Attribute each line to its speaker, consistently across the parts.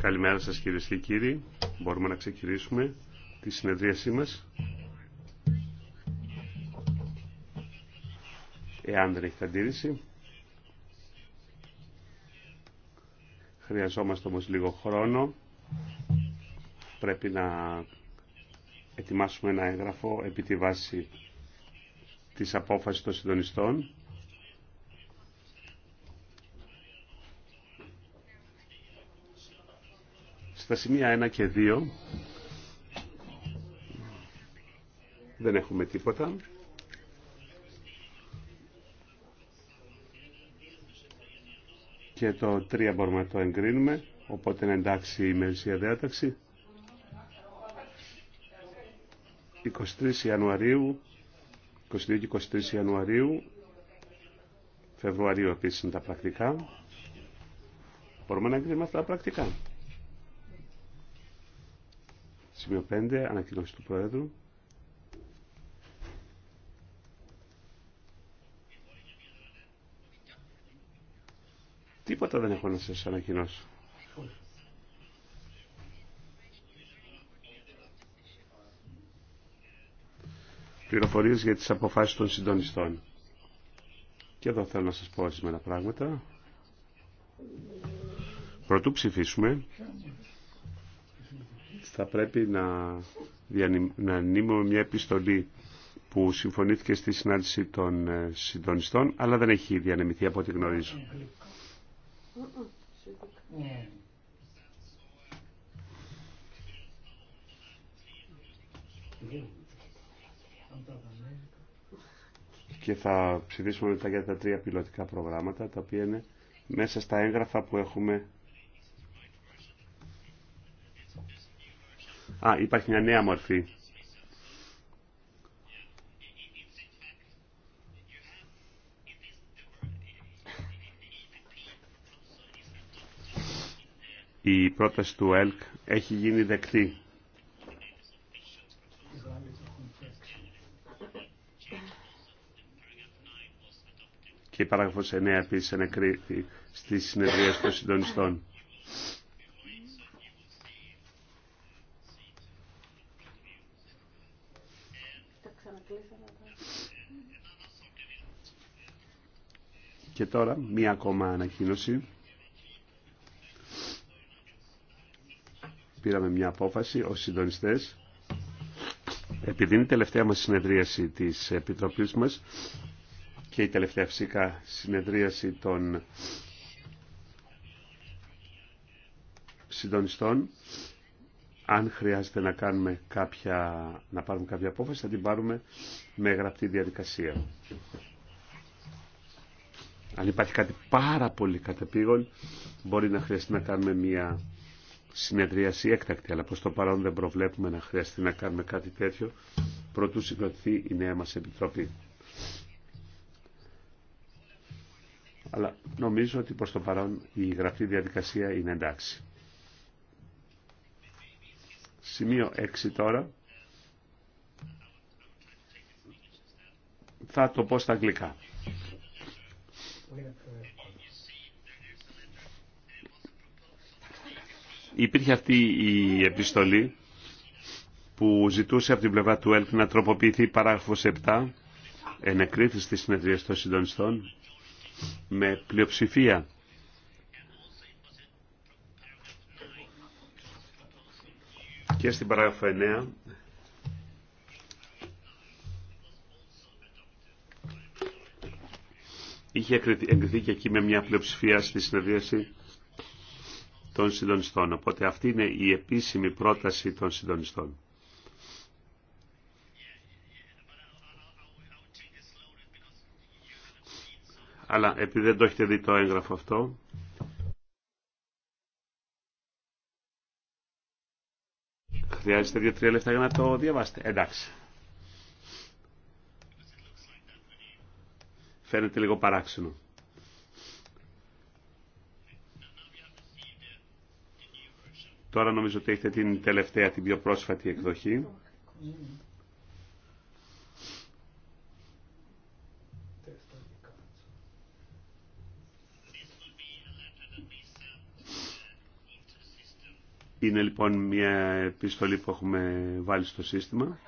Speaker 1: Καλημέρα σας κυρίες και κύριοι. Μπορούμε να ξεκινήσουμε τη συνεδρίασή μας. Εάν δεν έχετε αντίρρηση. Χρειαζόμαστε όμως λίγο χρόνο. Πρέπει να ετοιμάσουμε ένα έγγραφο επί τη βάση της απόφασης των συντονιστών Στα σημεία 1 και 2 δεν έχουμε τίποτα. Και το 3 μπορούμε να το εγκρίνουμε, οπότε να εντάξει η ημερησία διάταξη. 23 Ιανουαρίου, 22 και 23 Ιανουαρίου, Φεβρουαρίου επίσης είναι τα πρακτικά. Μπορούμε να εγκρίνουμε αυτά τα πρακτικά. Σημείο 5. Ανακοινώση του Προέδρου. Τίποτα δεν έχω να σας ανακοινώσω. Πληροφορίες για τις αποφάσεις των συντονιστών. Και εδώ θέλω να σας πω ορισμένα πράγματα. Πρωτού ψηφίσουμε, θα πρέπει να, να μια επιστολή που συμφωνήθηκε στη συνάντηση των ε, συντονιστών, αλλά δεν έχει διανεμηθεί από ό,τι γνωρίζω. Και θα ψηφίσουμε μετά για τα τρία πιλωτικά προγράμματα, τα οποία είναι μέσα στα έγγραφα που έχουμε Α, υπάρχει μια νέα μορφή. Η πρόταση του ΕΛΚ έχει γίνει δεκτή. Και η παράγραφος 9 επίσης ανακρίθηκε στις συνεδρίες των συντονιστών. Και τώρα μία ακόμα ανακοίνωση. Πήραμε μια απόφαση ως συντονιστές. Επειδή είναι η τελευταία μας συνεδρίαση της Επιτροπής μας και η τελευταία φυσικά συνεδρίαση των συντονιστών, αν χρειάζεται να, κάνουμε κάποια, να πάρουμε κάποια απόφαση, θα την πάρουμε με γραπτή διαδικασία αν υπάρχει κάτι πάρα πολύ κατεπήγον, μπορεί να χρειαστεί να κάνουμε μια συνεδρίαση έκτακτη, αλλά προς το παρόν δεν προβλέπουμε να χρειαστεί να κάνουμε κάτι τέτοιο, προτού συγκροτηθεί η νέα μας Επιτροπή. Αλλά νομίζω ότι προς το παρόν η γραφή διαδικασία είναι εντάξει. Σημείο 6 τώρα. Θα το πω στα αγγλικά. Υπήρχε αυτή η επιστολή που ζητούσε από την πλευρά του ΕΛΚ να τροποποιηθεί παράγραφος 7 ενεκρίθη στη συνεδρία των συντονιστών με πλειοψηφία και στην παράγραφο 9 Είχε εγκριθεί και εκεί με μια πλειοψηφία στη συνεδρίαση των συντονιστών. Οπότε αυτή είναι η επίσημη πρόταση των συντονιστών. Αλλά επειδή δεν το έχετε δει το έγγραφο αυτό, χρειάζεται δύο-τρία λεπτά για να το διαβάσετε. Εντάξει. φαίνεται λίγο παράξενο. Τώρα νομίζω ότι έχετε την τελευταία, την πιο πρόσφατη εκδοχή. Είναι λοιπόν μια επιστολή που έχουμε βάλει στο σύστημα.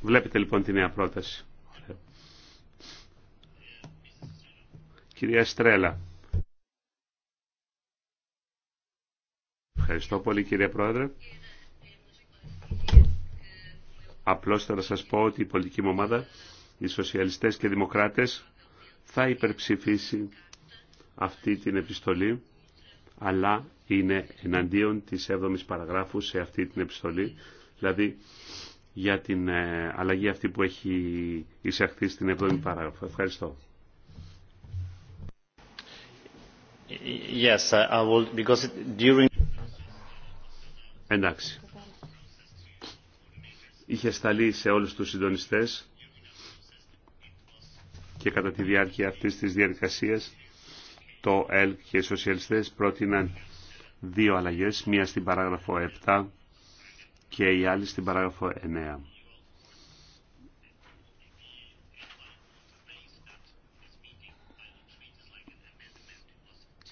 Speaker 1: Βλέπετε λοιπόν τη νέα πρόταση. Κυρία Στρέλα. Ευχαριστώ πολύ κύριε Πρόεδρε. Απλώς θα σας πω ότι η πολιτική μου ομάδα, οι σοσιαλιστές και οι δημοκράτες, θα υπερψηφίσει αυτή την επιστολή, αλλά είναι εναντίον της 7ης παραγράφου σε αυτή την επιστολή, δηλαδή για την ε, αλλαγή αυτή που έχει εισαχθεί στην 7η παράγραφο. Ευχαριστώ. Yes, I will, because during... Εντάξει. Είχε σταλεί σε όλους τους συντονιστές και κατά τη διάρκεια αυτής της διαδικασίας το ΕΛ και οι σοσιαλιστές πρότειναν δύο αλλαγές, μία στην παράγραφο 7 και η άλλη στην παράγραφο 9.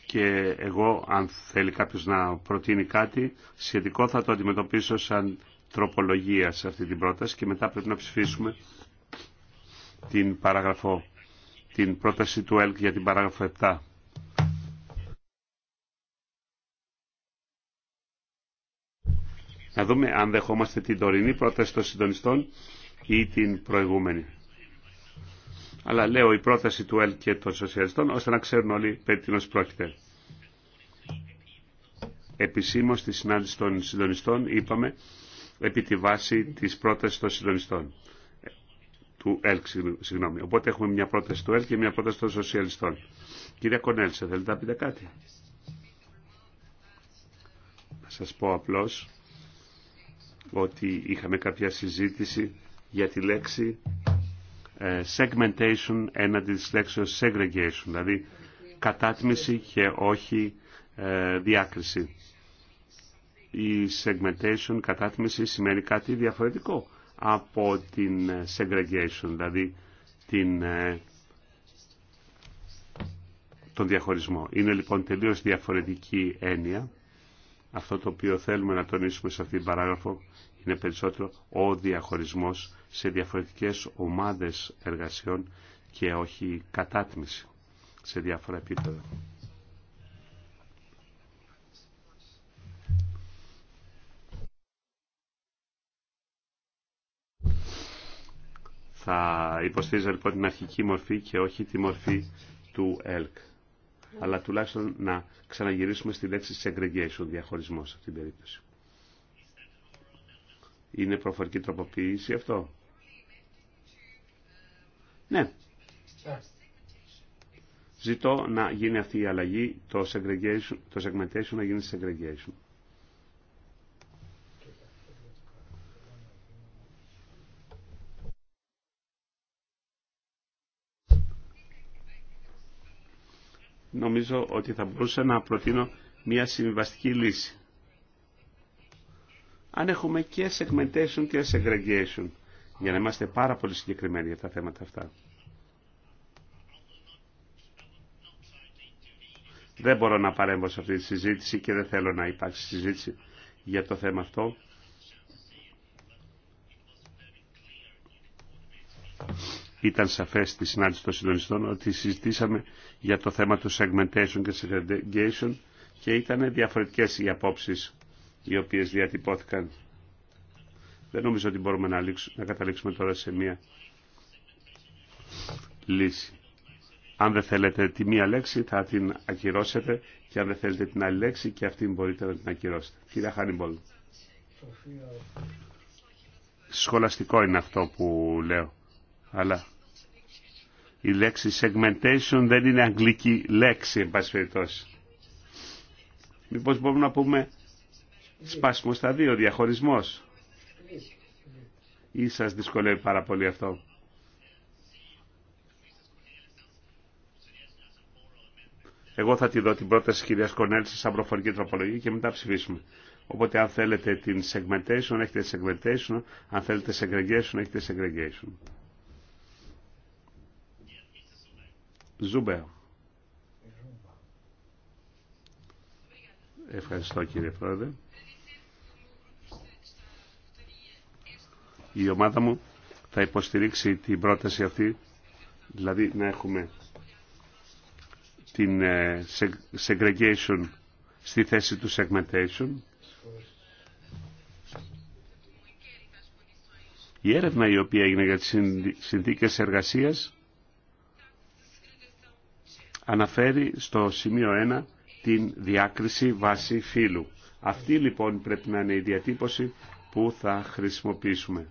Speaker 1: και εγώ αν θέλει κάποιος να προτείνει κάτι σχετικό θα το αντιμετωπίσω σαν τροπολογία σε αυτή την πρόταση και μετά πρέπει να ψηφίσουμε την παράγραφο την πρόταση του ΕΛΚ για την παράγραφο 7. Να δούμε αν δεχόμαστε την τωρινή πρόταση των συντονιστών ή την προηγούμενη. Αλλά λέω η πρόταση του ΕΛ και των σοσιαλιστών ώστε να ξέρουν όλοι περί πρόκειται. Επισήμως στη συνάντηση των συντονιστών είπαμε επί τη βάση της πρότασης των συντονιστών του ΕΛΚ, συγγνώμη. Οπότε έχουμε μια πρόταση του ΕΛΚ και μια πρόταση των σοσιαλιστών. Κυρία Κονέλσε, θέλετε να πείτε κάτι. Να σας πω απλώς ότι είχαμε κάποια συζήτηση για τη λέξη ε, segmentation έναντι της λέξης segregation, δηλαδή κατάτμιση και όχι ε, διάκριση. Η segmentation, κατάτμιση σημαίνει κάτι διαφορετικό από την ε, segregation, δηλαδή την, ε, τον διαχωρισμό. Είναι λοιπόν τελείως διαφορετική έννοια. Αυτό το οποίο θέλουμε να τονίσουμε σε αυτήν την παράγραφο είναι περισσότερο ο διαχωρισμός σε διαφορετικές ομάδες εργασιών και όχι κατάτμιση σε διάφορα επίπεδα. Θα υποστήριζα λοιπόν την αρχική μορφή και όχι τη μορφή του ΕΛΚ. Αλλά τουλάχιστον να ξαναγυρίσουμε στη λέξη segregation, διαχωρισμό σε αυτήν την περίπτωση. Είναι προφορική τροποποίηση αυτό. Ναι. Ζητώ να γίνει αυτή η αλλαγή, το segregation, το segmentation να γίνει segregation. νομίζω ότι θα μπορούσα να προτείνω μια συμβιβαστική λύση. Αν έχουμε και segmentation και segregation, για να είμαστε πάρα πολύ συγκεκριμένοι για τα θέματα αυτά. Δεν μπορώ να παρέμβω σε αυτή τη συζήτηση και δεν θέλω να υπάρξει συζήτηση για το θέμα αυτό. ήταν σαφές στη συνάντηση των συντονιστών ότι συζητήσαμε για το θέμα του segmentation και segregation και ήταν διαφορετικές οι απόψεις οι οποίες διατυπώθηκαν. Δεν νομίζω ότι μπορούμε να, να καταλήξουμε τώρα σε μία λύση. Αν δεν θέλετε τη μία λέξη θα την ακυρώσετε και αν δεν θέλετε την άλλη λέξη και αυτή μπορείτε να την ακυρώσετε. Κύριε Χάνιμπολ. Σχολαστικό είναι αυτό που λέω αλλά η λέξη segmentation δεν είναι αγγλική λέξη, εν πάση Μήπως μπορούμε να πούμε σπάσιμο στα δύο, διαχωρισμός. Ή σας δυσκολεύει πάρα πολύ αυτό. Εγώ θα τη δω την πρόταση της κυρίας Κονέλση σαν προφορική τροπολογία και μετά ψηφίσουμε. Οπότε αν θέλετε την segmentation έχετε segmentation, αν θέλετε segregation έχετε segregation. Ζούμπερ. Ευχαριστώ κύριε Πρόεδρε. Η ομάδα μου θα υποστηρίξει την πρόταση αυτή, δηλαδή να έχουμε την ε, segregation στη θέση του segmentation. Η έρευνα η οποία έγινε για τις συνθήκες εργασίας αναφέρει στο σημείο 1 την διάκριση βάση φύλου. Αυτή λοιπόν πρέπει να είναι η διατύπωση που θα χρησιμοποιήσουμε.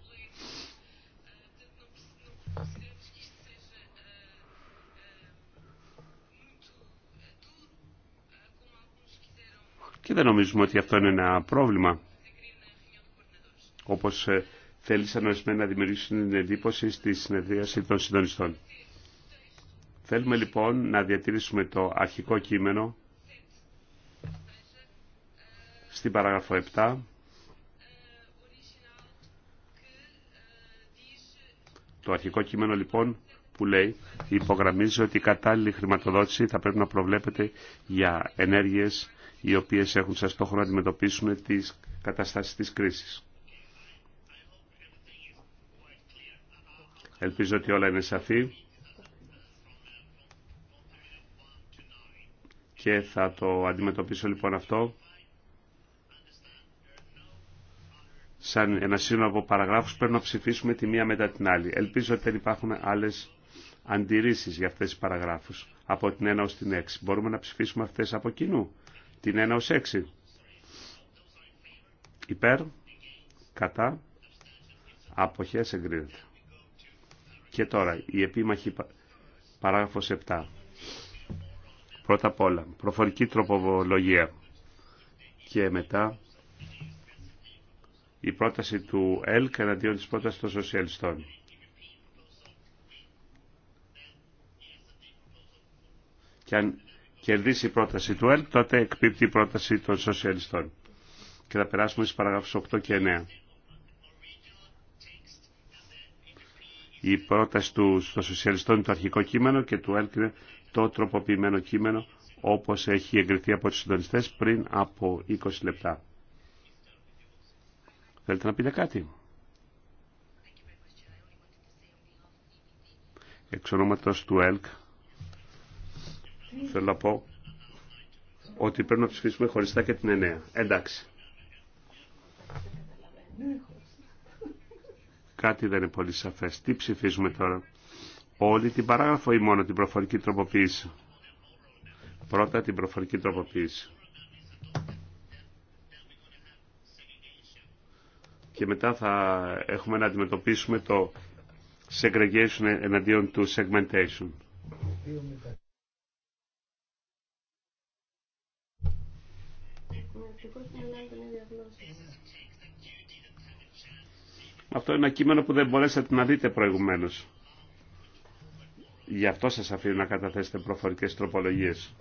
Speaker 1: Και δεν νομίζουμε ότι αυτό είναι ένα πρόβλημα. Όπως ε, θέλησαν ορισμένα να δημιουργήσουν την εντύπωση στη συνεδρίαση των συντονιστών. Θέλουμε λοιπόν να διατηρήσουμε το αρχικό κείμενο στην παράγραφο 7 Το αρχικό κείμενο λοιπόν που λέει υπογραμμίζει ότι η κατάλληλη χρηματοδότηση θα πρέπει να προβλέπεται για ενέργειες οι οποίες έχουν σαν στόχο να αντιμετωπίσουν τις καταστάσεις της κρίσης. Ελπίζω ότι όλα είναι σαφή. και θα το αντιμετωπίσω λοιπόν αυτό σαν ένα σύνολο από παραγράφους πρέπει να ψηφίσουμε τη μία μετά την άλλη. Ελπίζω ότι δεν υπάρχουν άλλες αντιρρήσεις για αυτές τις παραγράφους από την 1 ως την 6. Μπορούμε να ψηφίσουμε αυτές από κοινού, την 1 ως 6. Υπέρ, κατά, αποχές εγκρίνεται. Και τώρα η επίμαχη παράγραφος 7. Πρώτα απ' όλα, προφορική τροπολογία και μετά η πρόταση του ΕΛΚ εναντίον της πρότασης των σοσιαλιστών. Και αν κερδίσει η πρόταση του ΕΛΚ, τότε εκπίπτει η πρόταση των σοσιαλιστών. Και θα περάσουμε στις παραγράφους 8 και 9. Η πρόταση του, των σοσιαλιστών είναι το αρχικό κείμενο και του ΕΛΚ το τροποποιημένο κείμενο όπως έχει εγκριθεί από τους συντονιστές πριν από 20 λεπτά. Θέλετε να πείτε κάτι. Εξ ονόματος του ΕΛΚ θέλω να πω ότι πρέπει να ψηφίσουμε χωριστά και την Ενέα. Εντάξει. Κάτι δεν είναι πολύ σαφές. Τι ψηφίζουμε τώρα όλη την παράγραφο ή μόνο την προφορική τροποποίηση. Πρώτα την προφορική τροποποίηση. Και μετά θα έχουμε να αντιμετωπίσουμε το segregation εναντίον του segmentation. Αυτό είναι ένα κείμενο που δεν μπορέσατε να δείτε προηγουμένως. Γι' αυτό σας αφήνω να καταθέσετε προφορικές τροπολογίες.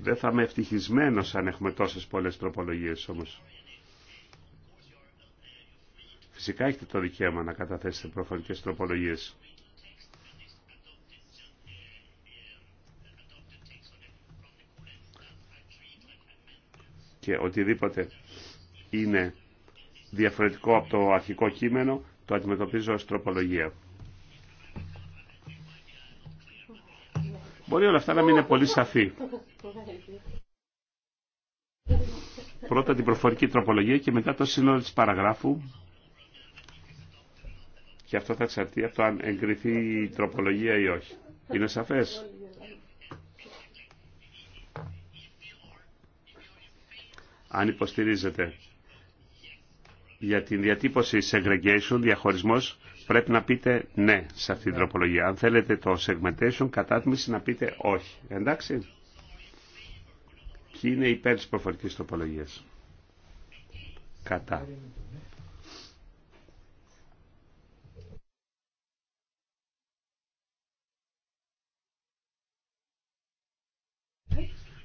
Speaker 1: Δεν θα είμαι ευτυχισμένο αν έχουμε τόσες πολλές τροπολογίες όμως. Φυσικά έχετε το δικαίωμα να καταθέσετε προφορικές τροπολογίες. Και οτιδήποτε είναι διαφορετικό από το αρχικό κείμενο, το αντιμετωπίζω ως τροπολογία. Μπορεί όλα αυτά να μην είναι πολύ σαφή. Πρώτα την προφορική τροπολογία και μετά το σύνολο της παραγράφου. Και αυτό θα εξαρτεί από το αν εγκριθεί η τροπολογία ή όχι. Είναι σαφές. Αν υποστηρίζετε για την διατύπωση segregation, διαχωρισμός, πρέπει να πείτε ναι σε αυτή την τροπολογία. Αν θέλετε το segmentation κατάτμιση να πείτε όχι. Εντάξει. Ποιοι είναι υπέρ της προφορικής τροπολογίας. Κατά.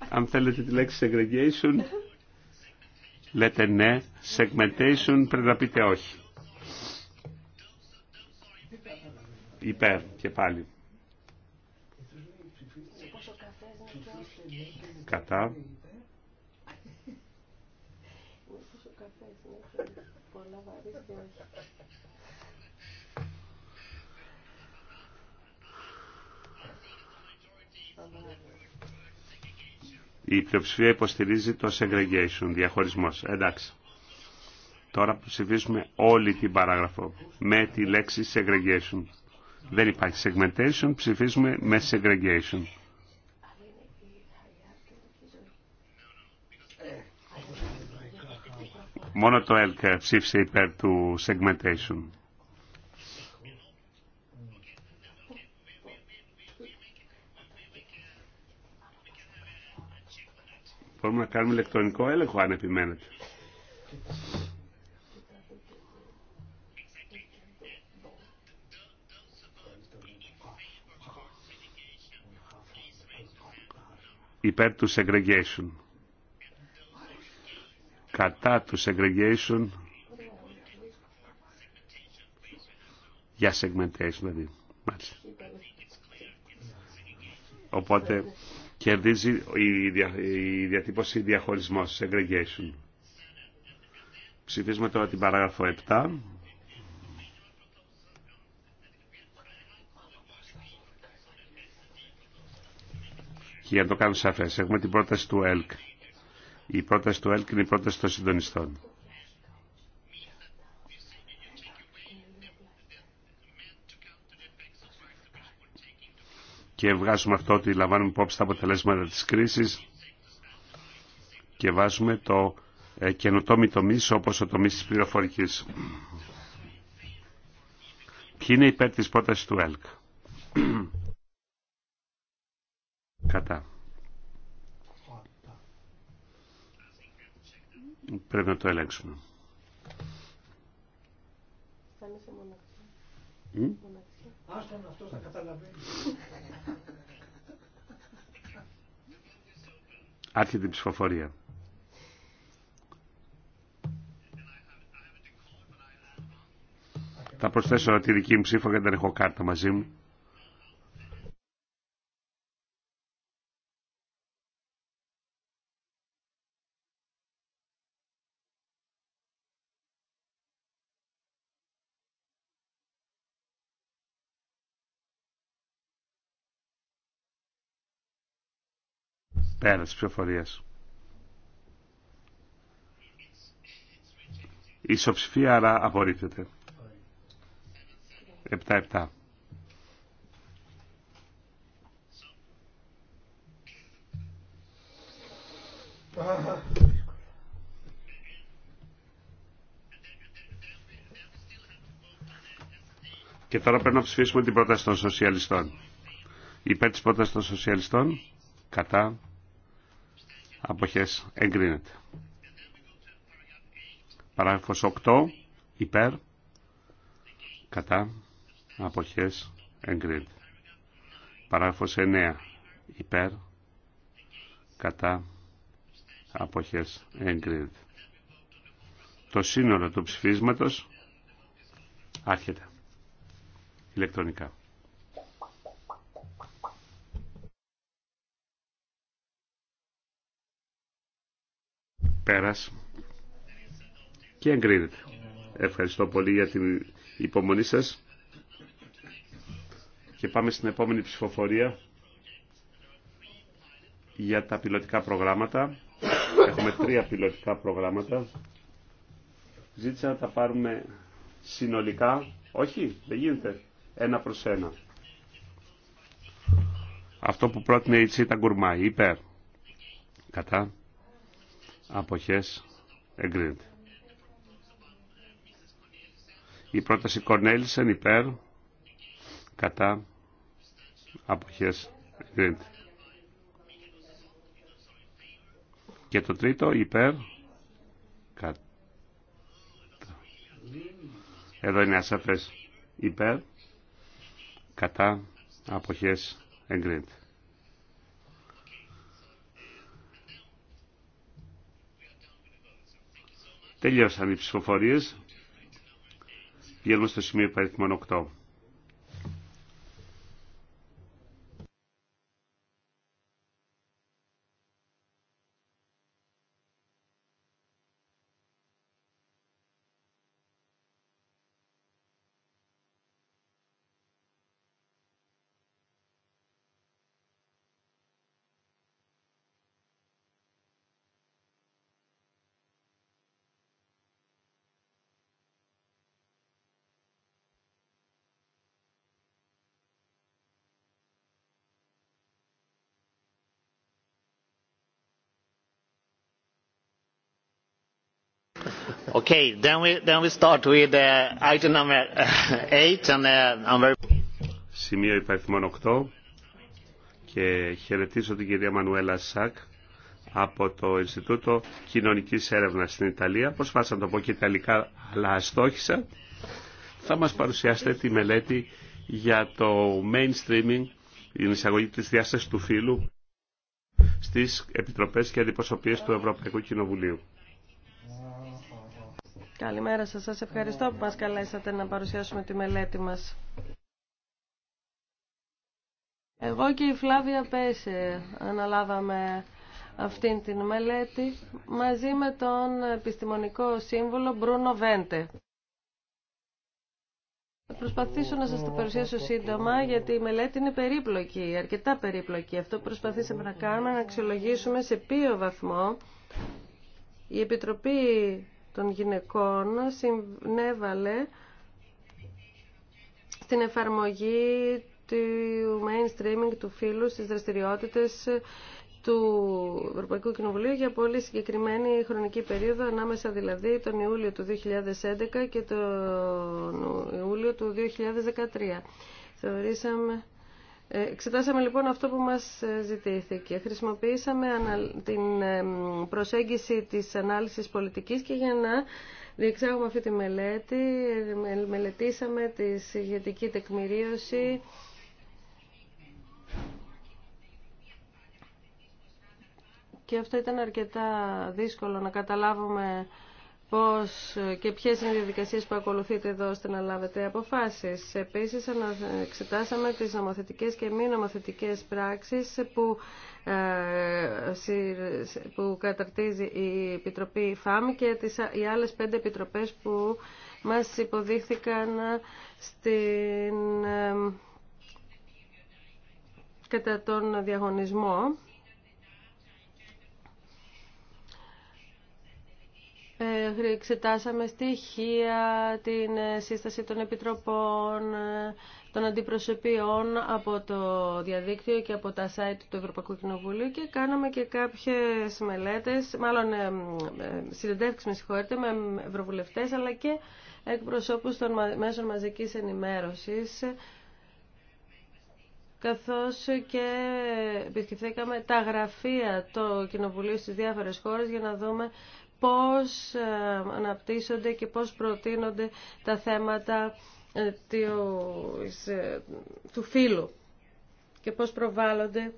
Speaker 1: Αν θέλετε τη λέξη segregation, λέτε ναι. Segmentation πρέπει να πείτε όχι. υπέρ και πάλι. Κατά. Η πλειοψηφία υποστηρίζει το segregation, διαχωρισμός. Εντάξει. Τώρα ψηφίσουμε όλη την παράγραφο με τη λέξη segregation. Δεν υπάρχει segmentation, ψηφίζουμε με segregation. Μόνο το ΕΛΚ ψήφισε υπέρ του segmentation. Μπορούμε να κάνουμε ηλεκτρονικό έλεγχο αν επιμένετε. υπέρ του segregation. Κατά του segregation για segmentation δηλαδή. Μάλιστα. Οπότε κερδίζει η, δια, η διατύπωση διαχωρισμός, segregation. Ψηφίζουμε τώρα την παράγραφο 7. Και για να το κάνω σαφέ, Έχουμε την πρόταση του ΕΛΚ. Η πρόταση του ΕΛΚ είναι η πρόταση των συντονιστών. Και βγάζουμε αυτό ότι λαμβάνουμε υπόψη τα αποτελέσματα της κρίσης και βάζουμε το ε, καινοτόμοι τομεί όπως ο τομής της πληροφορικής. Ποιοι είναι υπέρ τη πρόταση του ΕΛΚ. Κατά. Πρέπει να το ελέγξουμε. Άρχεται η ψηφοφορία. Θα προσθέσω τη δική μου ψήφο γιατί δεν έχω κάρτα μαζί μου. Πέρα τη ψηφοφορία. Η ισοψηφία άρα απορρίπτεται. 7-7. Και τώρα πρέπει να ψηφίσουμε την πρόταση των σοσιαλιστών. Υπέρ της πρότασης των σοσιαλιστών, κατά, αποχές εγκρίνεται. Παράγραφος 8 υπέρ κατά αποχές εγκρίνεται. Παράγραφος 9 υπέρ κατά αποχές εγκρίνεται. Το σύνολο του ψηφίσματος άρχεται ηλεκτρονικά. Πέρας. Και εγκρίνεται. Ευχαριστώ πολύ για την υπομονή σας. Και πάμε στην επόμενη ψηφοφορία για τα πιλωτικά προγράμματα. Έχουμε τρία πιλωτικά προγράμματα. Ζήτησα να τα πάρουμε συνολικά. Όχι, δεν γίνεται. Ένα προς ένα. Αυτό που πρότεινε η Τσίτα Γκουρμάη. Υπέρ. Κατά αποχές εγκρίνεται. Η πρόταση Κορνέλισεν υπέρ κατά αποχές εγκρίνεται. Και το τρίτο υπέρ κατά. Εδώ είναι ασαφές υπέρ κατά αποχές εγκρίνεται. Τελειώσαν οι ψηφοφορίες. Βγαίνουμε στο σημείο υπαριθμών 8.
Speaker 2: Okay, then we, then
Speaker 1: Σημείο υπαριθμών 8 και χαιρετίζω την κυρία Μανουέλα Σακ από το Ινστιτούτο Κοινωνικής Έρευνας στην Ιταλία. Προσπάθησα να το πω και ιταλικά, αλλά αστόχησα. Θα μας παρουσιάσετε τη μελέτη για το mainstreaming, την εισαγωγή της διάστασης του φύλου στις επιτροπές και αντιπροσωπείες του Ευρωπαϊκού Κοινοβουλίου.
Speaker 3: Καλημέρα σας. Σας ευχαριστώ που μας καλέσατε να παρουσιάσουμε τη μελέτη μας. Εγώ και η Φλάβια Πέσε αναλάβαμε αυτήν την μελέτη μαζί με τον επιστημονικό σύμβολο Μπρούνο Βέντε. Θα προσπαθήσω να σας το παρουσιάσω σύντομα γιατί η μελέτη είναι περίπλοκη, αρκετά περίπλοκη. Αυτό που προσπαθήσαμε να κάνουμε να αξιολογήσουμε σε ποιο βαθμό η Επιτροπή των γυναικών συνέβαλε στην εφαρμογή του mainstreaming του φύλου στις δραστηριότητες του Ευρωπαϊκού Κοινοβουλίου για πολύ συγκεκριμένη χρονική περίοδο, ανάμεσα δηλαδή τον Ιούλιο του 2011 και τον Ιούλιο του 2013. Θεωρήσαμε ε, εξετάσαμε λοιπόν αυτό που μας ε, ζητήθηκε. Χρησιμοποίησαμε την προσέγγιση της ανάλυσης πολιτικής και για να διεξάγουμε αυτή τη μελέτη, ε, μελετήσαμε τη συγγετική τεκμηρίωση και αυτό ήταν αρκετά δύσκολο να καταλάβουμε πώς και ποιες είναι οι διαδικασίες που ακολουθείτε εδώ ώστε να λάβετε αποφάσεις. Επίσης, εξετάσαμε τις νομοθετικές και μη νομοθετικές πράξεις που, ε, που καταρτίζει η Επιτροπή ΦΑΜ και τις, οι άλλες πέντε επιτροπές που μας υποδείχθηκαν στην, ε, κατά τον διαγωνισμό. Ε, εξετάσαμε στοιχεία, την ε, σύσταση των επιτροπών, ε, των αντιπροσωπείων από το διαδίκτυο και από τα site του Ευρωπαϊκού Κοινοβουλίου και κάναμε και κάποιες μελέτες, μάλλον συνεντεύξεις με συγχωρείτε, με ευρωβουλευτές αλλά και εκπροσώπους των μέσων μαζικής ενημέρωσης καθώς και επισκεφθήκαμε τα γραφεία του Κοινοβουλίου στις διάφορες χώρες για να δούμε πώς ε, αναπτύσσονται και πώς προτείνονται τα θέματα ε, ε, του φύλου και πώς προβάλλονται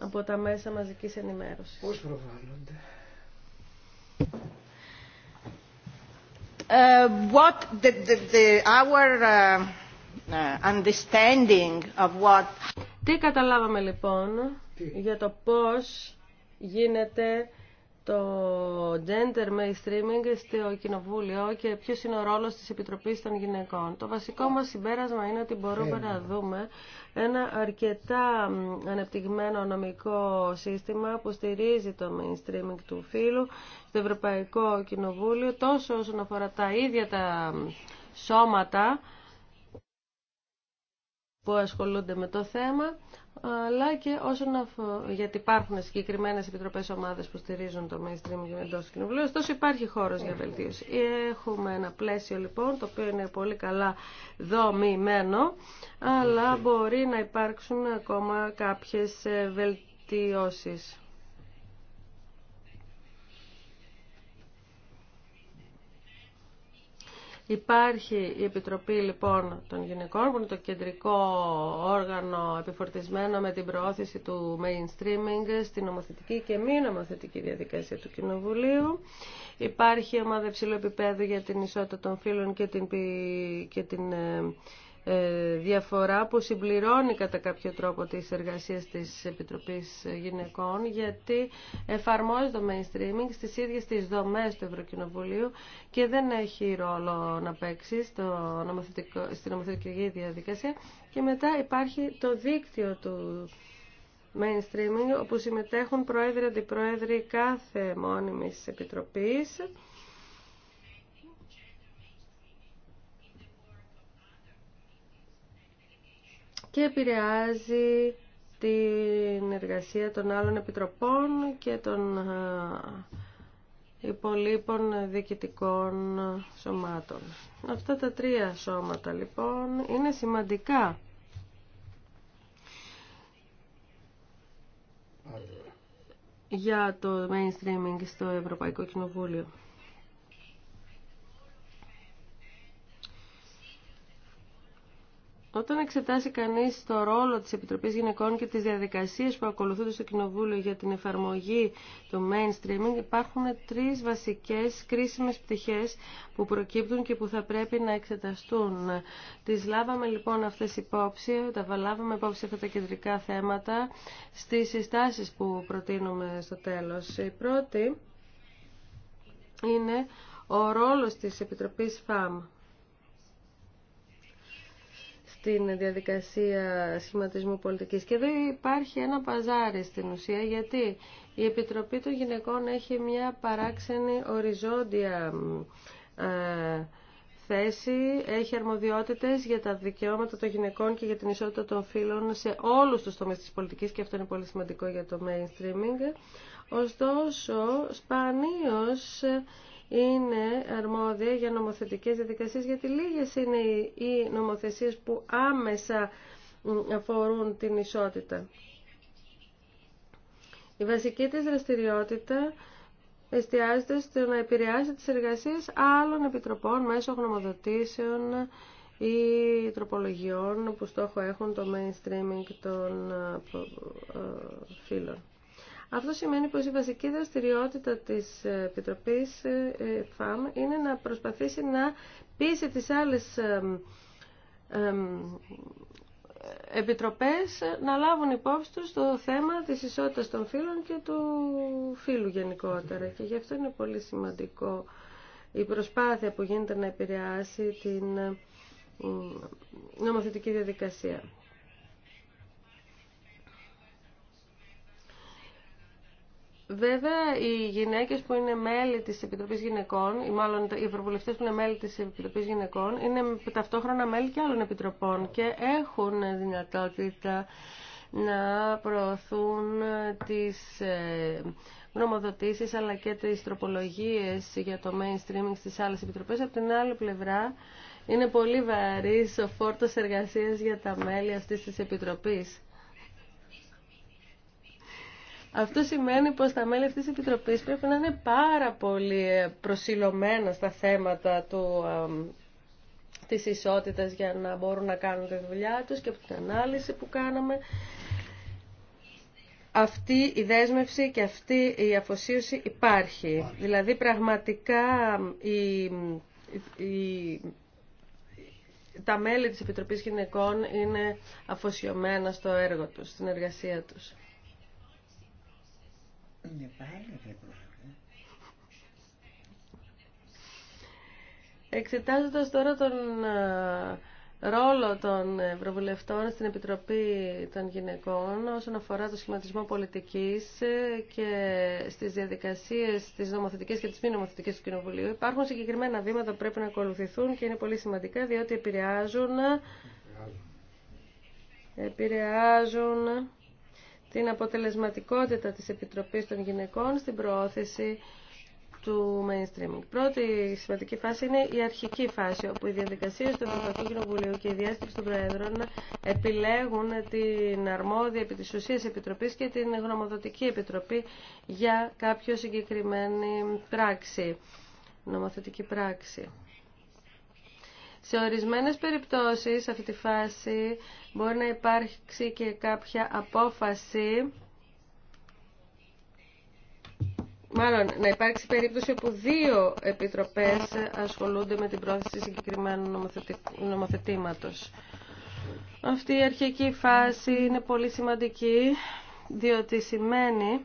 Speaker 3: από τα μέσα μαζικής ενημέρωσης. Πώς
Speaker 4: προβάλλονται.
Speaker 3: what the, our understanding of what... Τι καταλάβαμε λοιπόν για το πώς γίνεται το gender mainstreaming στο Κοινοβούλιο και ποιος είναι ο ρόλος της Επιτροπής των Γυναικών. Το βασικό μας συμπέρασμα είναι ότι μπορούμε να δούμε ένα αρκετά ανεπτυγμένο νομικό σύστημα που στηρίζει το mainstreaming του φύλου στο Ευρωπαϊκό Κοινοβούλιο τόσο όσον αφορά τα ίδια τα σώματα που ασχολούνται με το θέμα, αλλά και όσον αφορά, γιατί υπάρχουν συγκεκριμένε επιτροπέ ομάδε που στηρίζουν το mainstream εντό του κοινοβουλίου, ωστόσο υπάρχει χώρο για βελτίωση. Έχουμε ένα πλαίσιο λοιπόν, το οποίο είναι πολύ καλά δομημένο, αλλά μπορεί να υπάρξουν ακόμα κάποιε βελτιώσει. Υπάρχει η Επιτροπή λοιπόν των Γυναικών που είναι το κεντρικό όργανο επιφορτισμένο με την προώθηση του mainstreaming στην νομοθετική και μη νομοθετική διαδικασία του Κοινοβουλίου. Υπάρχει η ομάδα υψηλού για την ισότητα των φύλων και την, και την ε, ε, διαφορά που συμπληρώνει κατά κάποιο τρόπο τις εργασίες της Επιτροπής Γυναικών γιατί εφαρμόζει το mainstreaming στις ίδιες τις δομές του Ευρωκοινοβουλίου και δεν έχει ρόλο να παίξει στο νομοθετικό, στην νομοθετική διαδικασία και μετά υπάρχει το δίκτυο του mainstreaming όπου συμμετέχουν πρόεδροι, αντιπρόεδροι κάθε μόνιμης επιτροπής και επηρεάζει την εργασία των άλλων επιτροπών και των υπολείπων διοικητικών σωμάτων. Αυτά τα τρία σώματα λοιπόν είναι σημαντικά. για το mainstreaming στο Ευρωπαϊκό Κοινοβούλιο. Όταν εξετάσει κανείς το ρόλο της Επιτροπής Γυναικών και τις διαδικασίες που ακολουθούνται στο Κοινοβούλιο για την εφαρμογή του mainstreaming, υπάρχουν τρεις βασικές κρίσιμες πτυχές που προκύπτουν και που θα πρέπει να εξεταστούν. Τις λάβαμε λοιπόν αυτές υπόψη, τα βαλάβαμε υπόψη αυτά τα κεντρικά θέματα στις συστάσεις που προτείνουμε στο τέλος. Η πρώτη είναι ο ρόλος της Επιτροπής ΦΑΜ την διαδικασία σχηματισμού πολιτικής. Και εδώ υπάρχει ένα παζάρι στην ουσία, γιατί η Επιτροπή των Γυναικών έχει μια παράξενη οριζόντια ε, θέση, έχει αρμοδιότητες για τα δικαιώματα των γυναικών και για την ισότητα των φύλων σε όλους τους τομείς της πολιτικής και αυτό είναι πολύ σημαντικό για το mainstreaming. Ωστόσο, σπανίως είναι αρμόδια για νομοθετικές διαδικασίες, γιατί λίγες είναι οι νομοθεσίες που άμεσα αφορούν την ισότητα. Η βασική της δραστηριότητα εστιάζεται στο να επηρεάσει τις εργασίες άλλων επιτροπών μέσω γνωμοδοτήσεων ή τροπολογιών που στόχο έχουν το mainstreaming των ε, ε, φύλων. Αυτό σημαίνει πως η βασική δραστηριότητα της Επιτροπής ε, ε, ΦΑΜ είναι να προσπαθήσει να πείσει τις άλλες ε, επιτροπές να λάβουν υπόψη τους το θέμα της ισότητας των φύλων και του φίλου γενικότερα. Και γι' αυτό είναι πολύ σημαντικό η προσπάθεια που γίνεται να επηρεάσει την νομοθετική διαδικασία. Βέβαια, οι γυναίκες που είναι μέλη της Επιτροπής Γυναικών, ή μάλλον οι ευρωβουλευτές που είναι μέλη της Επιτροπής Γυναικών, είναι ταυτόχρονα μέλη και άλλων επιτροπών και έχουν δυνατότητα να προωθούν τις ε, γνωμοδοτήσεις αλλά και τις τροπολογίες για το mainstreaming στις άλλες επιτροπές. Από την άλλη πλευρά, είναι πολύ βαρύς ο φόρτος εργασίας για τα μέλη αυτής της Επιτροπής. Αυτό σημαίνει πως τα μέλη αυτής της Επιτροπής πρέπει να είναι πάρα πολύ ε, προσιλωμένα στα θέματα του, της ισότητας για να μπορούν να κάνουν τη δουλειά τους και από την ανάλυση που κάναμε. Αυτή η δέσμευση και αυτή η αφοσίωση υπάρχει. Δηλαδή πραγματικά η, τα μέλη της Επιτροπής Γυναικών είναι αφοσιωμένα στο έργο τους, στην εργασία τους. Εξετάζοντας τώρα τον ε, ρόλο των Ευρωβουλευτών στην Επιτροπή των Γυναικών όσον αφορά το σχηματισμό πολιτικής ε, και στις διαδικασίες της νομοθετικής και της μη νομοθετικής του Κοινοβουλίου υπάρχουν συγκεκριμένα βήματα που πρέπει να ακολουθηθούν και είναι πολύ σημαντικά διότι επηρεάζουν επηρεάζουν την αποτελεσματικότητα της Επιτροπής των Γυναικών στην προώθηση του mainstreaming. Πρώτη σημαντική φάση είναι η αρχική φάση, όπου οι διαδικασίε του Ευρωπαϊκού Κοινοβουλίου και η διάσκεψη των Προέδρων επιλέγουν την αρμόδια επί τη ουσία επιτροπή και την γνωμοδοτική επιτροπή για κάποιο συγκεκριμένη πράξη, νομοθετική πράξη. Σε ορισμένες περιπτώσεις, σε αυτή τη φάση, μπορεί να υπάρξει και κάποια απόφαση Μάλλον, να υπάρξει περίπτωση όπου δύο επιτροπές ασχολούνται με την πρόθεση συγκεκριμένου νομοθετήματος. Αυτή η αρχική φάση είναι πολύ σημαντική, διότι σημαίνει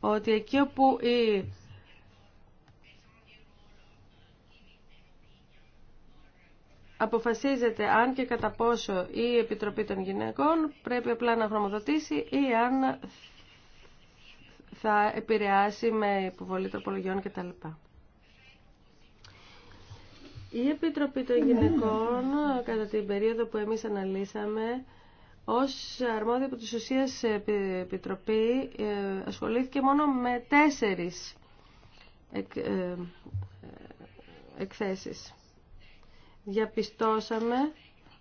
Speaker 3: ότι εκεί όπου η αποφασίζεται αν και κατά πόσο η Επιτροπή των Γυναικών πρέπει απλά να χρωμοδοτήσει ή αν θα επηρεάσει με υποβολή τροπολογιών κτλ. Η Επιτροπή των Γυναικών κατά την περίοδο που εμείς αναλύσαμε ως αρμόδια από τη Ουσίας Επιτροπή ε, ασχολήθηκε μόνο με τέσσερις ε, ε, εκθέσεις διαπιστώσαμε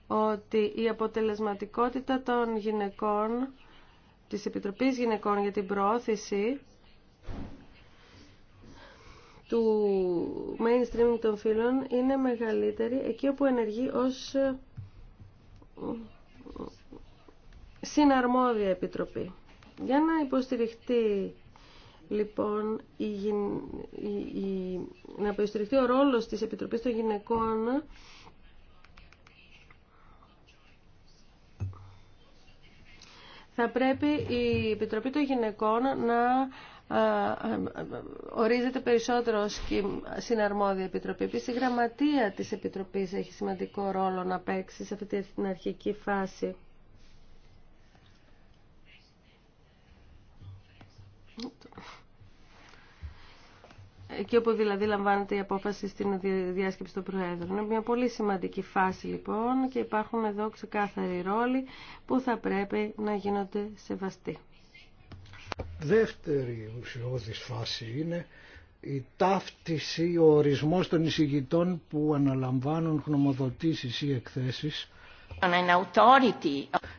Speaker 3: ότι η αποτελεσματικότητα των γυναικών, της Επιτροπής Γυναικών για την Προώθηση του mainstream των φίλων είναι μεγαλύτερη εκεί όπου ενεργεί ως συναρμόδια επιτροπή. Για να υποστηριχτεί λοιπόν η, η, να υποστηριχτεί ο ρόλος της Επιτροπής των Γυναικών θα πρέπει η Επιτροπή των Γυναικών να ε, ε, ορίζεται περισσότερο ως συναρμόδια επιτροπή. Επίσης, η γραμματεία της Επιτροπής έχει σημαντικό ρόλο να παίξει σε αυτή την αρχική φάση. και όπου δηλαδή λαμβάνεται η απόφαση στην διάσκεψη των Προέδρων. Είναι μια πολύ σημαντική φάση λοιπόν και υπάρχουν εδώ ξεκάθαροι ρόλοι που θα πρέπει να γίνονται σεβαστοί.
Speaker 4: Δεύτερη ουσιώδης φάση είναι η ταύτιση, ο ορισμός των εισηγητών που αναλαμβάνουν γνωμοδοτήσεις ή εκθέσεις.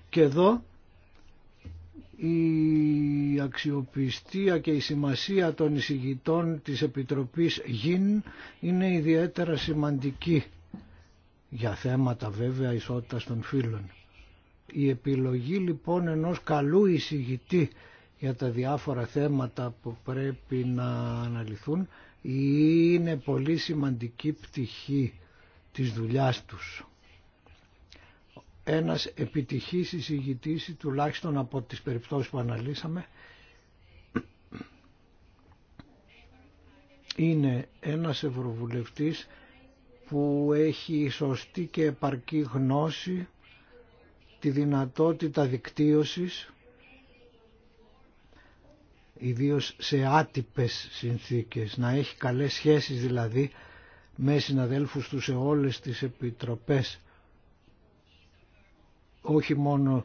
Speaker 4: Και εδώ η αξιοπιστία και η σημασία των εισηγητών της Επιτροπής ΓΙΝ είναι ιδιαίτερα σημαντική για θέματα βέβαια ισότητας των φύλων. Η επιλογή λοιπόν ενός καλού εισηγητή για τα διάφορα θέματα που πρέπει να αναλυθούν είναι πολύ σημαντική πτυχή της δουλειάς τους ένας επιτυχής εισηγητής τουλάχιστον από τις περιπτώσεις που αναλύσαμε είναι ένας ευρωβουλευτής που έχει σωστή και επαρκή γνώση τη δυνατότητα δικτύωσης ιδίως σε άτυπες συνθήκες, να έχει καλές σχέσεις δηλαδή με συναδέλφους του σε όλες τις επιτροπές όχι μόνο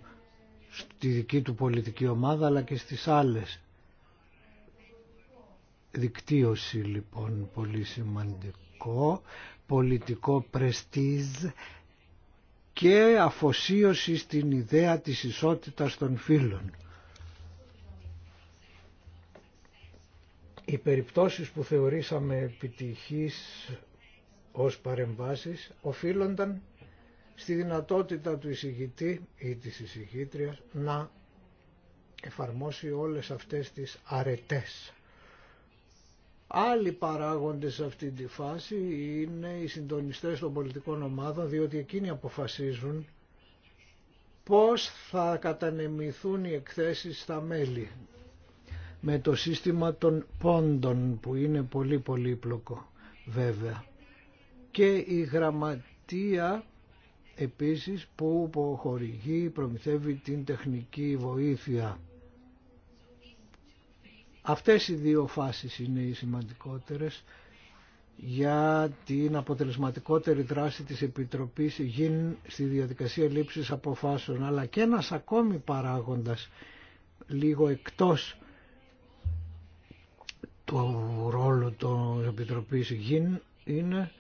Speaker 4: στη δική του πολιτική ομάδα αλλά και στις άλλες. Δικτύωση λοιπόν πολύ σημαντικό, πολιτικό πρεστίζ και αφοσίωση στην ιδέα της ισότητας των φίλων. Οι περιπτώσεις που θεωρήσαμε επιτυχής ως παρεμβάσεις οφείλονταν στη δυνατότητα του εισηγητή ή της εισηγήτριας να εφαρμόσει όλες αυτές τις αρετές. Άλλοι παράγοντες σε αυτή τη φάση είναι οι συντονιστές των πολιτικών ομάδων, διότι εκείνοι αποφασίζουν πώς θα κατανεμηθούν οι εκθέσεις στα μέλη με το σύστημα των πόντων που είναι πολύ πολύπλοκο βέβαια και η γραμματεία επίσης που χορηγεί, προμηθεύει την τεχνική βοήθεια. Αυτές οι δύο φάσεις είναι οι σημαντικότερες για την αποτελεσματικότερη δράση της Επιτροπής ΓΙΝ στη διαδικασία λήψης αποφάσεων, αλλά και ένας ακόμη παράγοντας λίγο εκτός του ρόλου των Επιτροπής ΓΙΝ, είναι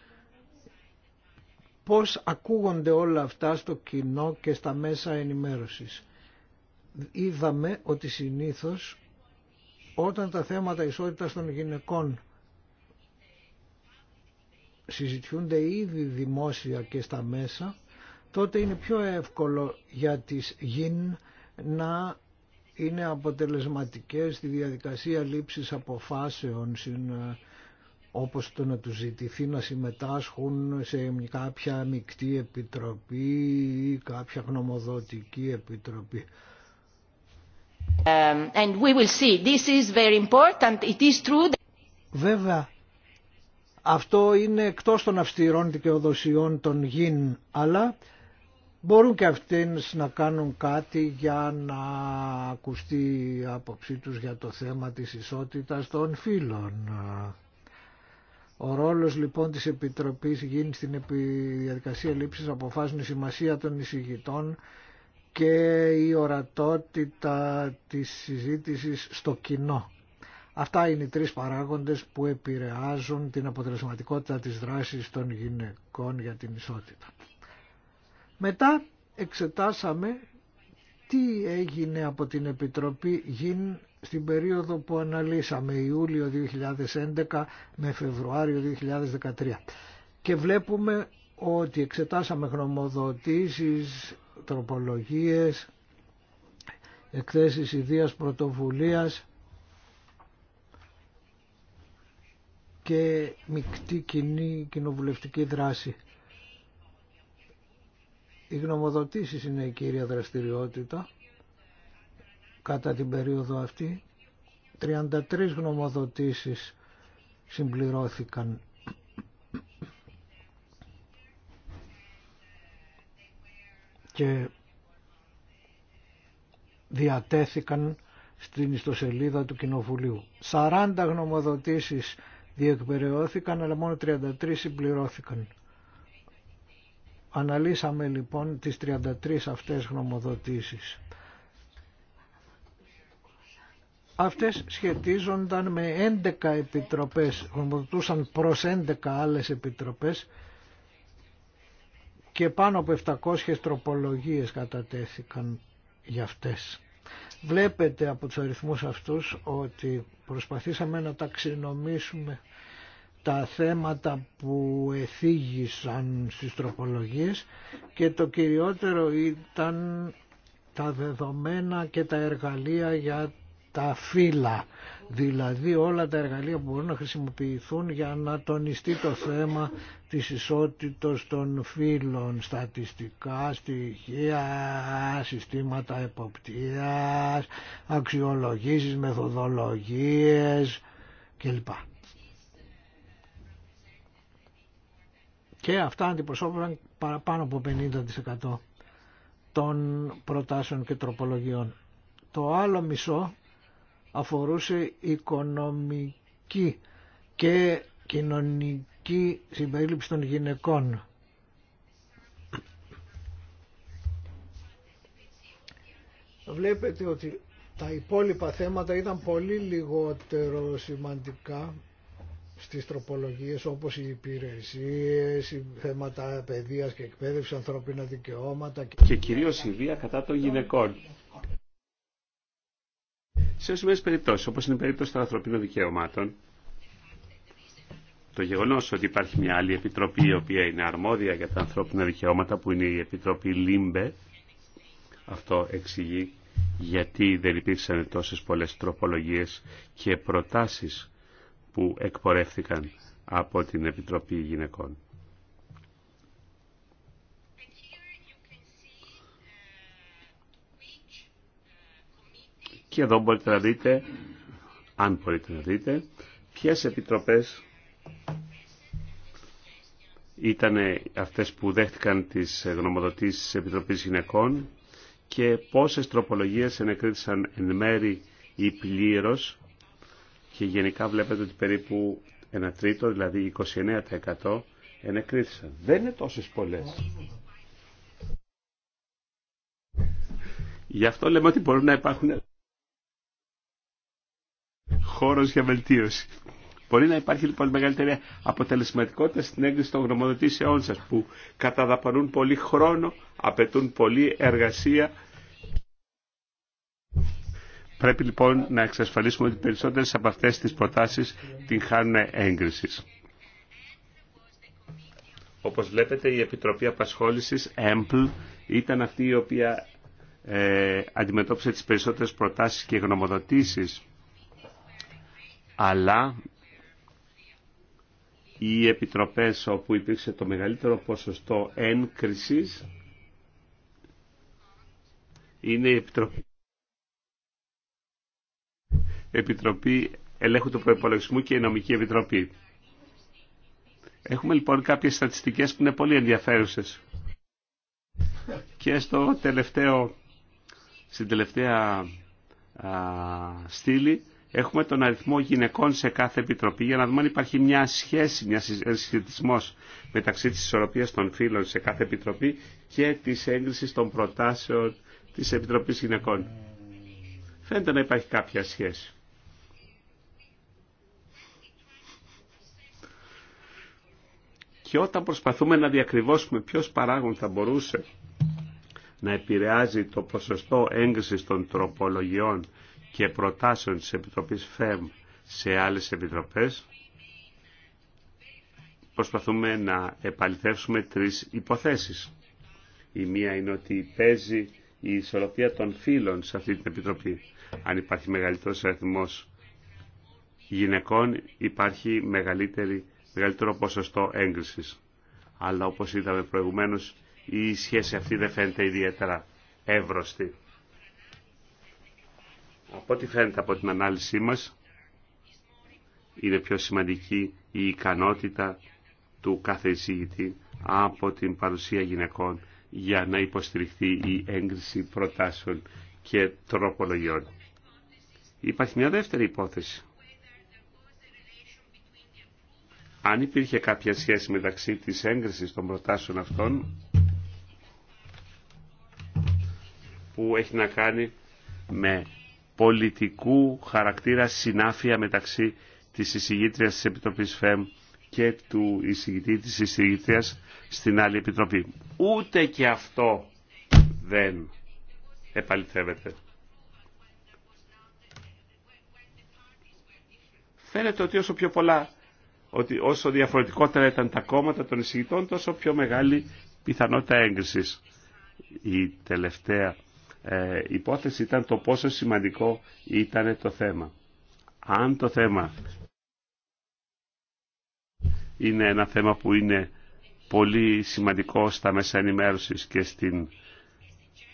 Speaker 4: πώς ακούγονται όλα αυτά στο κοινό και στα μέσα ενημέρωσης. Είδαμε ότι συνήθως όταν τα θέματα ισότητας των γυναικών συζητιούνται ήδη δημόσια και στα μέσα, τότε είναι πιο εύκολο για τις γυν να είναι αποτελεσματικές στη διαδικασία λήψης αποφάσεων όπως το να τους ζητηθεί να συμμετάσχουν σε κάποια μεικτή επιτροπή ή κάποια γνωμοδοτική επιτροπή. Βέβαια, αυτό είναι εκτός των αυστηρών δικαιοδοσιών των γιν, αλλά μπορούν και αυτές να κάνουν κάτι για να ακουστεί η άποψή τους για το θέμα της ισότητας των φύλων. Ο ρόλος λοιπόν της Επιτροπής γίνει στην διαδικασία λήψης αποφάσεων η σημασία των εισηγητών και η ορατότητα της συζήτησης στο κοινό. Αυτά είναι οι τρεις παράγοντες που επηρεάζουν την αποτελεσματικότητα της δράσης των γυναικών για την ισότητα. Μετά εξετάσαμε τι έγινε από την Επιτροπή Γιν στην περίοδο που αναλύσαμε, Ιούλιο 2011 με Φεβρουάριο 2013. Και βλέπουμε ότι εξετάσαμε γνωμοδοτήσεις, τροπολογίες, εκθέσεις ιδίας πρωτοβουλίας και μεικτή κοινή κοινοβουλευτική δράση. Οι γνωμοδοτήσεις είναι η κύρια δραστηριότητα κατά την περίοδο αυτή. 33 γνωμοδοτήσεις συμπληρώθηκαν. Και διατέθηκαν στην ιστοσελίδα του Κοινοβουλίου. 40 γνωμοδοτήσεις διεκπαιρεώθηκαν, αλλά μόνο 33 συμπληρώθηκαν. Αναλύσαμε λοιπόν τις 33 αυτές γνωμοδοτήσεις. Αυτές σχετίζονταν με 11 επιτροπές, γνωμοδοτούσαν προς 11 άλλες επιτροπές και πάνω από 700 τροπολογίες κατατέθηκαν για αυτές. Βλέπετε από τους αριθμούς αυτούς ότι προσπαθήσαμε να ταξινομήσουμε τα θέματα που εθίγησαν στις τροπολογίες και το κυριότερο ήταν τα δεδομένα και τα εργαλεία για τα φύλλα. Δηλαδή όλα τα εργαλεία που μπορούν να χρησιμοποιηθούν για να τονιστεί το θέμα της ισότητος των φύλων, στατιστικά, στοιχεία, συστήματα εποπτείας, αξιολογήσεις, μεθοδολογίες κλπ. Και αυτά αντιπροσώπησαν παραπάνω από 50% των προτάσεων και τροπολογιών. Το άλλο μισό αφορούσε οικονομική και κοινωνική συμπερίληψη των γυναικών. Βλέπετε ότι τα υπόλοιπα θέματα ήταν πολύ λιγότερο σημαντικά στις τροπολογίες όπως οι υπηρεσίες, οι θέματα παιδείας και εκπαίδευση, ανθρώπινα δικαιώματα.
Speaker 1: Και κυρίως η βία κατά των γυναικών. Σε ορισμένε περιπτώσει, όπω είναι η περίπτωση των ανθρωπίνων δικαιωμάτων, το γεγονό ότι υπάρχει μια άλλη επιτροπή η οποία είναι αρμόδια για τα ανθρώπινα δικαιώματα που είναι η επιτροπή ΛΥΜΠΕ, αυτό εξηγεί γιατί δεν υπήρξαν τόσε πολλέ τροπολογίε και προτάσει που εκπορεύθηκαν από την Επιτροπή Γυναικών. Και εδώ μπορείτε να δείτε, αν μπορείτε να δείτε, ποιες επιτροπές ήταν αυτές που δέχτηκαν τις γνωμοδοτήσεις της Επιτροπής Γυναικών και πόσες τροπολογίες ενεκρίθησαν εν μέρη ή πλήρως και γενικά βλέπετε ότι περίπου ένα τρίτο, δηλαδή 29% ενεκρίθησαν. Δεν είναι τόσες πολλές. Γι' αυτό λέμε ότι μπορούν να υπάρχουν χώρος για βελτίωση. Μπορεί να υπάρχει λοιπόν μεγαλύτερη αποτελεσματικότητα στην έγκριση των γνωμοδοτήσεών σα που καταδαπανούν πολύ χρόνο, απαιτούν πολύ εργασία. Πρέπει λοιπόν να εξασφαλίσουμε ότι περισσότερε από αυτέ τι προτάσεις την χάνουν έγκρισης. Όπως βλέπετε η Επιτροπή Απασχόλησης, ΕΜΠΛ, ήταν αυτή η οποία ε, αντιμετώπισε τις περισσότερες προτάσεις και γνωμοδοτήσεις αλλά οι επιτροπές όπου υπήρξε το μεγαλύτερο ποσοστό ένκρισης είναι η Επιτροπή, Ελέγχου του Προϋπολογισμού και η Νομική Επιτροπή. Έχουμε λοιπόν κάποιες στατιστικές που είναι πολύ ενδιαφέρουσες. Και στο τελευταίο, στην τελευταία στήλη Έχουμε τον αριθμό γυναικών σε κάθε επιτροπή για να δούμε αν υπάρχει μια σχέση, μια συσχετισμό ε, μεταξύ της ισορροπίας των φύλων σε κάθε επιτροπή και της έγκρισης των προτάσεων της Επιτροπής Γυναικών. Φαίνεται να υπάρχει κάποια σχέση. Και όταν προσπαθούμε να διακριβώσουμε ποιος παράγον θα μπορούσε να επηρεάζει το ποσοστό έγκρισης των τροπολογιών και προτάσεων της Επιτροπής ΦΕΜ σε άλλες επιτροπές, προσπαθούμε να επαληθεύσουμε τρεις υποθέσεις. Η μία είναι ότι παίζει η ισορροπία των φίλων σε αυτή την Επιτροπή. Αν υπάρχει μεγαλύτερος αριθμό γυναικών, υπάρχει μεγαλύτερη, μεγαλύτερο ποσοστό έγκρισης. Αλλά όπως είδαμε προηγουμένως, η σχέση αυτή δεν φαίνεται ιδιαίτερα εύρωστη. Από ό,τι φαίνεται από την ανάλυση μας, είναι πιο σημαντική η ικανότητα του κάθε εισηγητή από την παρουσία γυναικών για να υποστηριχθεί η έγκριση προτάσεων και τροπολογιών. Υπάρχει μια δεύτερη υπόθεση. Αν υπήρχε κάποια σχέση μεταξύ της έγκρισης των προτάσεων αυτών που έχει να κάνει με πολιτικού χαρακτήρα συνάφεια μεταξύ της εισηγήτριας της Επιτροπής ΦΕΜ και του εισηγητή της εισηγήτριας στην άλλη Επιτροπή. Ούτε και αυτό δεν επαληθεύεται. Φαίνεται ότι όσο πιο πολλά, ότι όσο διαφορετικότερα ήταν τα κόμματα των εισηγητών, τόσο πιο μεγάλη πιθανότητα έγκρισης. Η τελευταία ε, υπόθεση ήταν το πόσο σημαντικό ήταν το θέμα. Αν το θέμα είναι ένα θέμα που είναι πολύ σημαντικό στα μέσα ενημέρωσης και στην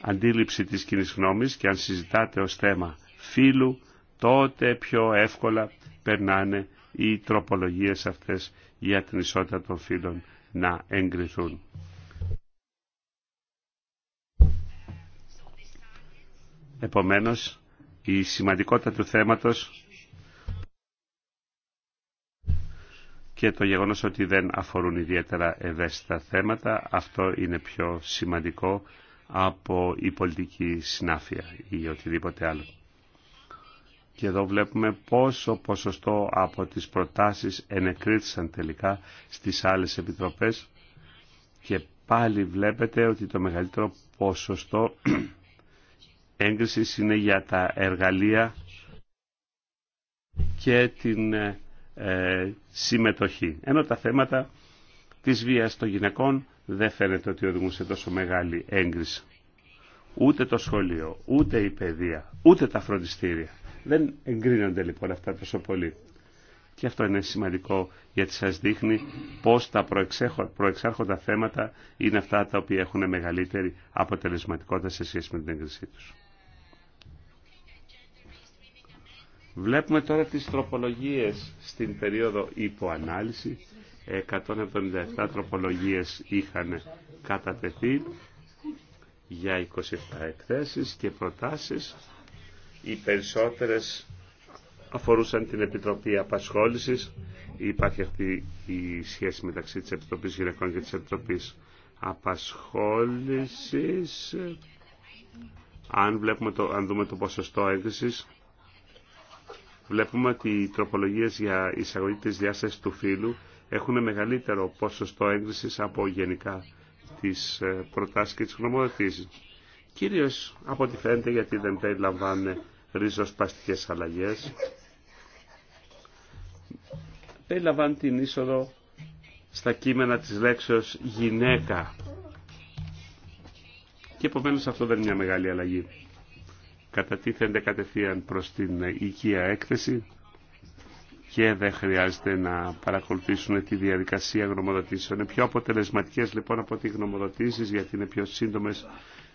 Speaker 1: αντίληψη της κοινή γνώμης και αν συζητάτε ως θέμα φίλου, τότε πιο εύκολα περνάνε οι τροπολογίες αυτές για την ισότητα των φίλων να εγκριθούν. Επομένως, η σημαντικότητα του θέματος και το γεγονός ότι δεν αφορούν ιδιαίτερα ευαίσθητα θέματα, αυτό είναι πιο σημαντικό από η πολιτική συνάφεια ή οτιδήποτε άλλο. Και εδώ βλέπουμε πόσο ποσοστό από τις προτάσεις ενεκρίθησαν τελικά στις άλλες επιτροπές και πάλι βλέπετε ότι το μεγαλύτερο ποσοστό Έγκριση είναι για τα εργαλεία και την ε, ε, συμμετοχή. Ενώ τα θέματα της βίας των γυναικών δεν φαίνεται ότι οδηγούν σε τόσο μεγάλη έγκριση. Ούτε το σχολείο, ούτε η παιδεία, ούτε τα φροντιστήρια. Δεν εγκρίνονται λοιπόν αυτά τόσο πολύ. Και αυτό είναι σημαντικό γιατί σας δείχνει πώς τα προεξάρχοντα θέματα είναι αυτά τα οποία έχουν μεγαλύτερη αποτελεσματικότητα σε σχέση με την έγκρισή τους. Βλέπουμε τώρα τις τροπολογίες στην περίοδο υποανάλυση. 177 τροπολογίες είχαν κατατεθεί για 27 εκθέσεις και προτάσεις. Οι περισσότερες αφορούσαν την Επιτροπή Απασχόλησης. Υπάρχει αυτή η σχέση μεταξύ της Επιτροπής Γυναικών και της Επιτροπής Απασχόλησης. Αν, βλέπουμε το, αν δούμε το ποσοστό έγκρισης, βλέπουμε ότι οι τροπολογίες για εισαγωγή της διάστασης του φύλου έχουν μεγαλύτερο ποσοστό έγκρισης από γενικά τις ε, προτάσεις και τις γνωμοδοτήσεις. Κυρίως από ό,τι φαίνεται γιατί δεν περιλαμβάνουν ριζοσπαστικές αλλαγές. Περιλαμβάνουν την είσοδο στα κείμενα της λέξεως γυναίκα. Και επομένως αυτό δεν είναι μια μεγάλη αλλαγή κατατίθενται κατευθείαν προς την οικία έκθεση και δεν χρειάζεται να παρακολουθήσουν τη διαδικασία γνωμοδοτήσεων. Είναι πιο αποτελεσματικές λοιπόν από τις γνωμοδοτήσεις γιατί είναι πιο σύντομες,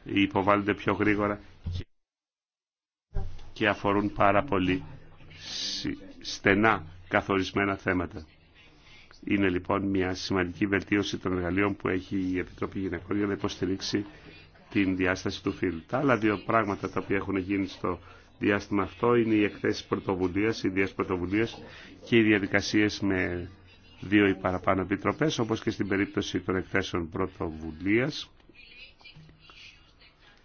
Speaker 1: υποβάλλονται πιο γρήγορα και αφορούν πάρα πολύ στενά καθορισμένα θέματα. Είναι λοιπόν μια σημαντική βελτίωση των εργαλείων που έχει η Επιτροπή Γυναικών για να υποστηρίξει την διάσταση του φίλου, Τα άλλα δύο πράγματα τα οποία έχουν γίνει στο διάστημα αυτό είναι οι εκθέσεις πρωτοβουλίας, οι ιδέες και οι διαδικασίες με δύο ή παραπάνω επιτροπές, όπως και στην περίπτωση των εκθέσεων πρωτοβουλίας,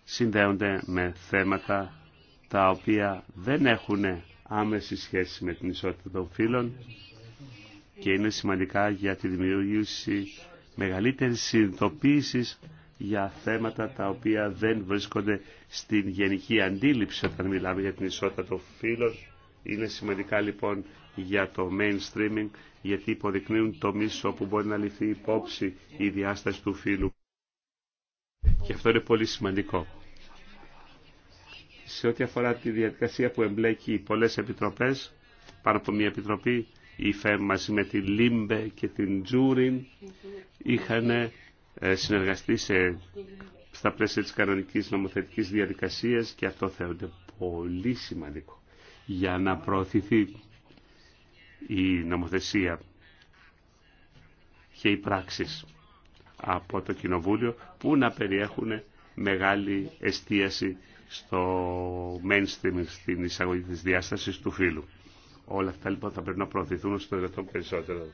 Speaker 1: συνδέονται με θέματα τα οποία δεν έχουν άμεση σχέση με την ισότητα των φύλων και είναι σημαντικά για τη δημιουργήση μεγαλύτερης συνειδητοποίησης για θέματα τα οποία δεν βρίσκονται στην γενική αντίληψη όταν μιλάμε για την ισότητα των φύλων. Είναι σημαντικά λοιπόν για το mainstreaming γιατί υποδεικνύουν το μίσο που μπορεί να ληφθεί υπόψη η διάσταση του φύλου. Και αυτό είναι πολύ σημαντικό. Σε ό,τι αφορά τη διαδικασία που εμπλέκει πολλές επιτροπές, πάνω από μια επιτροπή, η ΦΕΜ μαζί με την ΛΥΜΠΕ και την Τζούριν, είχαν ε, συνεργαστεί σε, στα πλαίσια της κανονικής νομοθετικής διαδικασίας και αυτό θεωρείται πολύ σημαντικό για να προωθηθεί η νομοθεσία και οι πράξεις από το Κοινοβούλιο που να περιέχουν μεγάλη εστίαση στο mainstream στην εισαγωγή της διάστασης του φύλου. Όλα αυτά λοιπόν θα πρέπει να προωθηθούν στο δυνατόν περισσότερο.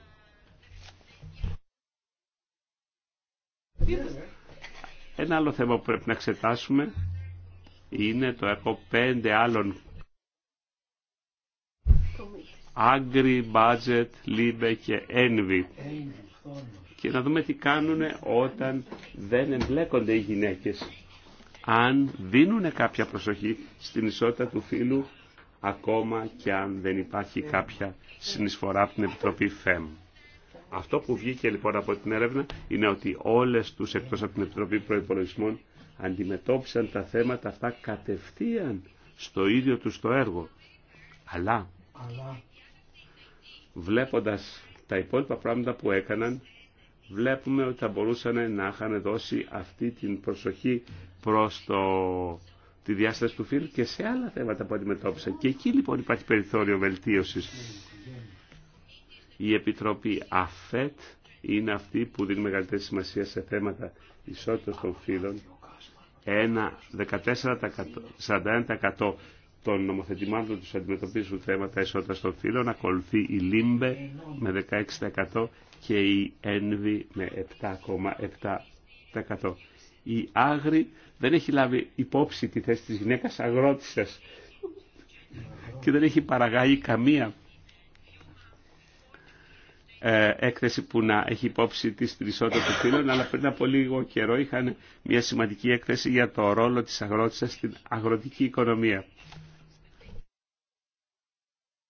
Speaker 1: Ένα άλλο θέμα που πρέπει να εξετάσουμε είναι το έχω πέντε άλλων Agri, Budget, Libe και Envy. Και να δούμε τι κάνουν όταν δεν εμπλέκονται οι γυναίκες. Αν δίνουν κάποια προσοχή στην ισότητα του φίλου ακόμα και αν δεν υπάρχει κάποια συνεισφορά από την Επιτροπή ΦΕΜ. Αυτό που βγήκε λοιπόν από την έρευνα είναι ότι όλες τους εκτός από την Επιτροπή Προϋπολογισμών αντιμετώπισαν τα θέματα αυτά κατευθείαν στο ίδιο τους το έργο. Αλλά, Αλλά... βλέποντας τα υπόλοιπα πράγματα που έκαναν, βλέπουμε ότι θα μπορούσαν να είχαν δώσει αυτή την προσοχή προς το, τη διάσταση του φίλου και σε άλλα θέματα που αντιμετώπισαν. Και εκεί λοιπόν υπάρχει περιθώριο βελτίωσης η Επιτροπή ΑΦΕΤ είναι αυτή που δίνει μεγαλύτερη σημασία σε θέματα ισότητας των φύλων. Ένα 14%, των νομοθετημάτων τους αντιμετωπίζουν θέματα ισότητας των φύλων. Ακολουθεί η ΛΥΜΠΕ με 16% και η ΕΝΒΗ με 7,7%. Η Άγρη δεν έχει λάβει υπόψη τη θέση της γυναίκας αγρότησας και δεν έχει παραγάγει καμία ε, έκθεση που να έχει υπόψη τη την ισότητα του φίλων, αλλά πριν από λίγο καιρό είχαν μια σημαντική έκθεση για το ρόλο της αγρότησας στην αγροτική οικονομία.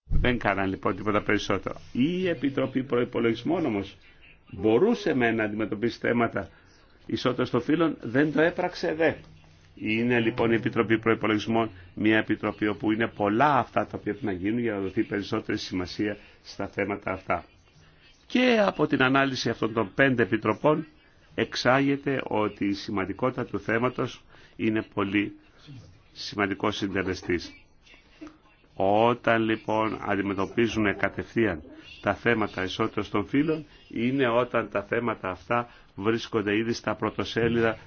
Speaker 1: Δεν κάναν λοιπόν τίποτα περισσότερο. Η Επιτροπή Προϋπολογισμών όμως μπορούσε με να αντιμετωπίσει θέματα ισότητας των φύλων, δεν το έπραξε δε. Είναι λοιπόν η Επιτροπή Προπολογισμών μια επιτροπή όπου είναι πολλά αυτά τα οποία πρέπει να γίνουν για να δοθεί περισσότερη σημασία στα θέματα αυτά. Και από την ανάλυση αυτών των πέντε επιτροπών εξάγεται ότι η σημαντικότητα του θέματος είναι πολύ σημαντικό συντελεστής. Όταν λοιπόν αντιμετωπίζουν κατευθείαν τα θέματα ισότητας των φύλων, είναι όταν τα θέματα αυτά βρίσκονται ήδη στα πρωτοσέλιδα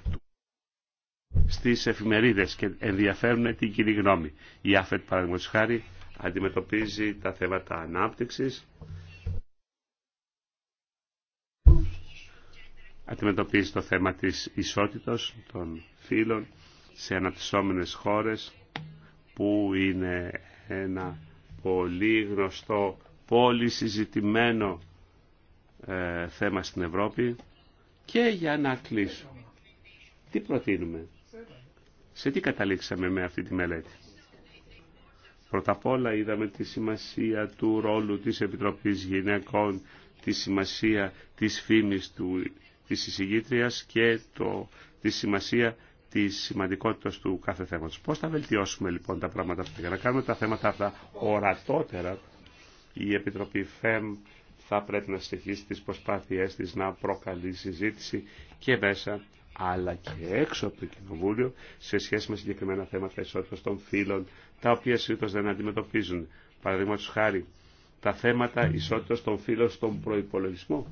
Speaker 1: στις εφημερίδες και ενδιαφέρουν την κοινή γνώμη. Η ΑΦΕΤ παραδείγματος χάρη αντιμετωπίζει τα θέματα ανάπτυξης αντιμετωπίζει το θέμα της ισότητας των φύλων σε αναπτυσσόμενες χώρες που είναι ένα πολύ γνωστό, πολύ συζητημένο ε, θέμα στην Ευρώπη. Και για να κλείσω, τι προτείνουμε, σε τι καταλήξαμε με αυτή τη μελέτη. Πρώτα απ' όλα είδαμε τη σημασία του ρόλου της Επιτροπής Γυναικών, τη σημασία της φήμης του της εισηγήτριας και το, τη σημασία τη σημαντικότητα του κάθε θέματο. Πώ θα βελτιώσουμε λοιπόν τα πράγματα αυτά για να κάνουμε τα θέματα αυτά ορατότερα, η Επιτροπή ΦΕΜ θα πρέπει να συνεχίσει τις προσπάθειές της να προκαλεί συζήτηση και μέσα αλλά και έξω από το Κοινοβούλιο σε σχέση με συγκεκριμένα θέματα ισότητας των φύλων, τα οποία συνήθω δεν αντιμετωπίζουν. Παραδείγματο χάρη, τα θέματα ισότητας των φύλων στον προπολογισμό.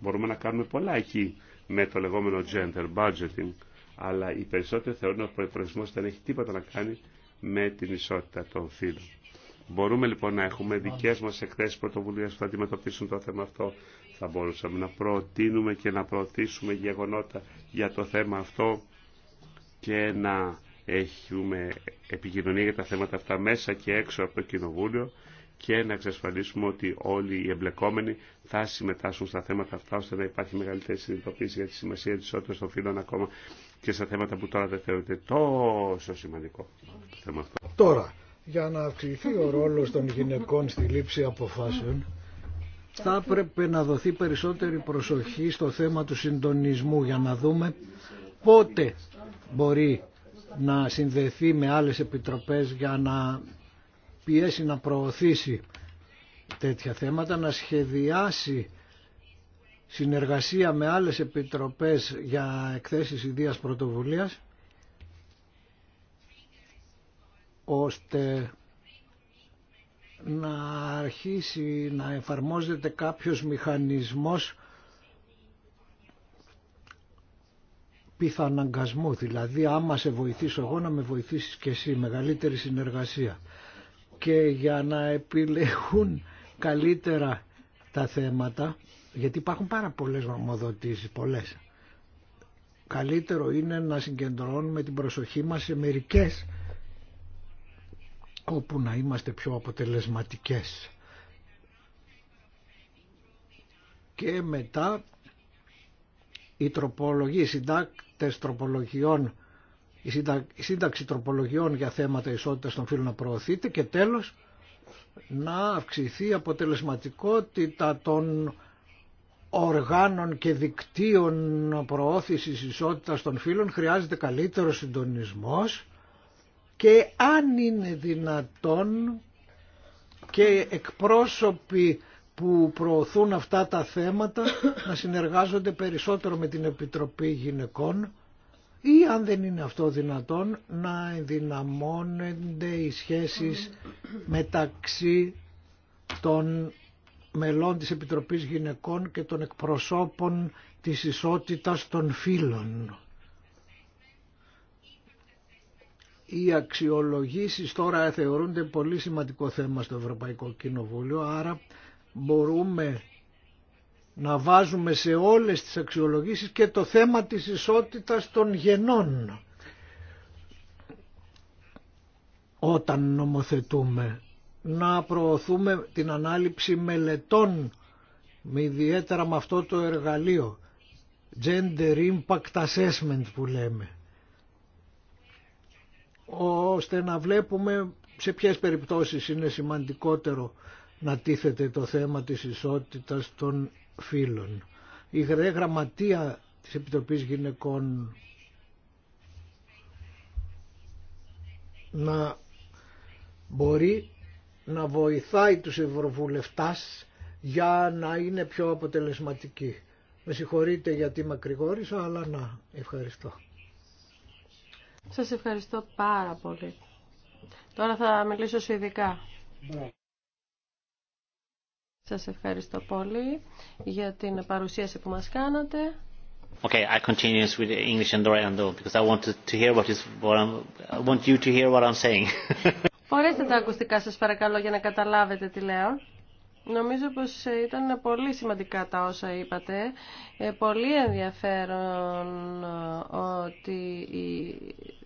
Speaker 1: Μπορούμε να κάνουμε πολλά εκεί με το λεγόμενο gender budgeting, αλλά οι περισσότεροι θεωρούν ότι ο προπολογισμό δεν έχει τίποτα να κάνει με την ισότητα των φύλων. Μπορούμε λοιπόν να έχουμε δικέ μα εκθέσει πρωτοβουλία που θα αντιμετωπίσουν το θέμα αυτό. Θα μπορούσαμε να προτείνουμε και να προωθήσουμε γεγονότα για το θέμα αυτό και να έχουμε επικοινωνία για τα θέματα αυτά μέσα και έξω από το Κοινοβούλιο και να εξασφαλίσουμε ότι όλοι οι εμπλεκόμενοι θα συμμετάσχουν στα θέματα αυτά ώστε να υπάρχει μεγαλύτερη συνειδητοποίηση για τη σημασία της ισότητας των φύλων ακόμα και στα θέματα που τώρα δεν θεωρείται τόσο σημαντικό θέμα αυτό.
Speaker 4: Τώρα, για να αυξηθεί ο ρόλος των γυναικών στη λήψη αποφάσεων θα έπρεπε να δοθεί περισσότερη προσοχή στο θέμα του συντονισμού για να δούμε πότε μπορεί να συνδεθεί με άλλες επιτροπές για να πιέσει να προωθήσει τέτοια θέματα, να σχεδιάσει συνεργασία με άλλες επιτροπές για εκθέσεις ιδίας πρωτοβουλίας ώστε να αρχίσει να εφαρμόζεται κάποιος μηχανισμός πιθαναγκασμού, δηλαδή άμα σε βοηθήσω εγώ να με βοηθήσεις και εσύ, μεγαλύτερη συνεργασία και για να επιλεγούν καλύτερα τα θέματα, γιατί υπάρχουν πάρα πολλές γνωμοδοτήσεις, πολλές. Καλύτερο είναι να συγκεντρώνουμε την προσοχή μας σε μερικές όπου να είμαστε πιο αποτελεσματικές. Και μετά οι τροπολογοί, οι συντάκτες τροπολογιών η σύνταξη τροπολογιών για θέματα ισότητας των φύλων να προωθείται και τέλος να αυξηθεί η αποτελεσματικότητα των οργάνων και δικτύων προώθησης ισότητας των φύλων χρειάζεται καλύτερο συντονισμός και αν είναι δυνατόν και εκπρόσωποι που προωθούν αυτά τα θέματα να συνεργάζονται περισσότερο με την Επιτροπή Γυναικών ή αν δεν είναι αυτό δυνατόν να ενδυναμώνονται οι σχέσεις μεταξύ των μελών της Επιτροπής Γυναικών και των εκπροσώπων της ισότητας των φύλων. Οι αξιολογήσεις τώρα θεωρούνται πολύ σημαντικό θέμα στο Ευρωπαϊκό Κοινοβούλιο, άρα μπορούμε να βάζουμε σε όλες τις αξιολογήσεις και το θέμα της ισότητας των γενών όταν νομοθετούμε να προωθούμε την ανάληψη μελετών με ιδιαίτερα με αυτό το εργαλείο Gender Impact Assessment που λέμε ώστε να βλέπουμε σε ποιες περιπτώσεις είναι σημαντικότερο να τίθεται το θέμα της ισότητας των φίλων. Η γραμματεία της Επιτροπής Γυναικών να μπορεί να βοηθάει τους ευρωβουλευτάς για να είναι πιο αποτελεσματική. Με συγχωρείτε γιατί μακρηγόρησα, αλλά να, ευχαριστώ.
Speaker 3: Σας ευχαριστώ πάρα πολύ. Τώρα θα μιλήσω σου ειδικά. Ναι. Σας ευχαριστώ πολύ για την παρουσίαση που μας κάνατε.
Speaker 2: Okay, I continue with English and Dorian though, because I want to hear what is what I'm, I want you to hear what I'm saying.
Speaker 3: Φορέστε τα ακουστικά σας παρακαλώ για να καταλάβετε τι λέω. Νομίζω πως ε, ήταν πολύ σημαντικά τα όσα είπατε. Ε, πολύ ενδιαφέρον ε, ότι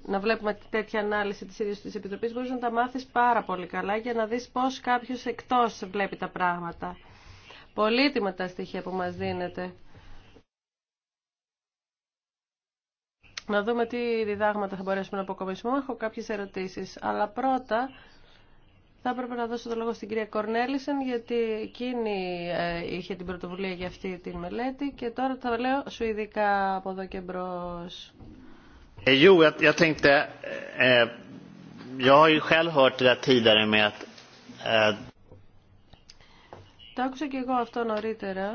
Speaker 3: να βλέπουμε τέτοια ανάλυση της ίδιας της Επιτροπής. Μπορείς να τα μάθεις πάρα πολύ καλά για να δεις πώς κάποιος εκτός βλέπει τα πράγματα. Πολύτιμα τα στοιχεία που μας δίνετε. Να δούμε τι διδάγματα θα μπορέσουμε να αποκομίσουμε. Έχω κάποιες ερωτήσεις, αλλά πρώτα θα έπρεπε να δώσω το λόγο στην κυρία Κορνέλισεν γιατί εκείνη ε, είχε την πρωτοβουλία για αυτή τη μελέτη και τώρα θα λέω σου ειδικά από εδώ και μπρος.
Speaker 2: Ε, jo, jag
Speaker 3: Το άκουσα και εγώ αυτό νωρίτερα,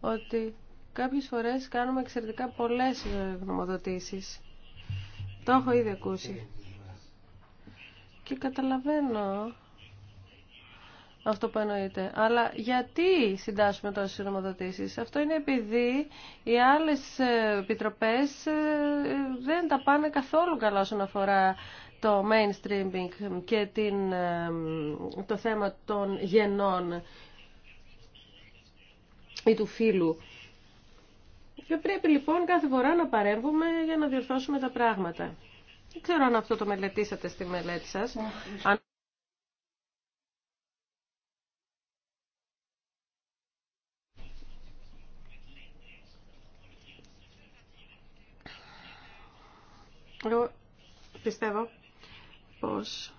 Speaker 3: ότι κάποιες φορές κάνουμε εξαιρετικά πολλές γνωμοδοτήσεις. Το έχω ήδη ακούσει και καταλαβαίνω αυτό που εννοείται. Αλλά γιατί συντάσσουμε τόσε συνωμοδοτήσει, Αυτό είναι επειδή οι άλλε επιτροπέ ε, δεν τα πάνε καθόλου καλά όσον αφορά το mainstreaming και την, ε, το θέμα των γενών ή του φίλου. Και πρέπει λοιπόν κάθε φορά να παρέμβουμε για να διορθώσουμε τα πράγματα. Δεν ξέρω αν αυτό το μελετήσατε στη μελέτη σας. Εγώ πιστεύω πως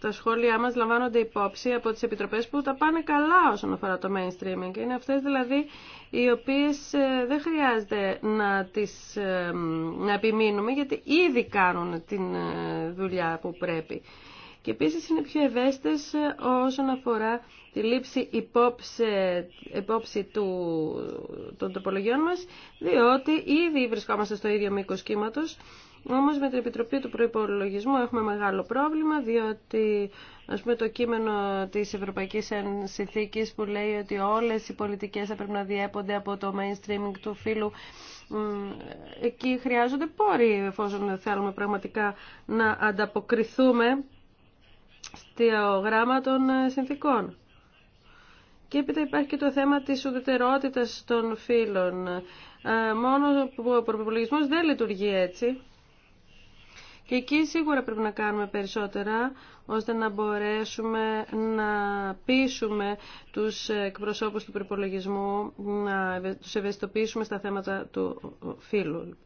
Speaker 3: τα σχόλιά μας λαμβάνονται υπόψη από τις επιτροπές που τα πάνε καλά όσον αφορά το mainstreaming. Είναι αυτές δηλαδή οι οποίες ε, δεν χρειάζεται να τις ε, να επιμείνουμε γιατί ήδη κάνουν την ε, δουλειά που πρέπει. Και επίσης είναι πιο ευαίσθητες όσον αφορά τη λήψη υπόψη, του, των τοπολογιών μας, διότι ήδη βρισκόμαστε στο ίδιο μήκος κύματος Όμω με την Επιτροπή του προπολογισμού έχουμε μεγάλο πρόβλημα, διότι ας πούμε, το κείμενο της Ευρωπαϊκής Συνθήκη που λέει ότι όλες οι πολιτικές θα πρέπει να διέπονται από το mainstreaming του φύλου, εκεί χρειάζονται πόροι εφόσον θέλουμε πραγματικά να ανταποκριθούμε στο γράμμα των συνθήκων. Και έπειτα υπάρχει και το θέμα της ουδετερότητας των φύλων. Ε, μόνο που ο προπολογισμός δεν λειτουργεί έτσι. Και εκεί σίγουρα πρέπει να κάνουμε περισσότερα ώστε να μπορέσουμε να πείσουμε τους εκπροσώπους του προπολογισμού να τους ευαισθητοποιήσουμε στα θέματα του φίλου.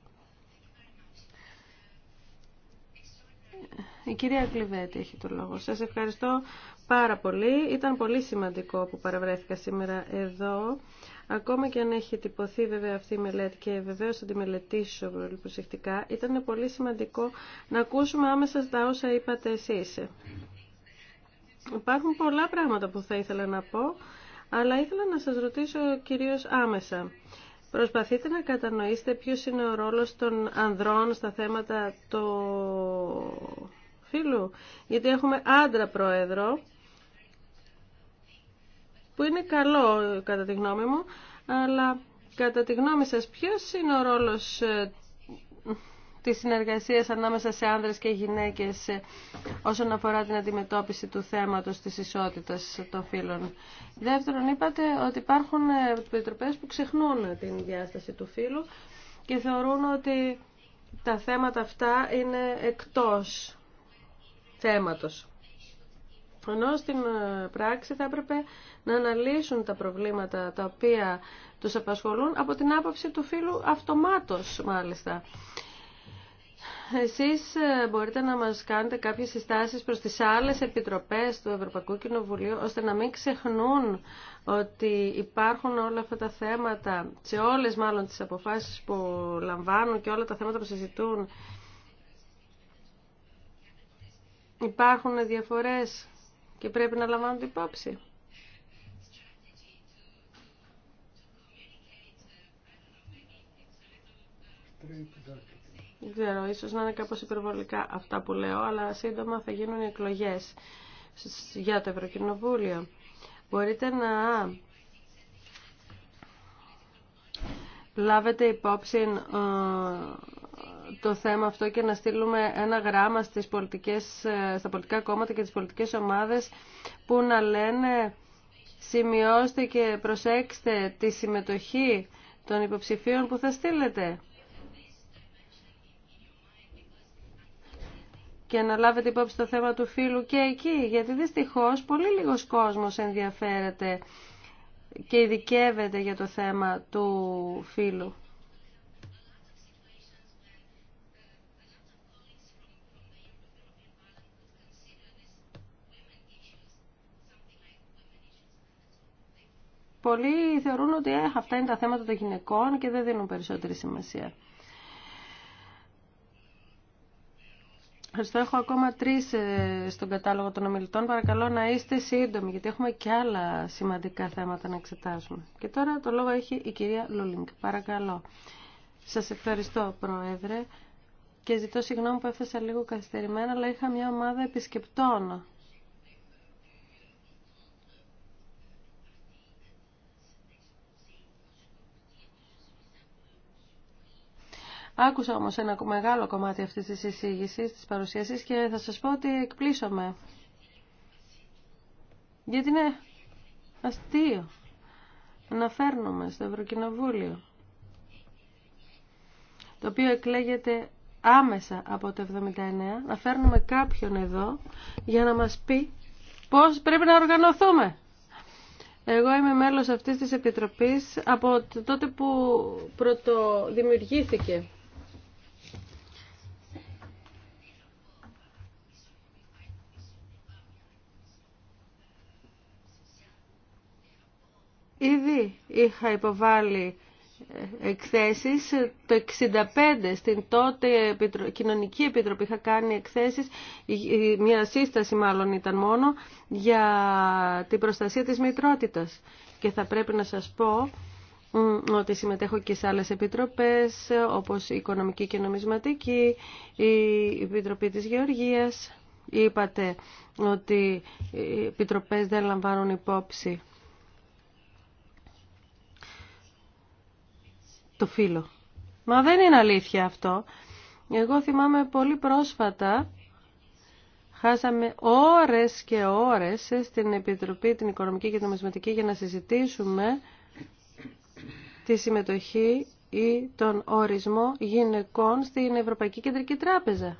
Speaker 3: Η κυρία Κλειβέτη έχει το λόγο. Σας ευχαριστώ πάρα πολύ. Ήταν πολύ σημαντικό που παραβρέθηκα σήμερα εδώ Ακόμα και αν έχει τυπωθεί βέβαια αυτή η μελέτη και βεβαίως θα τη μελετήσω προσεκτικά, ήταν πολύ σημαντικό να ακούσουμε άμεσα τα όσα είπατε εσείς. Υπάρχουν πολλά πράγματα που θα ήθελα να πω, αλλά ήθελα να σας ρωτήσω κυρίως άμεσα. Προσπαθείτε να κατανοήσετε ποιος είναι ο ρόλος των ανδρών στα θέματα του φίλου. Γιατί έχουμε άντρα πρόεδρο, που είναι καλό κατά τη γνώμη μου, αλλά κατά τη γνώμη σας ποιος είναι ο ρόλος ε, της συνεργασίας ανάμεσα σε άνδρες και γυναίκες ε, όσον αφορά την αντιμετώπιση του θέματος της ισότητας των φύλων. Δεύτερον, είπατε ότι υπάρχουν ε, επιτροπές που ξεχνούν την διάσταση του φύλου και θεωρούν ότι τα θέματα αυτά είναι εκτός θέματος ενώ στην ε, πράξη θα έπρεπε να αναλύσουν τα προβλήματα τα οποία τους απασχολούν από την άποψη του φίλου αυτομάτως μάλιστα. Εσείς ε, μπορείτε να μας κάνετε κάποιες συστάσεις προς τις άλλες επιτροπές του Ευρωπαϊκού Κοινοβουλίου, ώστε να μην ξεχνούν ότι υπάρχουν όλα αυτά τα θέματα, σε όλες μάλλον τις αποφάσεις που λαμβάνουν και όλα τα θέματα που συζητούν. Υπάρχουν διαφορές και πρέπει να λαμβάνονται υπόψη. Δεν ξέρω, ίσως να είναι κάπως υπερβολικά αυτά που λέω, αλλά σύντομα θα γίνουν οι εκλογές για το Ευρωκοινοβούλιο. Μπορείτε να λάβετε υπόψη ε, το θέμα αυτό και να στείλουμε ένα γράμμα στις πολιτικές, ε, στα πολιτικά κόμματα και τις πολιτικές ομάδες που να λένε σημειώστε και προσέξτε τη συμμετοχή των υποψηφίων που θα στείλετε. και να λάβετε υπόψη το θέμα του φίλου και εκεί, γιατί δυστυχώς πολύ λίγος κόσμος ενδιαφέρεται και ειδικεύεται για το θέμα του φίλου. πολλοί θεωρούν ότι «Ε, αυτά είναι τα θέματα των γυναικών και δεν δίνουν περισσότερη σημασία. Ευχαριστώ. Έχω ακόμα τρει ε, στον κατάλογο των ομιλητών. Παρακαλώ να είστε σύντομοι, γιατί έχουμε και άλλα σημαντικά θέματα να εξετάσουμε. Και τώρα το λόγο έχει η κυρία Λούλινγκ. Παρακαλώ. Σας ευχαριστώ, Πρόεδρε. Και ζητώ συγγνώμη που έφτασα λίγο καθυστερημένα, αλλά είχα μια ομάδα επισκεπτών Άκουσα όμως ένα μεγάλο κομμάτι αυτής της εισήγησης, της παρουσίασης και θα σας πω ότι εκπλήσωμαι. Γιατί είναι αστείο να φέρνουμε στο Ευρωκοινοβούλιο, το οποίο εκλέγεται άμεσα από το 79, να φέρνουμε κάποιον εδώ για να μας πει πώς πρέπει να οργανωθούμε. Εγώ είμαι μέλος αυτής της Επιτροπής από τότε που πρωτοδημιουργήθηκε. Ήδη είχα υποβάλει ε, εκθέσεις, το 65 στην τότε Κοινωνική Επιτροπή είχα κάνει εκθέσεις, μια σύσταση μάλλον ήταν μόνο, για την προστασία της μητρότητας. Και θα πρέπει να σας πω ότι συμμετέχω και σε άλλες επιτροπές, όπως η Οικονομική και Νομισματική, η Επιτροπή της Γεωργίας. Είπατε ότι οι επιτροπές δεν λαμβάνουν υπόψη το φίλο. Μα δεν είναι αλήθεια αυτό. Εγώ θυμάμαι πολύ πρόσφατα Χάσαμε ώρες και ώρες στην Επιτροπή την Οικονομική και Νομισματική για να συζητήσουμε τη συμμετοχή ή τον ορισμό γυναικών στην Ευρωπαϊκή Κεντρική Τράπεζα.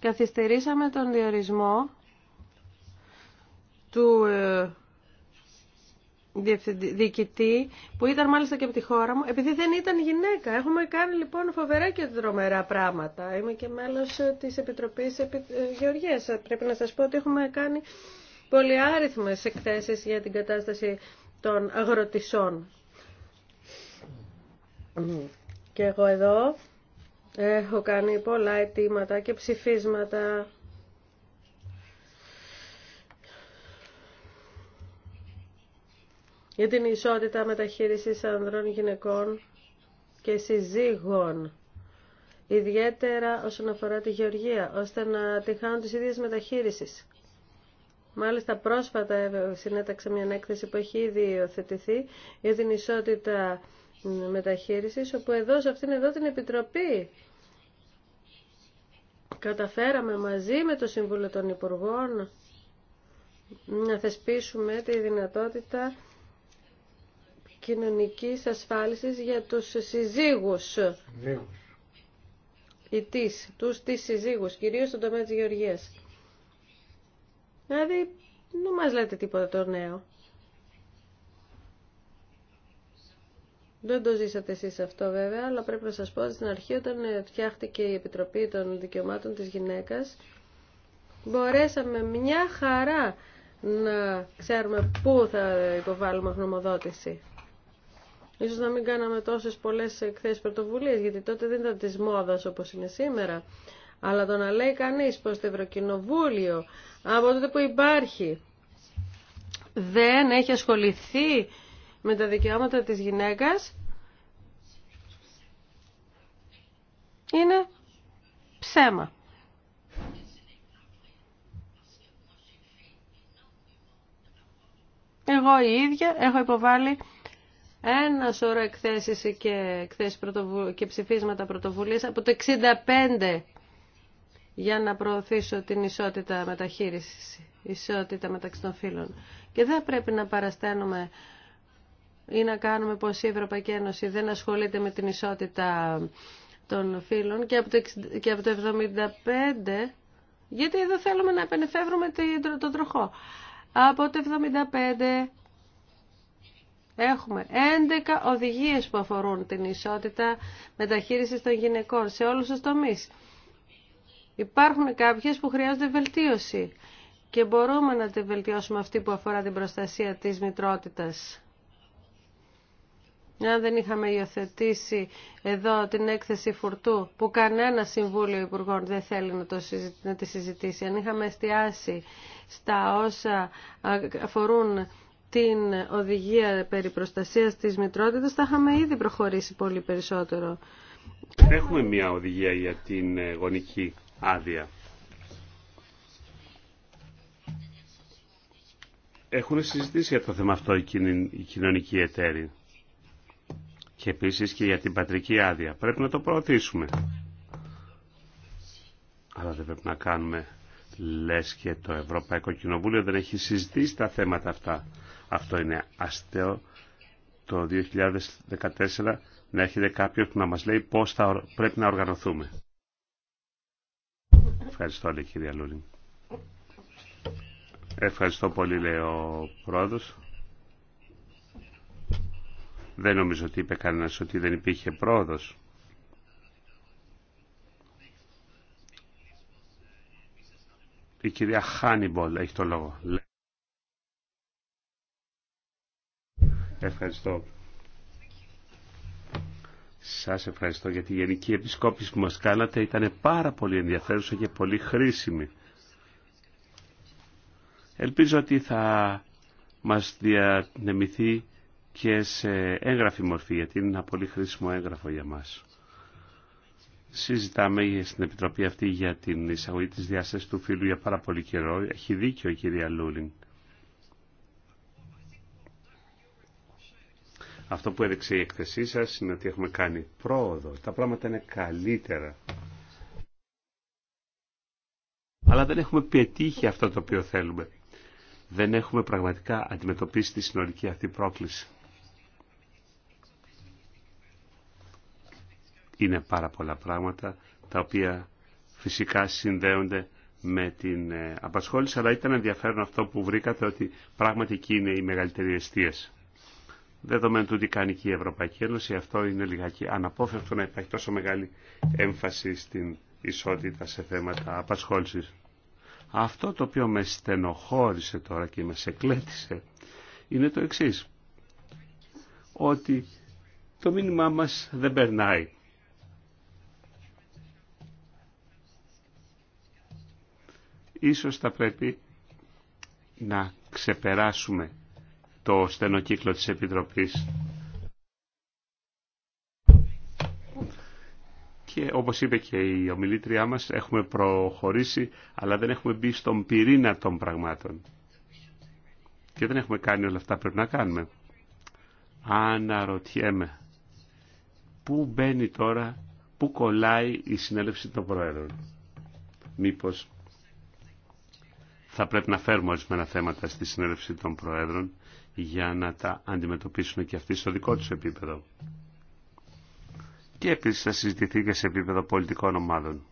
Speaker 3: Καθυστερήσαμε τον διορισμό του ε, διοικητή που ήταν μάλιστα και από τη χώρα μου επειδή δεν ήταν γυναίκα. Έχουμε κάνει λοιπόν φοβερά και δρομερά πράγματα. Είμαι και μέλος ε, της Επιτροπής ε, Γεωργίας. Ε, πρέπει να σας πω ότι έχουμε κάνει άριθμες εκθέσεις για την κατάσταση των αγροτισών. Και εγώ εδώ έχω κάνει πολλά αιτήματα και ψηφίσματα για την ισότητα μεταχείρισης ανδρών γυναικών και συζύγων ιδιαίτερα όσον αφορά τη γεωργία, ώστε να τη χάνουν τις ίδιες μεταχείρισεις. Μάλιστα πρόσφατα ε, συνέταξα μια έκθεση που έχει ήδη υιοθετηθεί για την ισότητα μεταχείρισης, όπου εδώ σε αυτήν εδώ την Επιτροπή καταφέραμε μαζί με το Σύμβουλο των Υπουργών να θεσπίσουμε τη δυνατότητα κοινωνικής ασφάλισης για τους συζύγους. Συζύγους. Ή τις, τους τις συζύγους, κυρίως στον τομέα της γεωργίας. Δηλαδή, δεν μας λέτε τίποτα το νέο. Δεν το ζήσατε εσείς αυτό βέβαια, αλλά πρέπει να σας πω ότι στην αρχή όταν φτιάχτηκε η Επιτροπή των Δικαιωμάτων της Γυναίκας, μπορέσαμε μια χαρά να ξέρουμε πού θα υποβάλουμε γνωμοδότηση. Ίσως να μην κάναμε τόσες πολλές εκθέσεις πρωτοβουλίες, γιατί τότε δεν ήταν της μόδας όπως είναι σήμερα. Αλλά το να λέει κανείς πως το Ευρωκοινοβούλιο, από τότε που υπάρχει, δεν έχει ασχοληθεί με τα δικαιώματα της γυναίκας, είναι ψέμα. Εγώ η ίδια έχω υποβάλει ένα σώρο εκθέσεις και, εκθέσεις και ψηφίσματα πρωτοβουλίας από το 65 για να προωθήσω την ισότητα μεταχείρισης, ισότητα μεταξύ των φύλων. Και δεν πρέπει να παρασταίνουμε ή να κάνουμε πως η Ευρωπαϊκή Ένωση δεν ασχολείται με την ισότητα των φύλων και από το, και από 75 γιατί εδώ θέλουμε να επενεφεύρουμε τον τροχό. Από το 75 Έχουμε 11 οδηγίες που αφορούν την ισότητα μεταχείρισης των γυναικών σε όλους τους τομείς. Υπάρχουν κάποιες που χρειάζονται βελτίωση και μπορούμε να τη βελτιώσουμε αυτή που αφορά την προστασία της μητρότητας. Αν δεν είχαμε υιοθετήσει εδώ την έκθεση φουρτού που κανένα Συμβούλιο Υπουργών δεν θέλει να, το να τη συζητήσει, αν είχαμε εστιάσει στα όσα αφορούν την οδηγία περί προστασίας της μητρότητας θα είχαμε ήδη προχωρήσει πολύ περισσότερο.
Speaker 1: Έχουμε μια οδηγία για την ε, γονική άδεια. Έχουν συζητήσει για το θέμα αυτό οι κοινωνικοί εταίροι και επίσης και για την πατρική άδεια. Πρέπει να το προωθήσουμε. Αλλά δεν πρέπει να κάνουμε λες και το Ευρωπαϊκό Κοινοβούλιο δεν έχει συζητήσει τα θέματα αυτά. Αυτό είναι αστείο το 2014 να έχετε κάποιον που να μας λέει πώς θα πρέπει να οργανωθούμε. Ευχαριστώ, λέει κυρία Λούλιν. Ευχαριστώ πολύ, λέει ο πρόεδρος. Δεν νομίζω ότι είπε κανένα ότι δεν υπήρχε πρόοδος. Η κυρία Χάνιμπολ έχει το λόγο. Ευχαριστώ. Σας ευχαριστώ για τη γενική επισκόπηση που μας κάνατε. Ήταν πάρα πολύ ενδιαφέρουσα και πολύ χρήσιμη. Ελπίζω ότι θα μας διανεμηθεί και σε έγγραφη μορφή, γιατί είναι ένα πολύ χρήσιμο έγγραφο για μας. Συζητάμε στην Επιτροπή αυτή για την εισαγωγή της διάστασης του φίλου για πάρα πολύ καιρό. Έχει δίκιο η κυρία Λούλιν. Αυτό που έδειξε η έκθεσή σας είναι ότι έχουμε κάνει πρόοδο. Τα πράγματα είναι καλύτερα. Αλλά δεν έχουμε πετύχει αυτό το οποίο θέλουμε. Δεν έχουμε πραγματικά αντιμετωπίσει τη συνολική αυτή πρόκληση. Είναι πάρα πολλά πράγματα τα οποία φυσικά συνδέονται με την ε, απασχόληση, αλλά ήταν ενδιαφέρον αυτό που βρήκατε ότι πράγματι εκεί είναι η μεγαλύτερη αιστείας δεδομένου του τι κάνει και η Ευρωπαϊκή Ένωση. Αυτό είναι λιγάκι αναπόφευκτο να υπάρχει τόσο μεγάλη έμφαση στην ισότητα σε θέματα απασχόλησης. Αυτό το οποίο με στενοχώρησε τώρα και με σεκλέτησε είναι το εξής. Ότι το μήνυμά μας δεν περνάει. Ίσως θα πρέπει να ξεπεράσουμε το στενοκύκλο της Επιτροπής. Και όπως είπε και η ομιλήτριά μας, έχουμε προχωρήσει, αλλά δεν έχουμε μπει στον πυρήνα των πραγμάτων. Και δεν έχουμε κάνει όλα αυτά πρέπει να κάνουμε. Αναρωτιέμαι, πού μπαίνει τώρα, πού κολλάει η συνέλευση των Προέδρων. Μήπως θα πρέπει να φέρουμε ορισμένα θέματα στη συνέλευση των Προέδρων για να τα αντιμετωπίσουν και αυτοί στο δικό τους επίπεδο. Και επίσης θα συζητηθεί και σε επίπεδο πολιτικών ομάδων.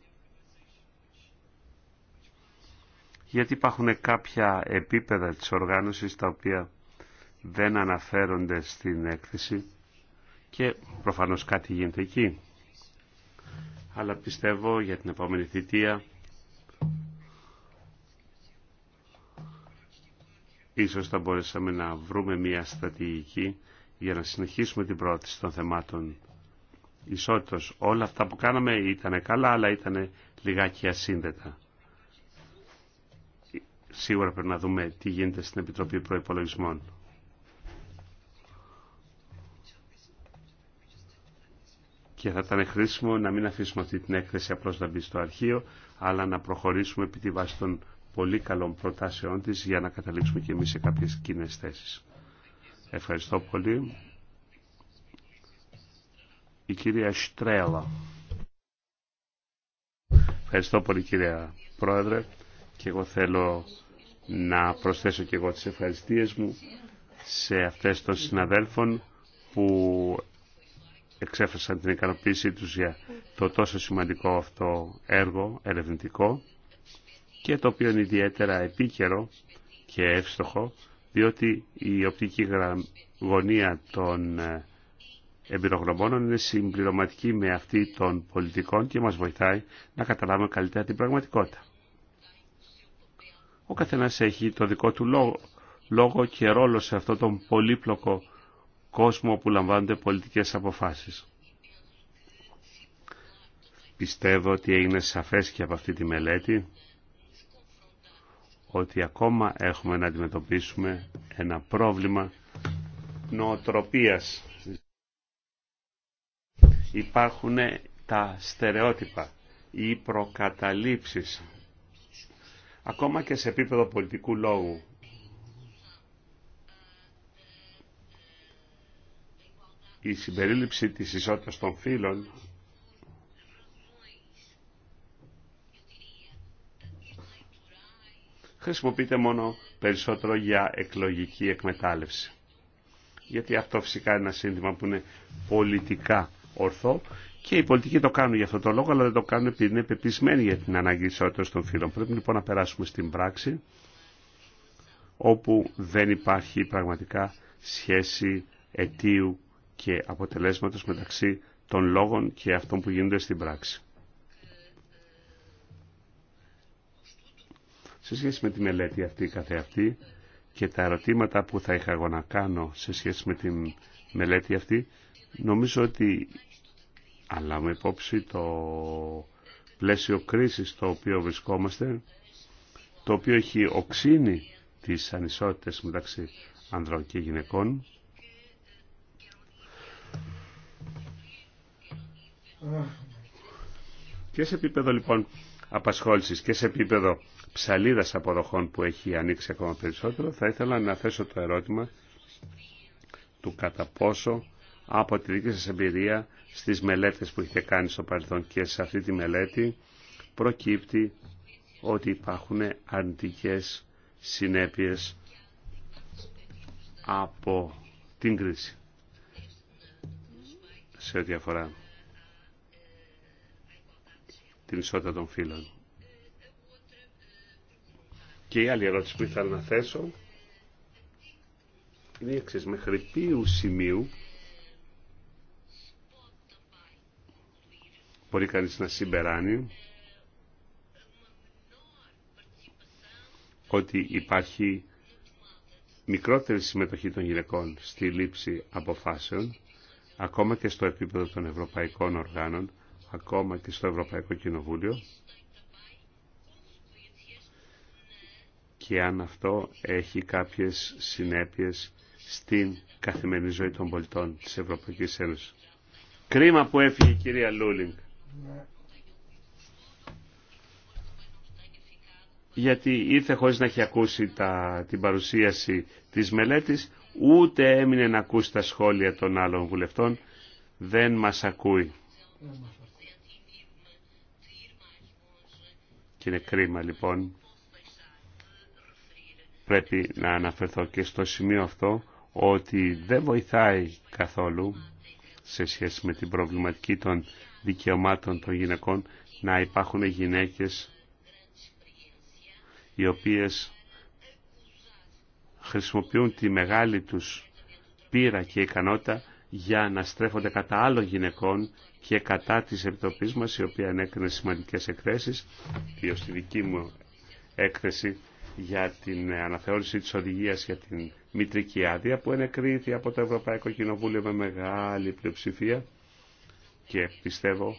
Speaker 1: Γιατί υπάρχουν κάποια επίπεδα της οργάνωσης τα οποία δεν αναφέρονται στην έκθεση και προφανώς κάτι γίνεται εκεί. Αλλά πιστεύω για την επόμενη θητεία Ίσως θα μπορέσαμε να βρούμε μια στρατηγική για να συνεχίσουμε την πρόθεση των θεμάτων ισότητος. Όλα αυτά που κάναμε ήταν καλά, αλλά ήταν λιγάκι ασύνδετα. Σίγουρα πρέπει να δούμε τι γίνεται στην Επιτροπή Προϋπολογισμών. Και θα ήταν χρήσιμο να μην αφήσουμε αυτή την έκθεση απλώς να μπει στο αρχείο, αλλά να προχωρήσουμε επί τη βάση των πολύ καλών προτάσεών της για να καταλήξουμε και εμείς σε κάποιες κοινέ θέσεις. Ευχαριστώ πολύ. Η κυρία Στρέλα. Ευχαριστώ πολύ κυρία Πρόεδρε και εγώ θέλω να προσθέσω και εγώ τις ευχαριστίες μου σε αυτές των συναδέλφων που εξέφρασαν την ικανοποίησή τους για το τόσο σημαντικό αυτό έργο ερευνητικό και το οποίο είναι ιδιαίτερα επίκαιρο και εύστοχο διότι η οπτική γωνία των ε, εμπειρογνωμόνων είναι συμπληρωματική με αυτή των πολιτικών και μας βοηθάει να καταλάβουμε καλύτερα την πραγματικότητα. Ο καθένας έχει το δικό του λόγο, λόγο και ρόλο σε αυτόν τον πολύπλοκο κόσμο που λαμβάνονται πολιτικές αποφάσεις. Πιστεύω ότι έγινε σαφές και από αυτή τη μελέτη ότι ακόμα έχουμε να αντιμετωπίσουμε ένα πρόβλημα νοοτροπίας. Υπάρχουν τα στερεότυπα ή προκαταλήψεις, ακόμα και σε επίπεδο πολιτικού λόγου. Η συμπερίληψη της ισότητας των φύλων χρησιμοποιείται μόνο περισσότερο για εκλογική εκμετάλλευση. Γιατί αυτό φυσικά είναι ένα σύνθημα που είναι πολιτικά ορθό και οι πολιτικοί το κάνουν για αυτό το λόγο, αλλά δεν το κάνουν επειδή είναι πεπισμένοι για την ανάγκη ισότητας των φύλων. Πρέπει λοιπόν να περάσουμε στην πράξη, όπου δεν υπάρχει πραγματικά σχέση αιτίου και αποτελέσματος μεταξύ των λόγων και αυτών που γίνονται στην πράξη. Σε σχέση με τη μελέτη αυτή καθεαυτή και τα ερωτήματα που θα είχα εγώ να κάνω σε σχέση με τη μελέτη αυτή, νομίζω ότι αλλά με υπόψη το πλαίσιο κρίσης στο οποίο βρισκόμαστε, το οποίο έχει οξύνει τις ανισότητες μεταξύ ανδρών και γυναικών. Και σε επίπεδο λοιπόν απασχόλησης και σε επίπεδο ψαλίδας αποδοχών που έχει ανοίξει ακόμα περισσότερο, θα ήθελα να θέσω το ερώτημα του κατά πόσο από τη δική σας εμπειρία στις μελέτες που έχετε κάνει στο παρελθόν και σε αυτή τη μελέτη προκύπτει ότι υπάρχουν αρνητικές συνέπειες από την κρίση σε ό,τι αφορά την ισότητα των φύλων. Και η άλλη ερώτηση που ήθελα να θέσω είναι η Μέχρι ποιου σημείου μπορεί κανείς να συμπεράνει ότι υπάρχει μικρότερη συμμετοχή των γυναικών στη λήψη αποφάσεων, ακόμα και στο επίπεδο των ευρωπαϊκών οργάνων, ακόμα και στο Ευρωπαϊκό Κοινοβούλιο, και αν αυτό έχει κάποιες συνέπειες στην καθημερινή ζωή των πολιτών της Ευρωπαϊκής Ένωσης. Κρίμα που έφυγε η κυρία Λούλινγκ. Γιατί ήρθε χωρίς να έχει ακούσει την παρουσίαση της μελέτης, ούτε έμεινε να ακούσει τα σχόλια των άλλων βουλευτών. Δεν μας ακούει. Και είναι κρίμα λοιπόν πρέπει να αναφερθώ και στο σημείο αυτό ότι δεν βοηθάει καθόλου σε σχέση με την προβληματική των δικαιωμάτων των γυναικών να υπάρχουν γυναίκες οι οποίες χρησιμοποιούν τη μεγάλη τους πείρα και ικανότητα για να στρέφονται κατά άλλων γυναικών και κατά της Επιτροπής μας η οποία ανέκρινε σημαντικές εκθέσεις, στη δική μου έκθεση για την αναθεώρηση της οδηγίας για την μητρική άδεια που ενεκρίθη από το Ευρωπαϊκό Κοινοβούλιο με μεγάλη πλειοψηφία και πιστεύω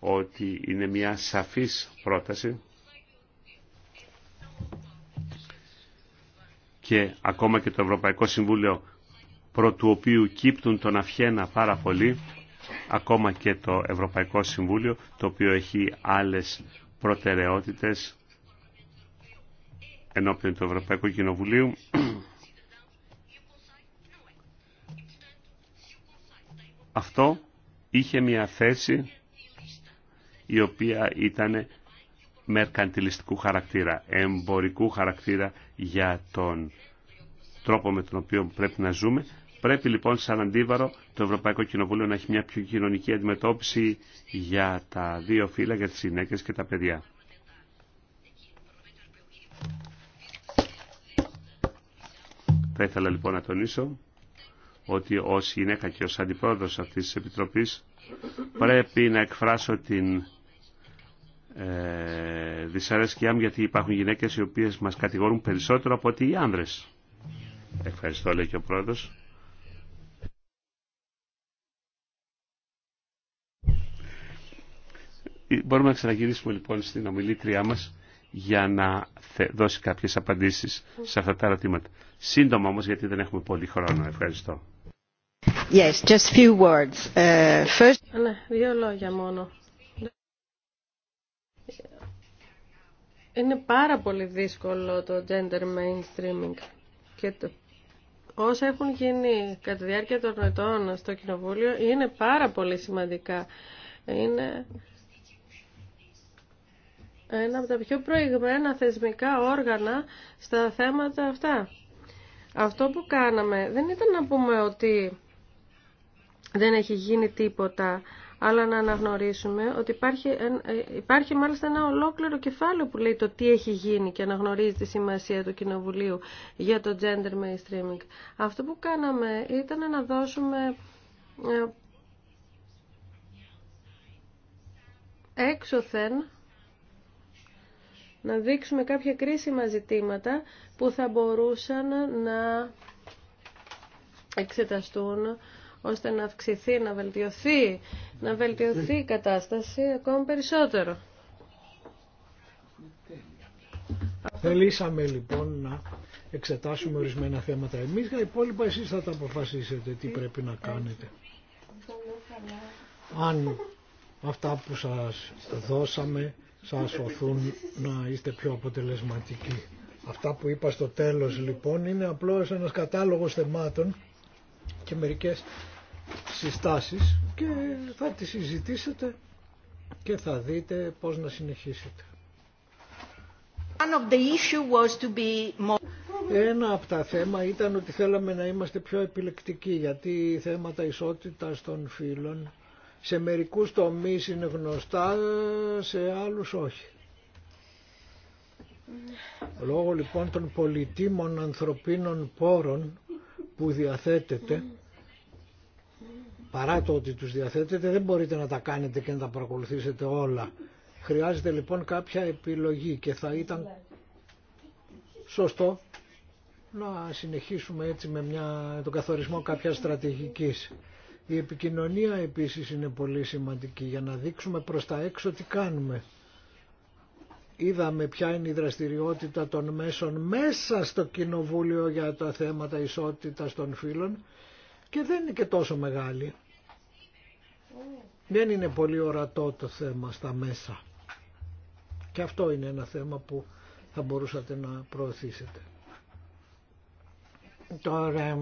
Speaker 1: ότι είναι μια σαφής πρόταση και ακόμα και το Ευρωπαϊκό Συμβούλιο προ του οποίου κύπτουν τον αυχένα πάρα πολύ ακόμα και το Ευρωπαϊκό Συμβούλιο το οποίο έχει άλλες προτεραιότητες ενώπιον του Ευρωπαϊκού Κοινοβουλίου αυτό είχε μια θέση η οποία ήταν μερκαντιλιστικού χαρακτήρα, εμπορικού χαρακτήρα για τον τρόπο με τον οποίο πρέπει να ζούμε. Πρέπει λοιπόν σαν αντίβαρο το Ευρωπαϊκό Κοινοβούλιο να έχει μια πιο κοινωνική αντιμετώπιση για τα δύο φύλλα, για τις γυναίκες και τα παιδιά. Θα ήθελα λοιπόν να τονίσω ότι ως γυναίκα και ως αντιπρόεδρος αυτής της Επιτροπής πρέπει να εκφράσω την ε, δυσαρέσκειά μου γιατί υπάρχουν γυναίκες οι οποίες μας κατηγορούν περισσότερο από ότι οι άνδρες. Ευχαριστώ λέει και ο πρόεδρος. Μπορούμε να ξαναγυρίσουμε λοιπόν στην ομιλήτριά μας για να δώσει κάποιες απαντήσεις σε αυτά τα ερωτήματα. Σύντομα όμως γιατί δεν έχουμε πολύ χρόνο. Ευχαριστώ.
Speaker 3: Yes, just few words. Ε, first... Ε, ναι, δύο λόγια μόνο. Είναι πάρα πολύ δύσκολο το gender mainstreaming και το όσα έχουν γίνει κατά τη διάρκεια των ετών στο Κοινοβούλιο είναι πάρα πολύ σημαντικά. Είναι ένα από τα πιο προηγμένα θεσμικά όργανα στα θέματα αυτά. Αυτό που κάναμε δεν ήταν να πούμε ότι δεν έχει γίνει τίποτα, αλλά να αναγνωρίσουμε ότι υπάρχει, ε, υπάρχει μάλιστα ένα ολόκληρο κεφάλαιο που λέει το τι έχει γίνει και αναγνωρίζει τη σημασία του Κοινοβουλίου για το gender mainstreaming. Αυτό που κάναμε ήταν να δώσουμε ε, έξωθεν να δείξουμε κάποια κρίσιμα ζητήματα που θα μπορούσαν να εξεταστούν ώστε να αυξηθεί, να βελτιωθεί, να βελτιωθεί η κατάσταση ακόμη περισσότερο.
Speaker 4: Θελήσαμε λοιπόν να εξετάσουμε ορισμένα θέματα εμείς, τα υπόλοιπα εσείς θα τα αποφασίσετε τι πρέπει να κάνετε. Αν αυτά που σας δώσαμε σας σωθούν να είστε πιο αποτελεσματικοί. Αυτά που είπα στο τέλος λοιπόν είναι απλώς ένας κατάλογος θεμάτων και μερικές συστάσεις και θα τις συζητήσετε και θα δείτε πώς να συνεχίσετε. Ένα από τα θέματα ήταν ότι θέλαμε να είμαστε πιο επιλεκτικοί γιατί θέματα ισότητας των φύλων σε μερικούς τομείς είναι γνωστά, σε άλλους όχι. Λόγω λοιπόν των πολιτήμων ανθρωπίνων πόρων που διαθέτεται, παρά το ότι τους διαθέτεται δεν μπορείτε να τα κάνετε και να τα παρακολουθήσετε όλα. Χρειάζεται λοιπόν κάποια επιλογή και θα ήταν σωστό να συνεχίσουμε έτσι με μια, τον καθορισμό κάποια στρατηγικής. Η επικοινωνία επίσης είναι πολύ σημαντική για να δείξουμε προς τα έξω τι κάνουμε. Είδαμε ποια είναι η δραστηριότητα των μέσων μέσα στο Κοινοβούλιο για τα θέματα ισότητας των φύλων και δεν είναι και τόσο μεγάλη. Δεν είναι πολύ ορατό το θέμα στα μέσα. Και αυτό είναι ένα θέμα που θα μπορούσατε να προωθήσετε. Τώρα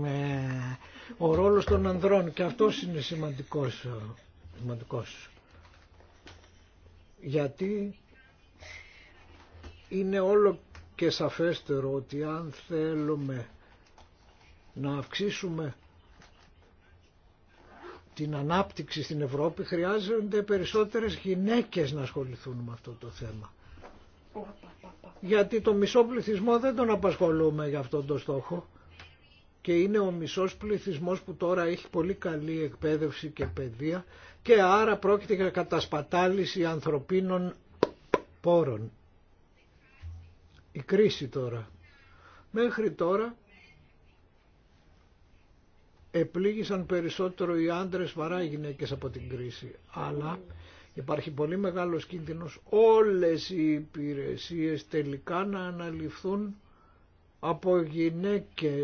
Speaker 4: ο ρόλος των ανδρών και αυτός είναι σημαντικός, ε, σημαντικός. Γιατί είναι όλο και σαφέστερο ότι αν θέλουμε να αυξήσουμε την ανάπτυξη στην Ευρώπη χρειάζονται περισσότερες γυναίκες να ασχοληθούν με αυτό το θέμα. Γιατί το μισό πληθυσμό δεν τον απασχολούμε για αυτόν τον στόχο και είναι ο μισός πληθυσμός που τώρα έχει πολύ καλή εκπαίδευση και παιδεία και άρα πρόκειται για κατασπατάληση ανθρωπίνων πόρων. Η κρίση τώρα. Μέχρι τώρα επλήγησαν περισσότερο οι άντρες παρά οι γυναίκες από την κρίση. Αλλά υπάρχει πολύ μεγάλος κίνδυνος όλες οι υπηρεσίες τελικά να αναλυφθούν από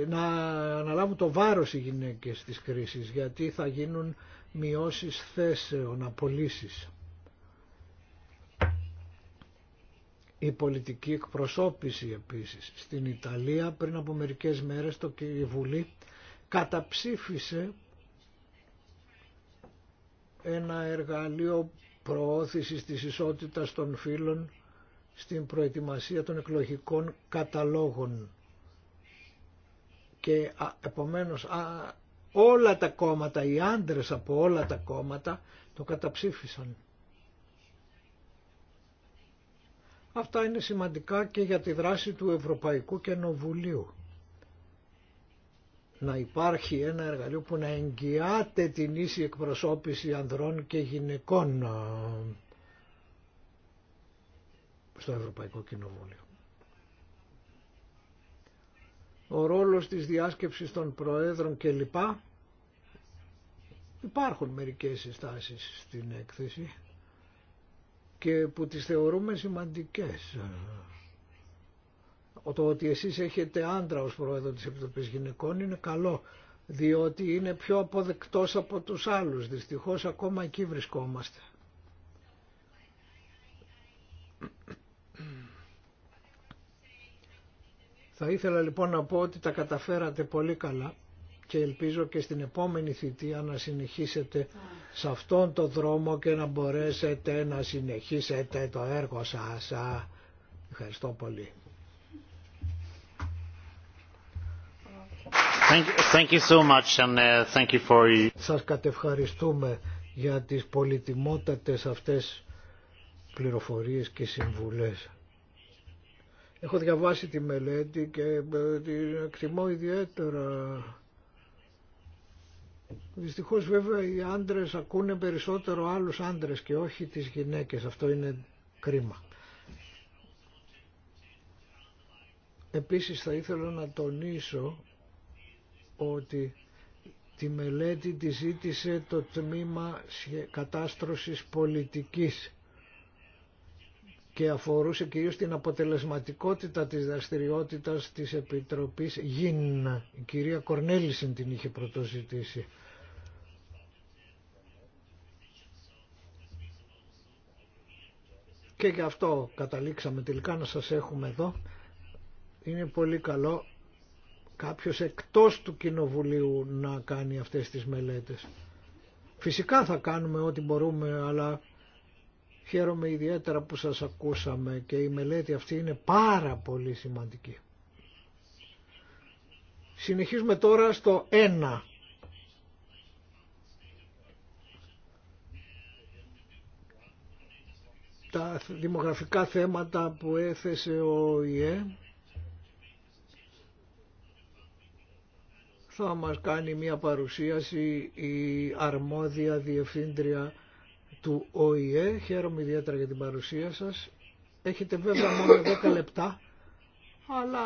Speaker 4: να αναλάβουν το βάρος οι γυναίκες της κρίσης γιατί θα γίνουν μειώσεις θέσεων, απολύσεις. Η πολιτική εκπροσώπηση επίσης. Στην Ιταλία πριν από μερικές μέρες το η Βουλή καταψήφισε ένα εργαλείο προώθησης της ισότητας των φύλων στην προετοιμασία των εκλογικών καταλόγων και επομένως όλα τα κόμματα, οι άντρες από όλα τα κόμματα το καταψήφισαν. Αυτά είναι σημαντικά και για τη δράση του Ευρωπαϊκού Κοινοβουλίου. Να υπάρχει ένα εργαλείο που να εγγυάται την ίση εκπροσώπηση ανδρών και γυναικών ε, στο Ευρωπαϊκό Κοινοβούλιο ο ρόλος της διάσκεψης των προέδρων κλπ. Υπάρχουν μερικές συστάσεις στην έκθεση και που τις θεωρούμε σημαντικές. Το ότι εσείς έχετε άντρα ως πρόεδρο της Επιτροπής Γυναικών είναι καλό, διότι είναι πιο αποδεκτός από τους άλλους. Δυστυχώς ακόμα εκεί βρισκόμαστε. Θα ήθελα λοιπόν να πω ότι τα καταφέρατε πολύ καλά και ελπίζω και στην επόμενη θητεία να συνεχίσετε σε αυτόν τον δρόμο και να μπορέσετε να συνεχίσετε το έργο σας. Ευχαριστώ πολύ.
Speaker 2: Thank you, Σας
Speaker 4: κατευχαριστούμε για τις πολυτιμότατες αυτές πληροφορίες και συμβουλές. Έχω διαβάσει τη μελέτη και ε, την εκτιμώ ιδιαίτερα. Δυστυχώς βέβαια οι άντρες ακούνε περισσότερο άλλους άντρες και όχι τις γυναίκες. Αυτό είναι κρίμα. Επίσης θα ήθελα να τονίσω ότι τη μελέτη τη ζήτησε το τμήμα κατάστρωσης πολιτικής και αφορούσε κυρίως την αποτελεσματικότητα της δραστηριότητας της Επιτροπής ΓΙΝ. Η κυρία Κορνέλησεν την είχε πρωτοζητήσει. Και γι' αυτό καταλήξαμε τελικά να σας έχουμε εδώ. Είναι πολύ καλό κάποιος εκτός του Κοινοβουλίου να κάνει αυτές τις μελέτες. Φυσικά θα κάνουμε ό,τι μπορούμε, αλλά Χαίρομαι ιδιαίτερα που σας ακούσαμε και η μελέτη αυτή είναι πάρα πολύ σημαντική. Συνεχίζουμε τώρα στο 1. τα δημογραφικά θέματα που έθεσε ο ΙΕ θα μας κάνει μια παρουσίαση η αρμόδια διευθύντρια του ΟΗΕ. Χαίρομαι ιδιαίτερα για την παρουσία σας. Έχετε βέβαια μόνο 10 λεπτά, αλλά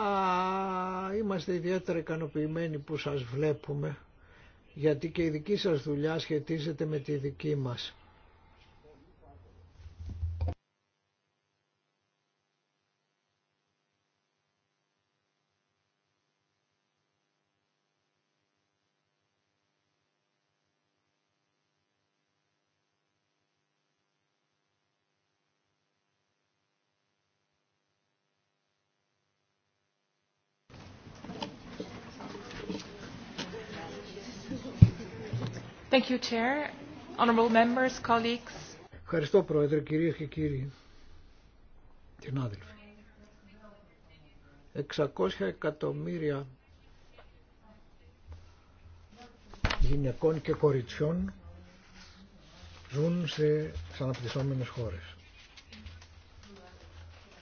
Speaker 4: είμαστε ιδιαίτερα ικανοποιημένοι που σας βλέπουμε, γιατί και η δική σας δουλειά σχετίζεται με τη δική μας. Ευχαριστώ Πρόεδρε, κύριε και κύριοι. Την άδελφη. 600 εκατομμύρια γυναικών και κοριτσιών ζουν σε, σε χώρε. χώρες.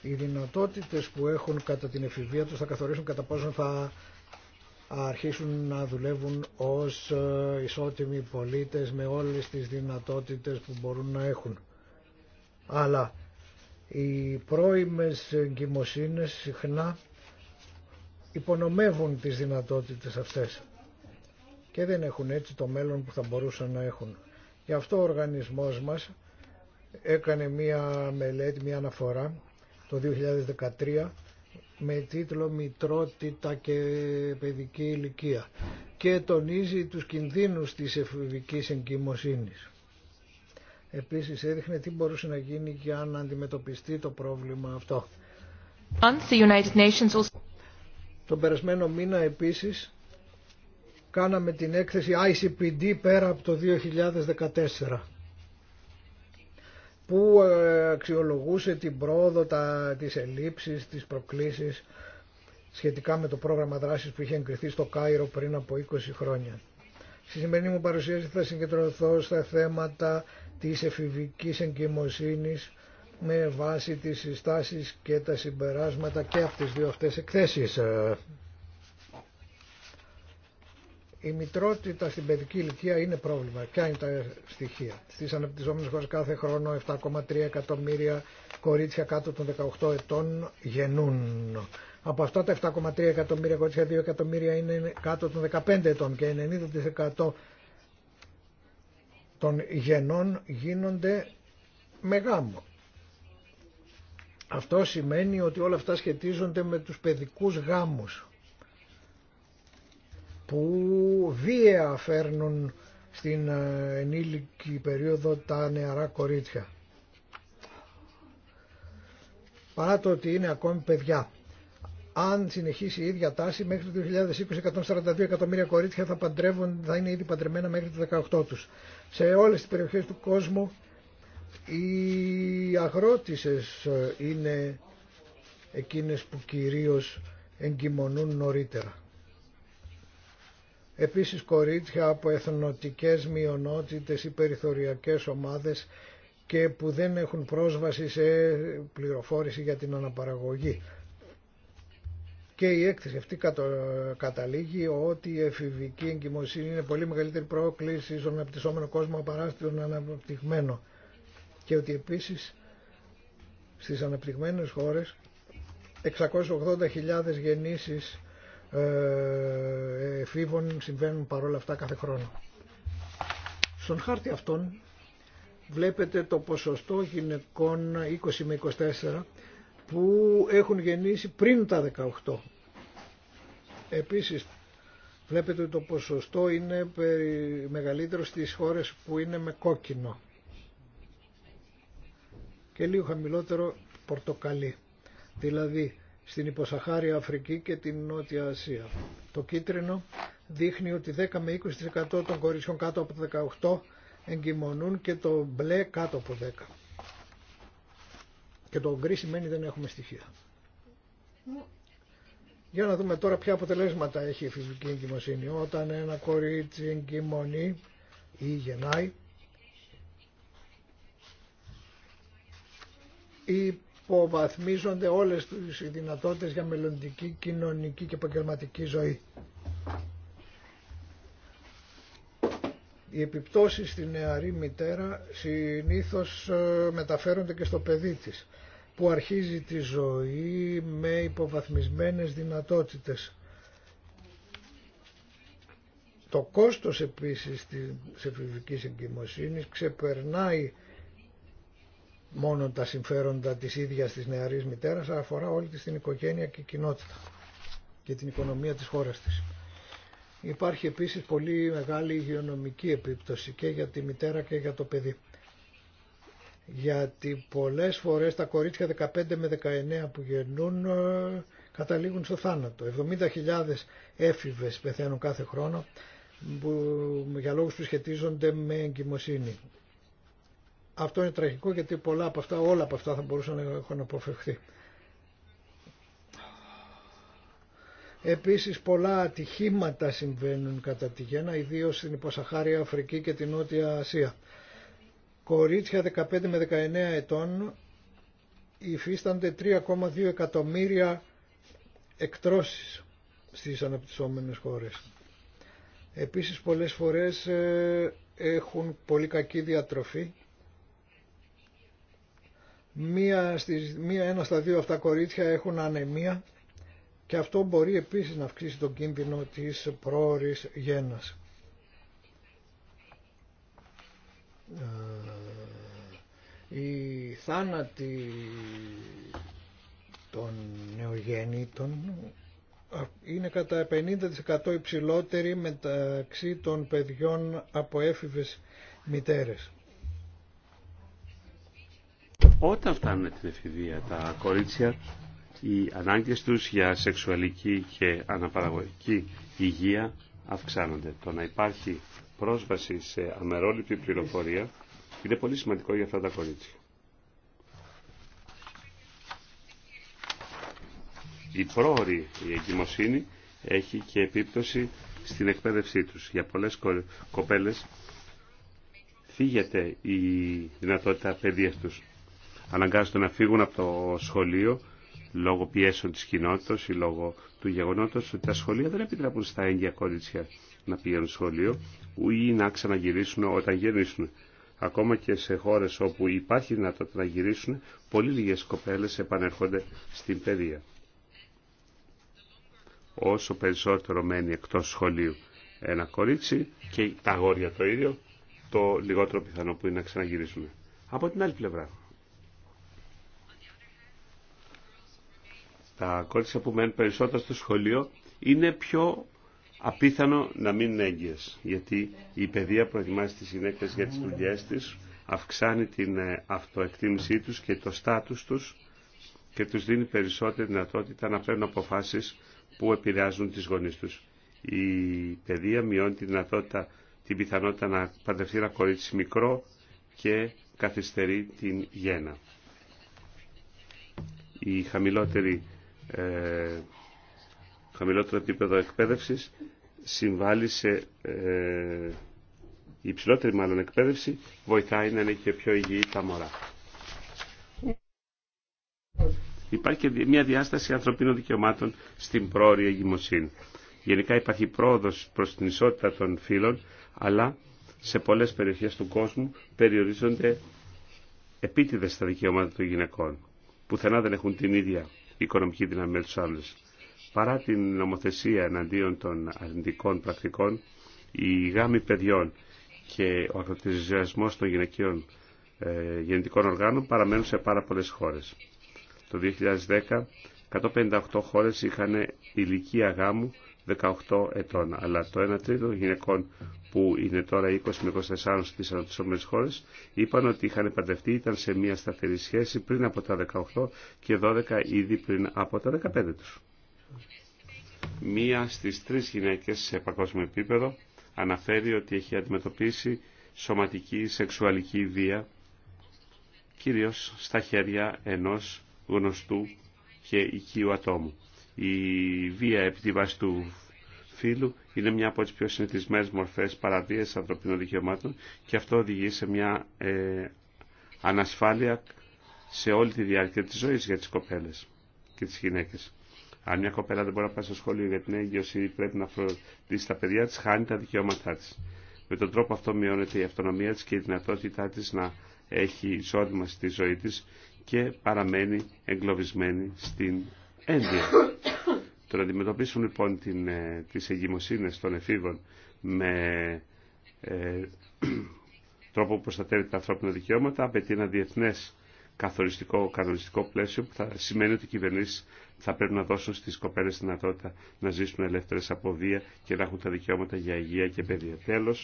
Speaker 4: Οι δυνατότητες που έχουν κατά την εφηβεία τους θα καθορίσουν κατά πόσο θα αρχίσουν να δουλεύουν ως ε, ισότιμοι πολίτες με όλες τις δυνατότητες που μπορούν να έχουν. Αλλά οι πρώιμες εγκυμοσύνες συχνά υπονομεύουν τις δυνατότητες αυτές και δεν έχουν έτσι το μέλλον που θα μπορούσαν να έχουν. Γι' αυτό ο οργανισμός μας έκανε μία μελέτη, μία αναφορά το 2013 με τίτλο «Μητρότητα και παιδική ηλικία» και τονίζει τους κινδύνους της εφηβικής εγκυμοσύνης. Επίσης έδειχνε τι μπορούσε να γίνει για να αντιμετωπιστεί το πρόβλημα αυτό. Τον περασμένο μήνα επίσης κάναμε την έκθεση ICPD πέρα από το 2014 που ε, αξιολογούσε την πρόοδο, τα, τις ελλείψεις, τις προκλήσεις σχετικά με το πρόγραμμα δράσης που είχε εγκριθεί στο Κάιρο πριν από 20 χρόνια. Στη σημερινή μου παρουσίαση θα συγκεντρωθώ στα θέματα της εφηβικής εγκυμοσύνης με βάση τις συστάσεις και τα συμπεράσματα και από τις δύο αυτές εκθέσεις. Η μητρότητα στην παιδική ηλικία είναι πρόβλημα. Ποια είναι τα στοιχεία. Στι αναπτυσσόμενε χώρε κάθε χρόνο 7,3 εκατομμύρια κορίτσια κάτω των 18 ετών γεννούν. Από αυτά τα 7,3 εκατομμύρια κορίτσια, 2 εκατομμύρια είναι κάτω των 15 ετών και 90% των γενών γίνονται με γάμο. Αυτό σημαίνει ότι όλα αυτά σχετίζονται με τους παιδικούς γάμους που βία φέρνουν στην ε, ενήλικη περίοδο τα νεαρά κορίτσια. Παρά το ότι είναι ακόμη παιδιά. Αν συνεχίσει η ίδια τάση μέχρι το 2020 142 εκατομμύρια κορίτσια θα, παντρεύουν, θα είναι ήδη παντρεμένα μέχρι το 18 τους. Σε όλες τις περιοχές του κόσμου οι αγρότησες ε, είναι εκείνες που κυρίως εγκυμονούν νωρίτερα. Επίσης κορίτσια από εθνοτικές μειονότητες ή περιθωριακές ομάδες και που δεν έχουν πρόσβαση σε πληροφόρηση για την αναπαραγωγή. Και η έκθεση αυτή καταλήγει ότι η εφηβική εγκυμοσύνη είναι πολύ μεγαλύτερη πρόκληση στον αναπτυσσόμενο κόσμο παρά στον αναπτυγμένο. Και ότι επίσης στις αναπτυγμένες χώρες 680.000 γεννήσεις ε, εφήβων συμβαίνουν παρόλα αυτά κάθε χρόνο. Στον χάρτη αυτόν βλέπετε το ποσοστό γυναικών 20 με 24 που έχουν γεννήσει πριν τα 18. Επίσης βλέπετε ότι το ποσοστό είναι μεγαλύτερο στις χώρες που είναι με κόκκινο και λίγο χαμηλότερο πορτοκαλί. Δηλαδή στην υποσαχάρια Αφρική και την Νότια Ασία. Το κίτρινο δείχνει ότι 10 με 20% των κοριτσιών κάτω από 18 εγκυμονούν και το μπλε κάτω από 10. Και το γκρι σημαίνει δεν έχουμε στοιχεία. Για να δούμε τώρα ποια αποτελέσματα έχει η φυσική εγκυμοσύνη. Όταν ένα κορίτσι εγκυμονεί ή γεννάει, η υποβαθμίζονται όλες τις δυνατότητες για μελλοντική, κοινωνική και επαγγελματική ζωή. Οι επιπτώσεις στη νεαρή μητέρα συνήθως ε, μεταφέρονται και στο παιδί της που αρχίζει τη ζωή με υποβαθμισμένες δυνατότητες. Το κόστος επίσης της εφηβικής εγκυμοσύνης ξεπερνάει μόνο τα συμφέροντα της ίδιας της νεαρής μητέρας, αλλά αφορά όλη της την οικογένεια και κοινότητα και την οικονομία της χώρας της. Υπάρχει επίσης πολύ μεγάλη υγειονομική επίπτωση και για τη μητέρα και για το παιδί. Γιατί πολλές φορές τα κορίτσια 15 με 19 που γεννούν ε, καταλήγουν στο θάνατο. 70.000 έφηβες πεθαίνουν κάθε χρόνο για λόγους που σχετίζονται με εγκυμοσύνη. Αυτό είναι τραγικό γιατί πολλά από αυτά, όλα από αυτά θα μπορούσαν να έχουν αποφευχθεί. Επίσης πολλά ατυχήματα συμβαίνουν κατά τη γέννα, ιδίως στην υποσαχάρια Αφρική και την Νότια Ασία. Κορίτσια 15 με 19 ετών υφίστανται 3,2 εκατομμύρια εκτρώσεις στις αναπτυσσόμενες χώρες. Επίσης πολλές φορές ε, έχουν πολύ κακή διατροφή Μία, στις, μία, ένα στα δύο αυτά κορίτσια έχουν ανεμία και αυτό μπορεί επίσης να αυξήσει τον κίνδυνο της πρόορης γένας. Η ε, θάνατη των νεογέννητων είναι κατά 50% υψηλότερη μεταξύ των παιδιών από έφηβες μητέρες.
Speaker 1: Όταν φτάνουν την εφηβεία τα κορίτσια, οι ανάγκες τους για σεξουαλική και αναπαραγωγική υγεία αυξάνονται. Το να υπάρχει πρόσβαση σε αμερόληπτη πληροφορία είναι πολύ σημαντικό για αυτά τα κορίτσια. Η πρόορη η εγκυμοσύνη έχει και επίπτωση στην εκπαίδευσή τους. Για πολλές κοπέλες φύγεται η δυνατότητα παιδείας τους αναγκάζονται να φύγουν από το σχολείο λόγω πιέσεων της κοινότητας ή λόγω του γεγονότος ότι τα σχολεία δεν επιτρέπουν στα έγκυα κορίτσια να πηγαίνουν σχολείο ή να ξαναγυρίσουν όταν γυρίσουν. Ακόμα και σε χώρες όπου υπάρχει δυνατότητα να γυρίσουν, πολύ λίγες κοπέλες επανέρχονται στην παιδεία. Όσο περισσότερο μένει εκτός σχολείου ένα κορίτσι και τα αγόρια το ίδιο, το λιγότερο πιθανό που είναι να ξαναγυρίσουν. Από την άλλη πλευρά, τα κόρυφα που μένουν περισσότερο στο σχολείο είναι πιο απίθανο να μην είναι έγκυες, γιατί η παιδεία προετοιμάζει τις γυναίκες για τις δουλειές της, αυξάνει την ε, αυτοεκτίμησή τους και το στάτους τους και τους δίνει περισσότερη δυνατότητα να παίρνουν αποφάσεις που επηρεάζουν τις γονείς τους. Η παιδεία μειώνει τη δυνατότητα, την πιθανότητα να παντρευτεί ένα κορίτσι μικρό και καθυστερεί την γένα. Η χαμηλότερη ε, χαμηλότερο επίπεδο εκπαίδευσης συμβάλλει σε ε, υψηλότερη μάλλον εκπαίδευση βοηθάει να είναι και πιο υγιή τα μωρά. Υπάρχει και μια διάσταση ανθρωπίνων δικαιωμάτων στην πρόορια εγκυμοσύνη. Γενικά υπάρχει πρόοδος προς την ισότητα των φύλων, αλλά σε πολλές περιοχές του κόσμου περιορίζονται επίτηδες τα δικαιώματα των γυναικών. Πουθενά δεν έχουν την ίδια οικονομική δύναμη με τους άλλους. Παρά την νομοθεσία εναντίον των αρνητικών πρακτικών, η γάμι παιδιών και ο ακροτηριασμός των γυναικείων ε, γεννητικών οργάνων παραμένουν σε πάρα πολλές χώρες. Το 2010, 158 χώρες είχαν ηλικία γάμου 18 ετών, αλλά το 1 τρίτο γυναικών που είναι τώρα 20 με 24 στις αναπτυσσόμενες χώρες, είπαν ότι είχαν παντευτεί, ήταν σε μια σταθερή σχέση πριν από τα 18 και 12 ήδη πριν από τα 15 τους. Μία στις τρεις γυναίκες σε παγκόσμιο επίπεδο αναφέρει ότι έχει αντιμετωπίσει σωματική σεξουαλική βία, κυρίως στα χέρια ενός γνωστού και οικείου ατόμου. Η βία επί του φύλου είναι μια από τις πιο συνηθισμένε μορφές παραβίασης ανθρωπίνων δικαιωμάτων και αυτό οδηγεί σε μια ε, ανασφάλεια σε όλη τη διάρκεια τη ζωή για τι κοπέλε και τι γυναίκε. Αν μια κοπέλα δεν μπορεί να πάει στο σχολείο για την ή πρέπει να φροντίσει τα παιδιά τη χάνει τα δικαιώματά τη. Με τον τρόπο αυτό μειώνεται η αυτονομία της και η δυνατότητά της να έχει εισόδημα στη ζωή της και παραμένει εγκλωβισμένη στην ένδυα. Το να αντιμετωπίσουν λοιπόν την, ε, τις εγκυμοσύνες των εφήβων με ε, τρόπο που προστατεύει τα ανθρώπινα δικαιώματα απαιτεί ένα διεθνές καθοριστικό, κανονιστικό πλαίσιο που θα σημαίνει ότι οι κυβερνήσει θα πρέπει να δώσουν στι κοπέλε τη δυνατότητα να ζήσουν ελεύθερε από βία και να έχουν τα δικαιώματα για υγεία και παιδεία. Τέλο,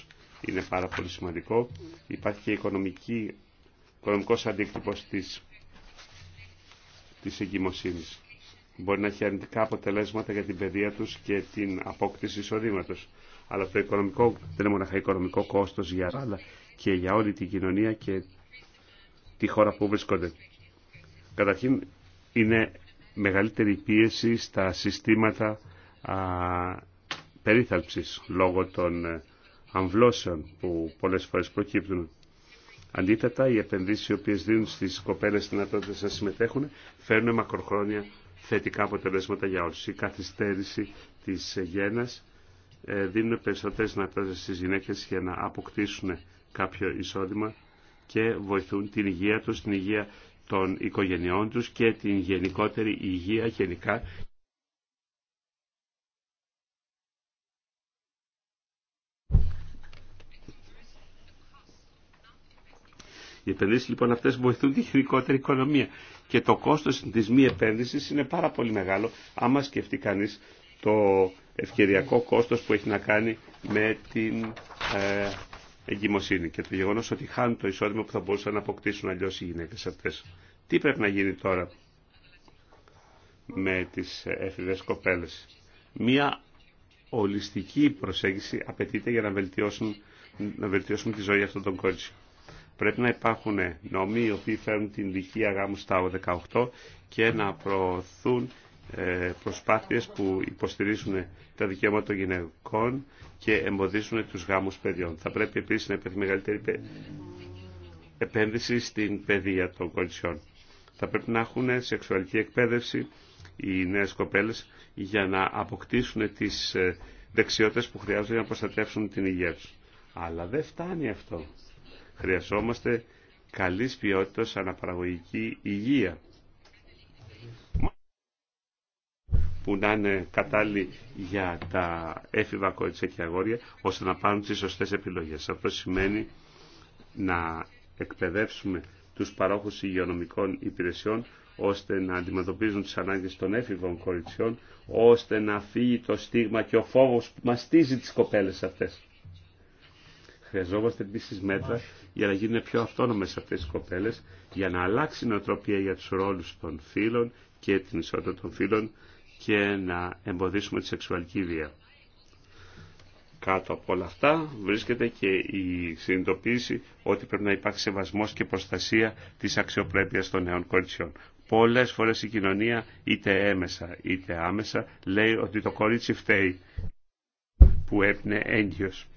Speaker 1: είναι πάρα πολύ σημαντικό. Υπάρχει και οικονομική, οικονομικό αντίκτυπο τη της εγκυμοσύνης μπορεί να έχει αρνητικά αποτελέσματα για την παιδεία τους και την απόκτηση εισοδήματο. Αλλά το οικονομικό, δεν είναι μοναχα οικονομικό κόστος για αλλά και για όλη την κοινωνία και τη χώρα που βρίσκονται. Καταρχήν είναι μεγαλύτερη πίεση στα συστήματα α, περίθαλψης λόγω των ε, αμβλώσεων που πολλές φορές προκύπτουν. Αντίθετα, οι επενδύσεις οι οποίες δίνουν στις κοπέλες δυνατότητες να συμμετέχουν φέρνουν μακροχρόνια θετικά αποτελέσματα για όλους. Η καθυστέρηση της γένας ε, δίνουν περισσότερες δυνατότητες στις γυναίκες για να αποκτήσουν κάποιο εισόδημα και βοηθούν την υγεία τους, την υγεία των οικογενειών τους και την γενικότερη υγεία γενικά. Οι επενδύσεις λοιπόν αυτές βοηθούν τη γενικότερη οικονομία και το κόστος της μη επένδυσης είναι πάρα πολύ μεγάλο άμα σκεφτεί κανείς το ευκαιριακό κόστος που έχει να κάνει με την ε, εγκυμοσύνη και το γεγονός ότι χάνουν το εισόδημα που θα μπορούσαν να αποκτήσουν αλλιώς οι γυναίκες αυτές. Τι πρέπει να γίνει τώρα με τις έφηβες κοπέλες. Μία ολιστική προσέγγιση απαιτείται για να, βελτιώσουν, να βελτιώσουμε τη ζωή αυτών των κορίτσιων. Πρέπει να υπάρχουν νόμοι οι οποίοι φέρνουν την ηλικία γάμου στα 18 και να προωθούν ε, προσπάθειες που υποστηρίζουν τα δικαιώματα των γυναικών και εμποδίζουν τους γάμους παιδιών. Θα πρέπει επίσης να υπάρχει μεγαλύτερη επένδυση στην παιδεία των κοριτσιών. Θα πρέπει να έχουν σεξουαλική εκπαίδευση οι νέες κοπέλες για να αποκτήσουν τις ε, δεξιότητες που χρειάζονται για να προστατεύσουν την υγεία τους. Αλλά δεν φτάνει αυτό. Χρειαζόμαστε καλής ποιότητας αναπαραγωγική υγεία που να είναι κατάλληλη για τα έφηβα κορίτσια και αγόρια ώστε να πάρουν τις σωστές επιλογές. Αυτό σημαίνει να εκπαιδεύσουμε τους παρόχους υγειονομικών υπηρεσιών ώστε να αντιμετωπίζουν τις ανάγκες των έφηβων κοριτσιών, ώστε να φύγει το στίγμα και ο φόβος που μαστίζει τις κοπέλες αυτές. Χρειαζόμαστε επίση μέτρα για να γίνουν πιο αυτόνομε αυτέ οι κοπέλε, για να αλλάξει η νοοτροπία για του ρόλου των φίλων και την ισότητα των φίλων και να εμποδίσουμε τη σεξουαλική βία. Κάτω από όλα αυτά βρίσκεται και η συνειδητοποίηση ότι πρέπει να υπάρχει σεβασμός και προστασία της αξιοπρέπειας των νέων κοριτσιών. Πολλές φορές η κοινωνία είτε έμεσα είτε άμεσα λέει ότι το κορίτσι φταίει που έπνε έγκυος.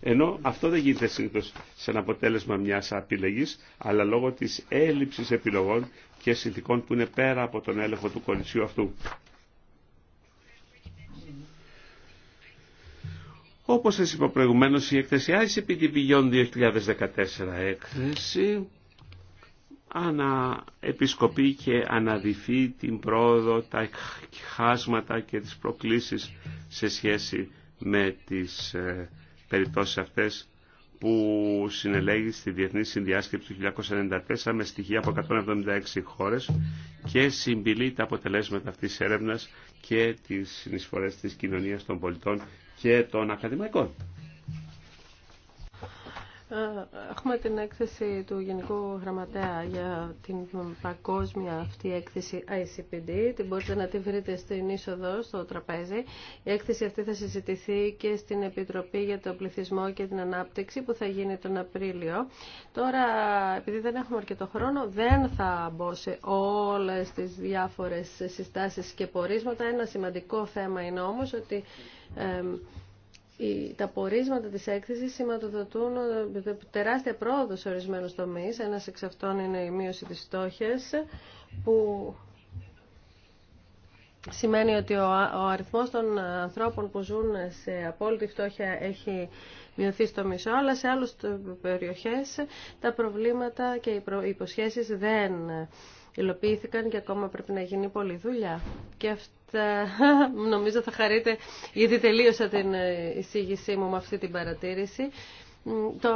Speaker 1: Ενώ αυτό δεν γίνεται σε σαν αποτέλεσμα μιας απειλεγής, αλλά λόγω της έλλειψης επιλογών και συνθήκων που είναι πέρα από τον έλεγχο του κοριτσιού αυτού. Όπως σας είπα προηγουμένως, η εκθεσιά ICP την 2014 έκθεση επισκοπεί και αναδυθεί την πρόοδο, τα χάσματα και τις προκλήσεις σε σχέση με τις ε, περιπτώσεις αυτές που συνελέγει στη Διεθνή Συνδιάσκεψη του 1994 με στοιχεία από 176 χώρες και συμπηλεί τα αποτελέσματα αυτής της έρευνας και τις συνεισφορές της κοινωνίας των πολιτών και των ακαδημαϊκών.
Speaker 3: Ε, έχουμε την έκθεση του Γενικού Γραμματέα για την παγκόσμια αυτή έκθεση ICPD. Την μπορείτε να τη βρείτε στην είσοδο στο τραπέζι. Η έκθεση αυτή θα συζητηθεί και στην Επιτροπή για το Πληθυσμό και την Ανάπτυξη που θα γίνει τον Απρίλιο. Τώρα, επειδή δεν έχουμε αρκετό χρόνο, δεν θα μπω σε όλες τις διάφορες συστάσεις και πορίσματα. Ένα σημαντικό θέμα είναι όμως ότι τα πορίσματα της έκθεσης σηματοδοτούν ε, τεράστια πρόοδο σε ορισμένους τομείς. Ένας εξ αυτών είναι η μείωση της στόχης που σημαίνει ότι ο αριθμός των ανθρώπων που ζουν σε απόλυτη φτώχεια έχει μειωθεί στο μισό, αλλά σε άλλες περιοχές τα προβλήματα και οι υποσχέσεις δεν υλοποιήθηκαν και ακόμα πρέπει να γίνει πολλή δουλειά. Και αυτά νομίζω θα χαρείτε, γιατί τελείωσα την ε, εισήγησή μου με αυτή την παρατήρηση το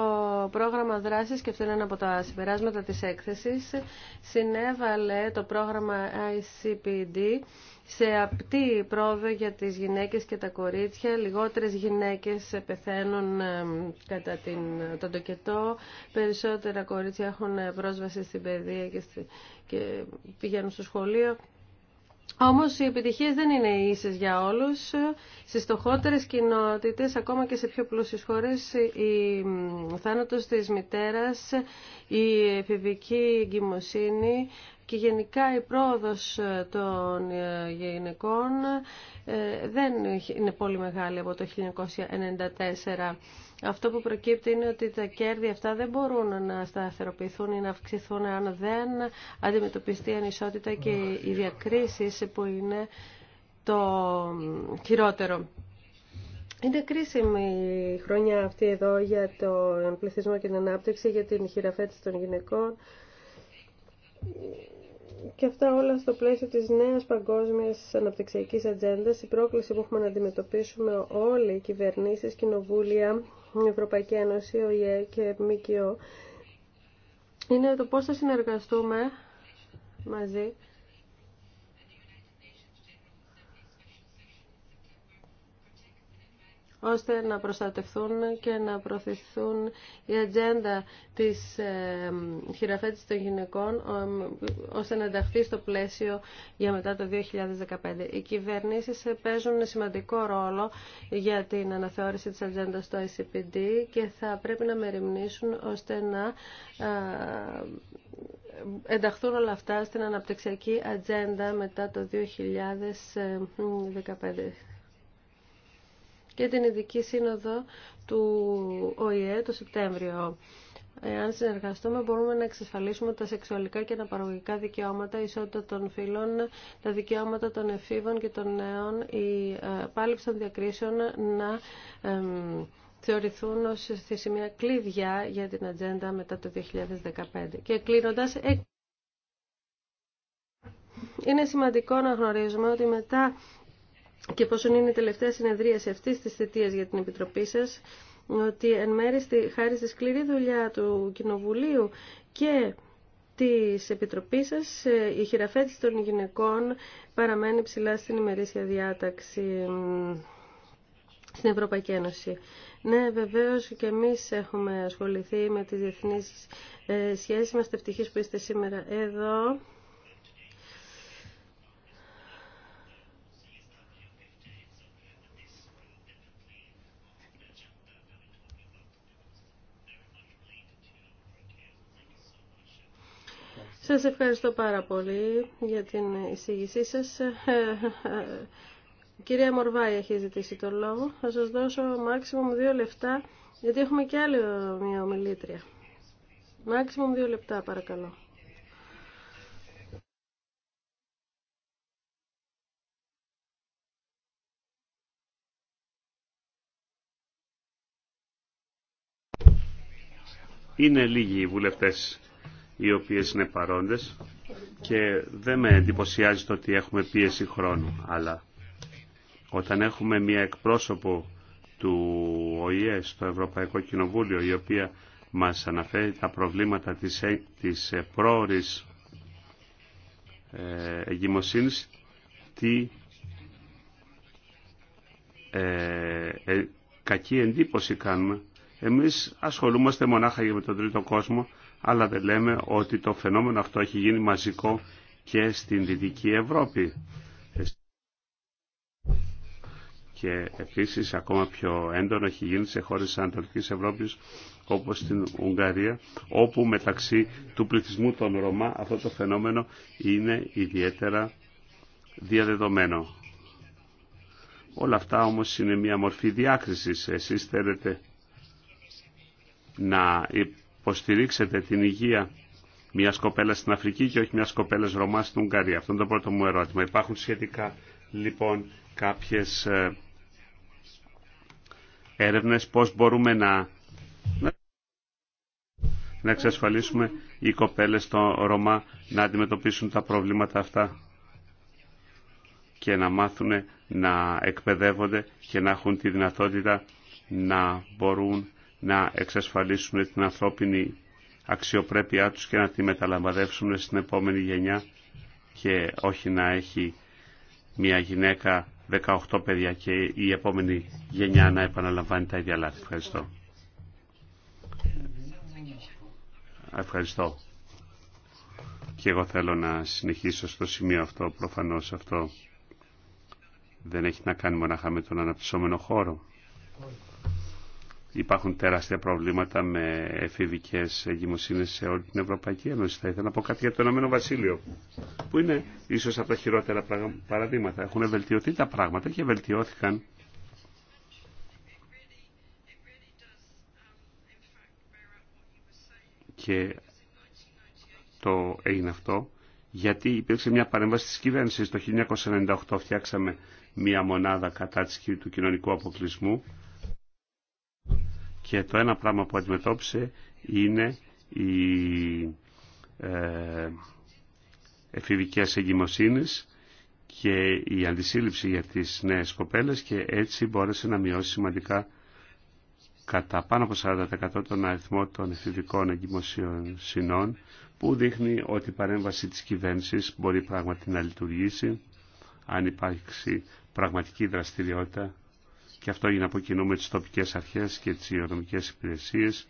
Speaker 3: πρόγραμμα δράσης, και αυτό είναι ένα από τα συμπεράσματα της έκθεσης, συνέβαλε το πρόγραμμα ICPD σε απτή πρόοδο για τις γυναίκες και τα κορίτσια. Λιγότερες γυναίκες πεθαίνουν ε, κατά την, τον τοκετό, περισσότερα κορίτσια έχουν πρόσβαση στην παιδεία και, στη, και πηγαίνουν στο σχολείο. Όμω, οι επιτυχίες δεν είναι ίσες για όλους. Στις στοχότερες κοινότητε, ακόμα και σε πιο πλούσιες χώρες, η θάνατος της μητέρας, η εφηβική εγκυμοσύνη και γενικά η πρόοδο ε, των ε, γυναικών ε, δεν είναι πολύ μεγάλη από το 1994. Αυτό που προκύπτει είναι ότι τα κέρδη αυτά δεν μπορούν να σταθεροποιηθούν ή να αυξηθούν αν δεν αντιμετωπιστεί η ανισότητα και οι διακρίσεις που είναι το χειρότερο. Είναι κρίσιμη η χρονιά αυτή εδώ για τον πληθυσμό και την ανάπτυξη, για την χειραφέτηση των γυναικών και αυτά όλα στο πλαίσιο της νέας παγκόσμιας αναπτυξιακής ατζέντα, η πρόκληση που έχουμε να αντιμετωπίσουμε όλοι οι κυβερνήσεις, κοινοβούλια, Ευρωπαϊκή Ένωση, ο και ΜΚΟ, είναι το πώς θα συνεργαστούμε μαζί ώστε να προστατευθούν και να προωθηθούν η ατζέντα της ε, χειραφέτησης των γυναικών ώστε να ενταχθεί στο πλαίσιο για μετά το 2015. Οι κυβερνήσεις παίζουν σημαντικό ρόλο για την αναθεώρηση της ατζέντα στο ICPD και θα πρέπει να μεριμνήσουν ώστε να ε, ενταχθούν όλα αυτά στην αναπτυξιακή ατζέντα μετά το 2015 και την Ειδική Σύνοδο του ΟΗΕ το Σεπτέμβριο. Εάν συνεργαστούμε μπορούμε να εξασφαλίσουμε τα σεξουαλικά και τα παραγωγικά δικαιώματα, η ισότητα των φύλων, τα δικαιώματα των εφήβων και των νέων, η ε, πάλιψη των διακρίσεων να θεωρηθούν ως σημεία κλειδιά για την ατζέντα μετά το 2015. Και κλείνοντας, ε, είναι σημαντικό να γνωρίζουμε ότι μετά και πόσον είναι η τελευταία συνεδρία σε αυτή τη θητεία για την Επιτροπή σα, ότι εν μέρει χάρη στη σκληρή δουλειά του Κοινοβουλίου και της Επιτροπής σας ε, η χειραφέτηση των γυναικών παραμένει ψηλά στην ημερήσια διάταξη στην Ευρωπαϊκή Ένωση. Ναι, βεβαίως και εμείς έχουμε ασχοληθεί με τις διεθνείς ε, σχέσεις. Είμαστε ευτυχείς που είστε σήμερα εδώ. Σας ευχαριστώ πάρα πολύ για την εισήγησή σας. Ε, ε, ε, κυρία Μορβάη έχει ζητήσει τον λόγο. Θα σας δώσω μάξιμουμ δύο λεπτά, γιατί έχουμε και άλλη μια ομιλήτρια. Μάξιμουμ δύο λεπτά, παρακαλώ.
Speaker 1: Είναι λίγοι οι βουλευτές οι οποίες είναι παρόντες και δεν με εντυπωσιάζει το ότι έχουμε πίεση χρόνου, αλλά όταν έχουμε μία εκπρόσωπο του ΟΗΕ στο Ευρωπαϊκό Κοινοβούλιο η οποία μας αναφέρει τα προβλήματα της, ε, της ε, πρόορης ε, εγκυμοσύνης, τι ε, κακή εντύπωση κάνουμε. Εμείς ασχολούμαστε μονάχα με τον τρίτο κόσμο αλλά δεν λέμε ότι το φαινόμενο αυτό έχει γίνει μαζικό και στην Δυτική Ευρώπη. Και επίσης ακόμα πιο έντονο έχει γίνει σε χώρες της Ανατολικής Ευρώπης όπως στην Ουγγαρία, όπου μεταξύ του πληθυσμού των Ρωμά αυτό το φαινόμενο είναι ιδιαίτερα διαδεδομένο. Όλα αυτά όμως είναι μια μορφή διάκρισης. Εσείς θέλετε να υποστηρίξετε την υγεία μια κοπέλα στην Αφρική και όχι μια κοπέλα Ρωμά στην Ουγγαρία. Αυτό είναι το πρώτο μου ερώτημα. Υπάρχουν σχετικά λοιπόν κάποιε έρευνε πώ μπορούμε να να εξασφαλίσουμε οι κοπέλες στο Ρωμά να αντιμετωπίσουν τα προβλήματα αυτά και να μάθουν να εκπαιδεύονται και να έχουν τη δυνατότητα να μπορούν να εξασφαλίσουν την ανθρώπινη αξιοπρέπειά τους και να τη μεταλαμβαδεύσουν στην επόμενη γενιά και όχι να έχει μια γυναίκα 18 παιδιά και η επόμενη γενιά να επαναλαμβάνει τα ίδια λάθη. Ευχαριστώ. Ευχαριστώ. Και εγώ θέλω να συνεχίσω στο σημείο αυτό. Προφανώς αυτό δεν έχει να κάνει μονάχα με τον αναπτυσσόμενο χώρο. Υπάρχουν τεράστια προβλήματα με εφηβικές εγκυμοσύνες σε όλη την Ευρωπαϊκή Ένωση. Θα ήθελα να πω κάτι για το Ηνωμένο Βασίλειο, που είναι ίσως από τα χειρότερα παραδείγματα. Έχουν βελτιωθεί τα πράγματα και βελτιώθηκαν και το έγινε αυτό γιατί υπήρξε μια παρέμβαση της κυβέρνησης. Το 1998 φτιάξαμε μια μονάδα κατά της, του κοινωνικού αποκλεισμού και το ένα πράγμα που αντιμετώπισε είναι οι ε, εφηβικές εγκυμοσύνες και η αντισύλληψη για τις νέες κοπέλες και έτσι μπόρεσε να μειώσει σημαντικά κατά πάνω από 40% τον αριθμό των εφηβικών εγκυμοσύνων που δείχνει ότι η παρέμβαση της κυβέρνησης μπορεί πράγματι να λειτουργήσει αν υπάρξει πραγματική δραστηριότητα και αυτό έγινε από κοινού με τις τοπικές αρχές και τις υγειονομικές υπηρεσίες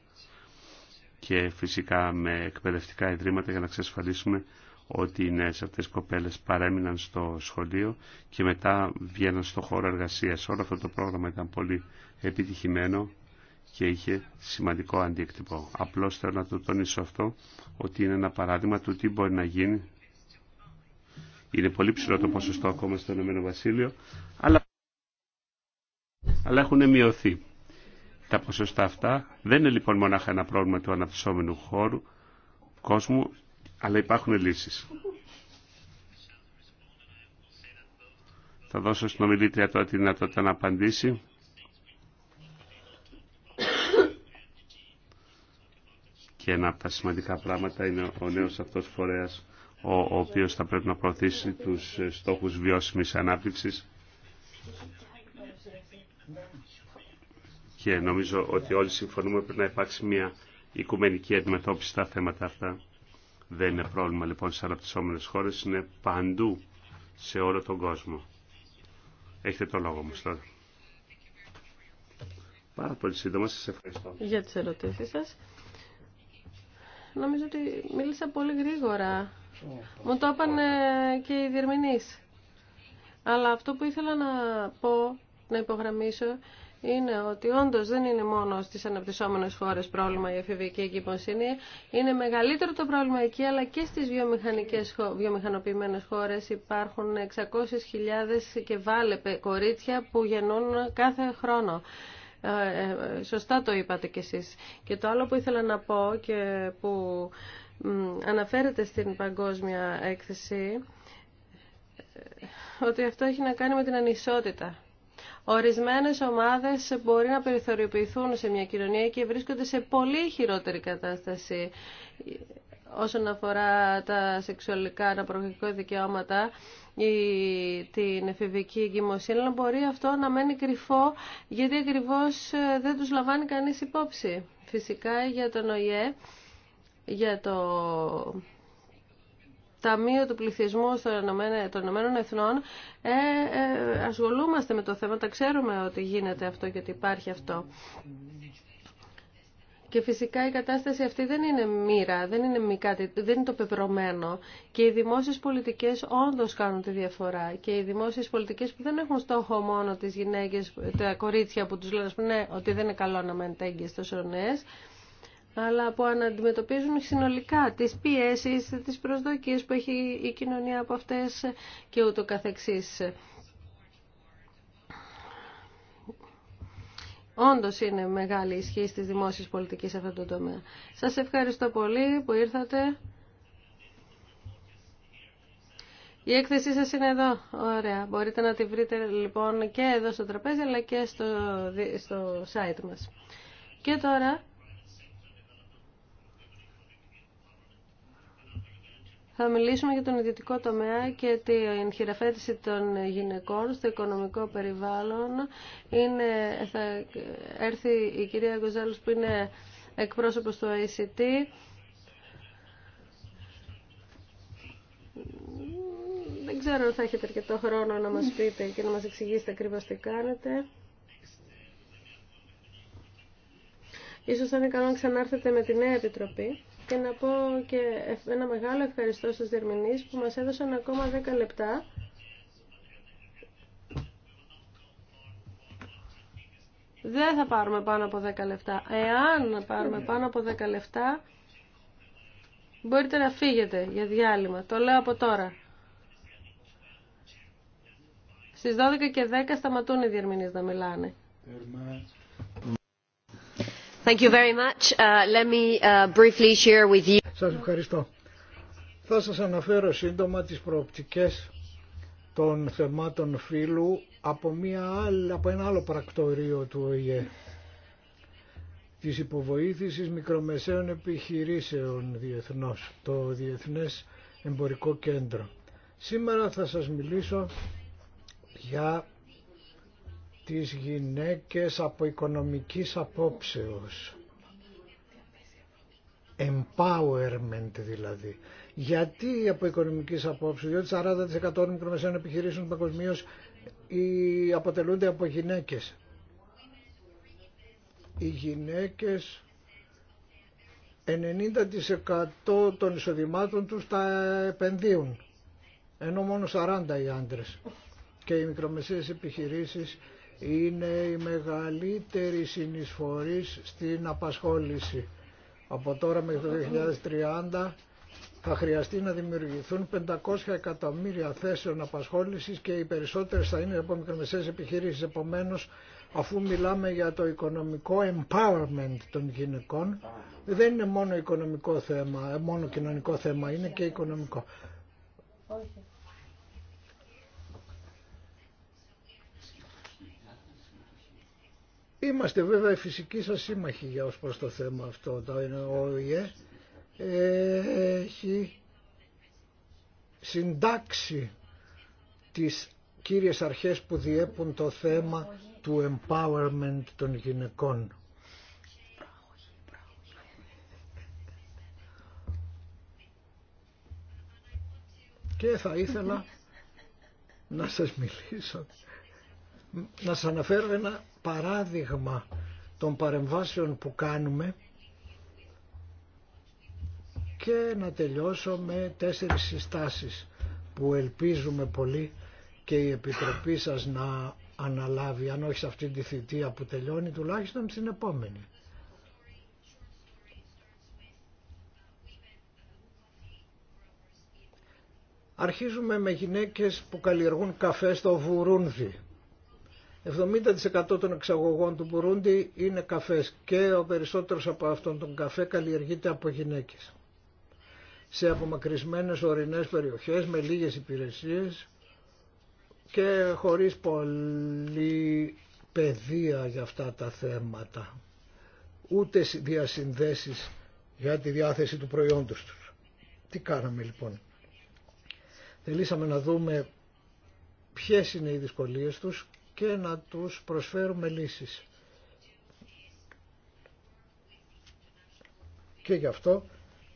Speaker 1: και φυσικά με εκπαιδευτικά ιδρύματα για να εξασφαλίσουμε ότι οι νέες αυτές κοπέλες παρέμειναν στο σχολείο και μετά βγαίναν στο χώρο εργασίας. Όλο αυτό το πρόγραμμα ήταν πολύ επιτυχημένο και είχε σημαντικό αντίκτυπο. Απλώς θέλω να το τονίσω αυτό ότι είναι ένα παράδειγμα του τι μπορεί να γίνει. Είναι πολύ ψηλό το ποσοστό ακόμα στο Ηνωμένο Βασίλειο, αλλά αλλά έχουν μειωθεί. Τα ποσοστά αυτά δεν είναι λοιπόν μονάχα ένα πρόβλημα του αναπτυσσόμενου χώρου, κόσμου, αλλά υπάρχουν λύσεις. Θα δώσω στην ομιλήτρια τώρα τη δυνατότητα να απαντήσει. Και ένα από τα σημαντικά πράγματα είναι ο νέος αυτός φορέας ο οποίος θα πρέπει να προωθήσει τους στόχους βιώσιμης ανάπτυξης και νομίζω ότι όλοι συμφωνούμε πρέπει να υπάρξει μια οικουμενική αντιμετώπιση στα θέματα αυτά. Δεν είναι πρόβλημα λοιπόν στις αναπτυσσόμενες χώρες, είναι παντού σε όλο τον κόσμο. Έχετε το λόγο μου, τώρα. Πάρα πολύ σύντομα, σας ευχαριστώ.
Speaker 3: Για τις ερωτήσεις σας. Νομίζω ότι μίλησα πολύ γρήγορα. Μου το έπανε και οι διερμηνείς. Αλλά αυτό που ήθελα να πω να υπογραμμίσω είναι ότι όντω δεν είναι μόνο στι αναπτυσσόμενε χώρε πρόβλημα η εφηβική εγκυμοσύνη. Είναι μεγαλύτερο το πρόβλημα εκεί, αλλά και στι βιομηχανοποιημένε χώρε υπάρχουν 600.000 και βάλε κορίτσια που γεννούν κάθε χρόνο. Ε, ε, σωστά το είπατε κι εσείς. Και το άλλο που ήθελα να πω και που αναφέρεται στην παγκόσμια έκθεση ε, ότι αυτό έχει να κάνει με την ανισότητα Ορισμένες ομάδες μπορεί να περιθωριοποιηθούν σε μια κοινωνία και βρίσκονται σε πολύ χειρότερη κατάσταση όσον αφορά τα σεξουαλικά αναπαραγωγικά δικαιώματα ή την εφηβική εγκυμοσύνη, αλλά μπορεί αυτό να μένει κρυφό γιατί ακριβώς ε, δεν τους λαμβάνει κανείς υπόψη. Φυσικά για τον ΟΗΕ, για το Ταμείο του Πληθυσμού των Ηνωμένων Εθνών ε, ε, ασχολούμαστε με το θέμα, τα ξέρουμε ότι γίνεται αυτό και ότι υπάρχει αυτό. Και φυσικά η κατάσταση αυτή δεν είναι μοίρα, δεν είναι, μη δεν είναι το πεπρωμένο. Και οι δημόσιες πολιτικές όντως κάνουν τη διαφορά. Και οι δημόσιες πολιτικές που δεν έχουν στόχο μόνο τις γυναίκες, τα κορίτσια που τους λένε ναι, ότι δεν είναι καλό να μένετε έγκυες τόσο νέες, αλλά που αναντιμετωπίζουν συνολικά τις πιέσεις, τις προσδοκίες που έχει η κοινωνία από αυτές και ούτω καθεξής. Όντω είναι μεγάλη ισχύ τη δημόσια πολιτική σε αυτό το τομέα. Σας ευχαριστώ πολύ που ήρθατε. Η έκθεσή σας είναι εδώ. Ωραία. Μπορείτε να τη βρείτε λοιπόν και εδώ στο τραπέζι αλλά και στο, στο site μας. Και τώρα Θα μιλήσουμε για τον ιδιωτικό τομέα και την χειραφέτηση των γυναικών στο οικονομικό περιβάλλον. Είναι, θα έρθει η κυρία Γκοζάλους που είναι εκπρόσωπος του ICT. Δεν ξέρω αν θα έχετε αρκετό χρόνο να μας πείτε και να μας εξηγήσετε ακριβώς τι κάνετε. Ίσως θα είναι καλό να ξανάρθετε με τη νέα επιτροπή και να πω και ένα μεγάλο ευχαριστώ στους Δερμηνείς που μας έδωσαν ακόμα 10 λεπτά. Δεν θα πάρουμε πάνω από 10 λεπτά. Εάν πάρουμε πάνω από 10 λεπτά, μπορείτε να φύγετε για διάλειμμα. Το λέω από τώρα. Στις 12 και 10 σταματούν οι διερμηνείς να μιλάνε ευχαριστώ. Θα σας αναφέρω
Speaker 4: σύντομα τις προοπτικές των θεμάτων φύλου από, μια, από ένα άλλο πρακτορείο του ΟΗΕ της υποβοήθησης μικρομεσαίων επιχειρήσεων διεθνώς, το Διεθνές Εμπορικό Κέντρο. Σήμερα θα σας μιλήσω για τις γυναίκες από οικονομικής απόψεως. Empowerment δηλαδή. Γιατί από οικονομικής απόψεως, διότι 40% των μικρομεσαίων επιχειρήσεων παγκοσμίω ε, αποτελούνται από γυναίκες. Οι γυναίκες 90% των εισοδημάτων τους τα επενδύουν, ενώ μόνο 40 οι άντρες. Και οι μικρομεσαίες επιχειρήσεις είναι η μεγαλύτερη συνεισφορή στην απασχόληση. Από τώρα μέχρι το 2030 θα χρειαστεί να δημιουργηθούν 500 εκατομμύρια θέσεων απασχόλησης και οι περισσότερες θα είναι από μικρομεσαίες επιχειρήσεις. Επομένως, αφού μιλάμε για το οικονομικό empowerment των γυναικών, δεν είναι μόνο οικονομικό θέμα, μόνο κοινωνικό θέμα, είναι και οικονομικό. Είμαστε βέβαια οι φυσικοί σας σύμμαχοι για ως προς το θέμα αυτό. Το ΙΕ έχει συντάξει τις κύριες αρχές που διέπουν το θέμα του empowerment των γυναικών. Και θα ήθελα να σας μιλήσω, να σας αναφέρω ένα παράδειγμα των παρεμβάσεων που κάνουμε και να τελειώσω με τέσσερις συστάσεις που ελπίζουμε πολύ και η Επιτροπή σας να αναλάβει, αν όχι σε αυτή τη θητεία που τελειώνει, τουλάχιστον στην επόμενη. Αρχίζουμε με γυναίκες που καλλιεργούν καφέ στο Βουρούνδι 70% των εξαγωγών του Μπουρούντι είναι καφές και ο περισσότερος από αυτόν τον καφέ καλλιεργείται από γυναίκες. Σε απομακρυσμένες ορεινές περιοχές με λίγες υπηρεσίες και χωρίς πολλή παιδεία για αυτά τα θέματα. Ούτε διασυνδέσεις για τη διάθεση του προϊόντος τους. Τι κάναμε λοιπόν. Θελήσαμε να δούμε ποιες είναι οι δυσκολίες τους και να τους προσφέρουμε λύσεις. Και γι' αυτό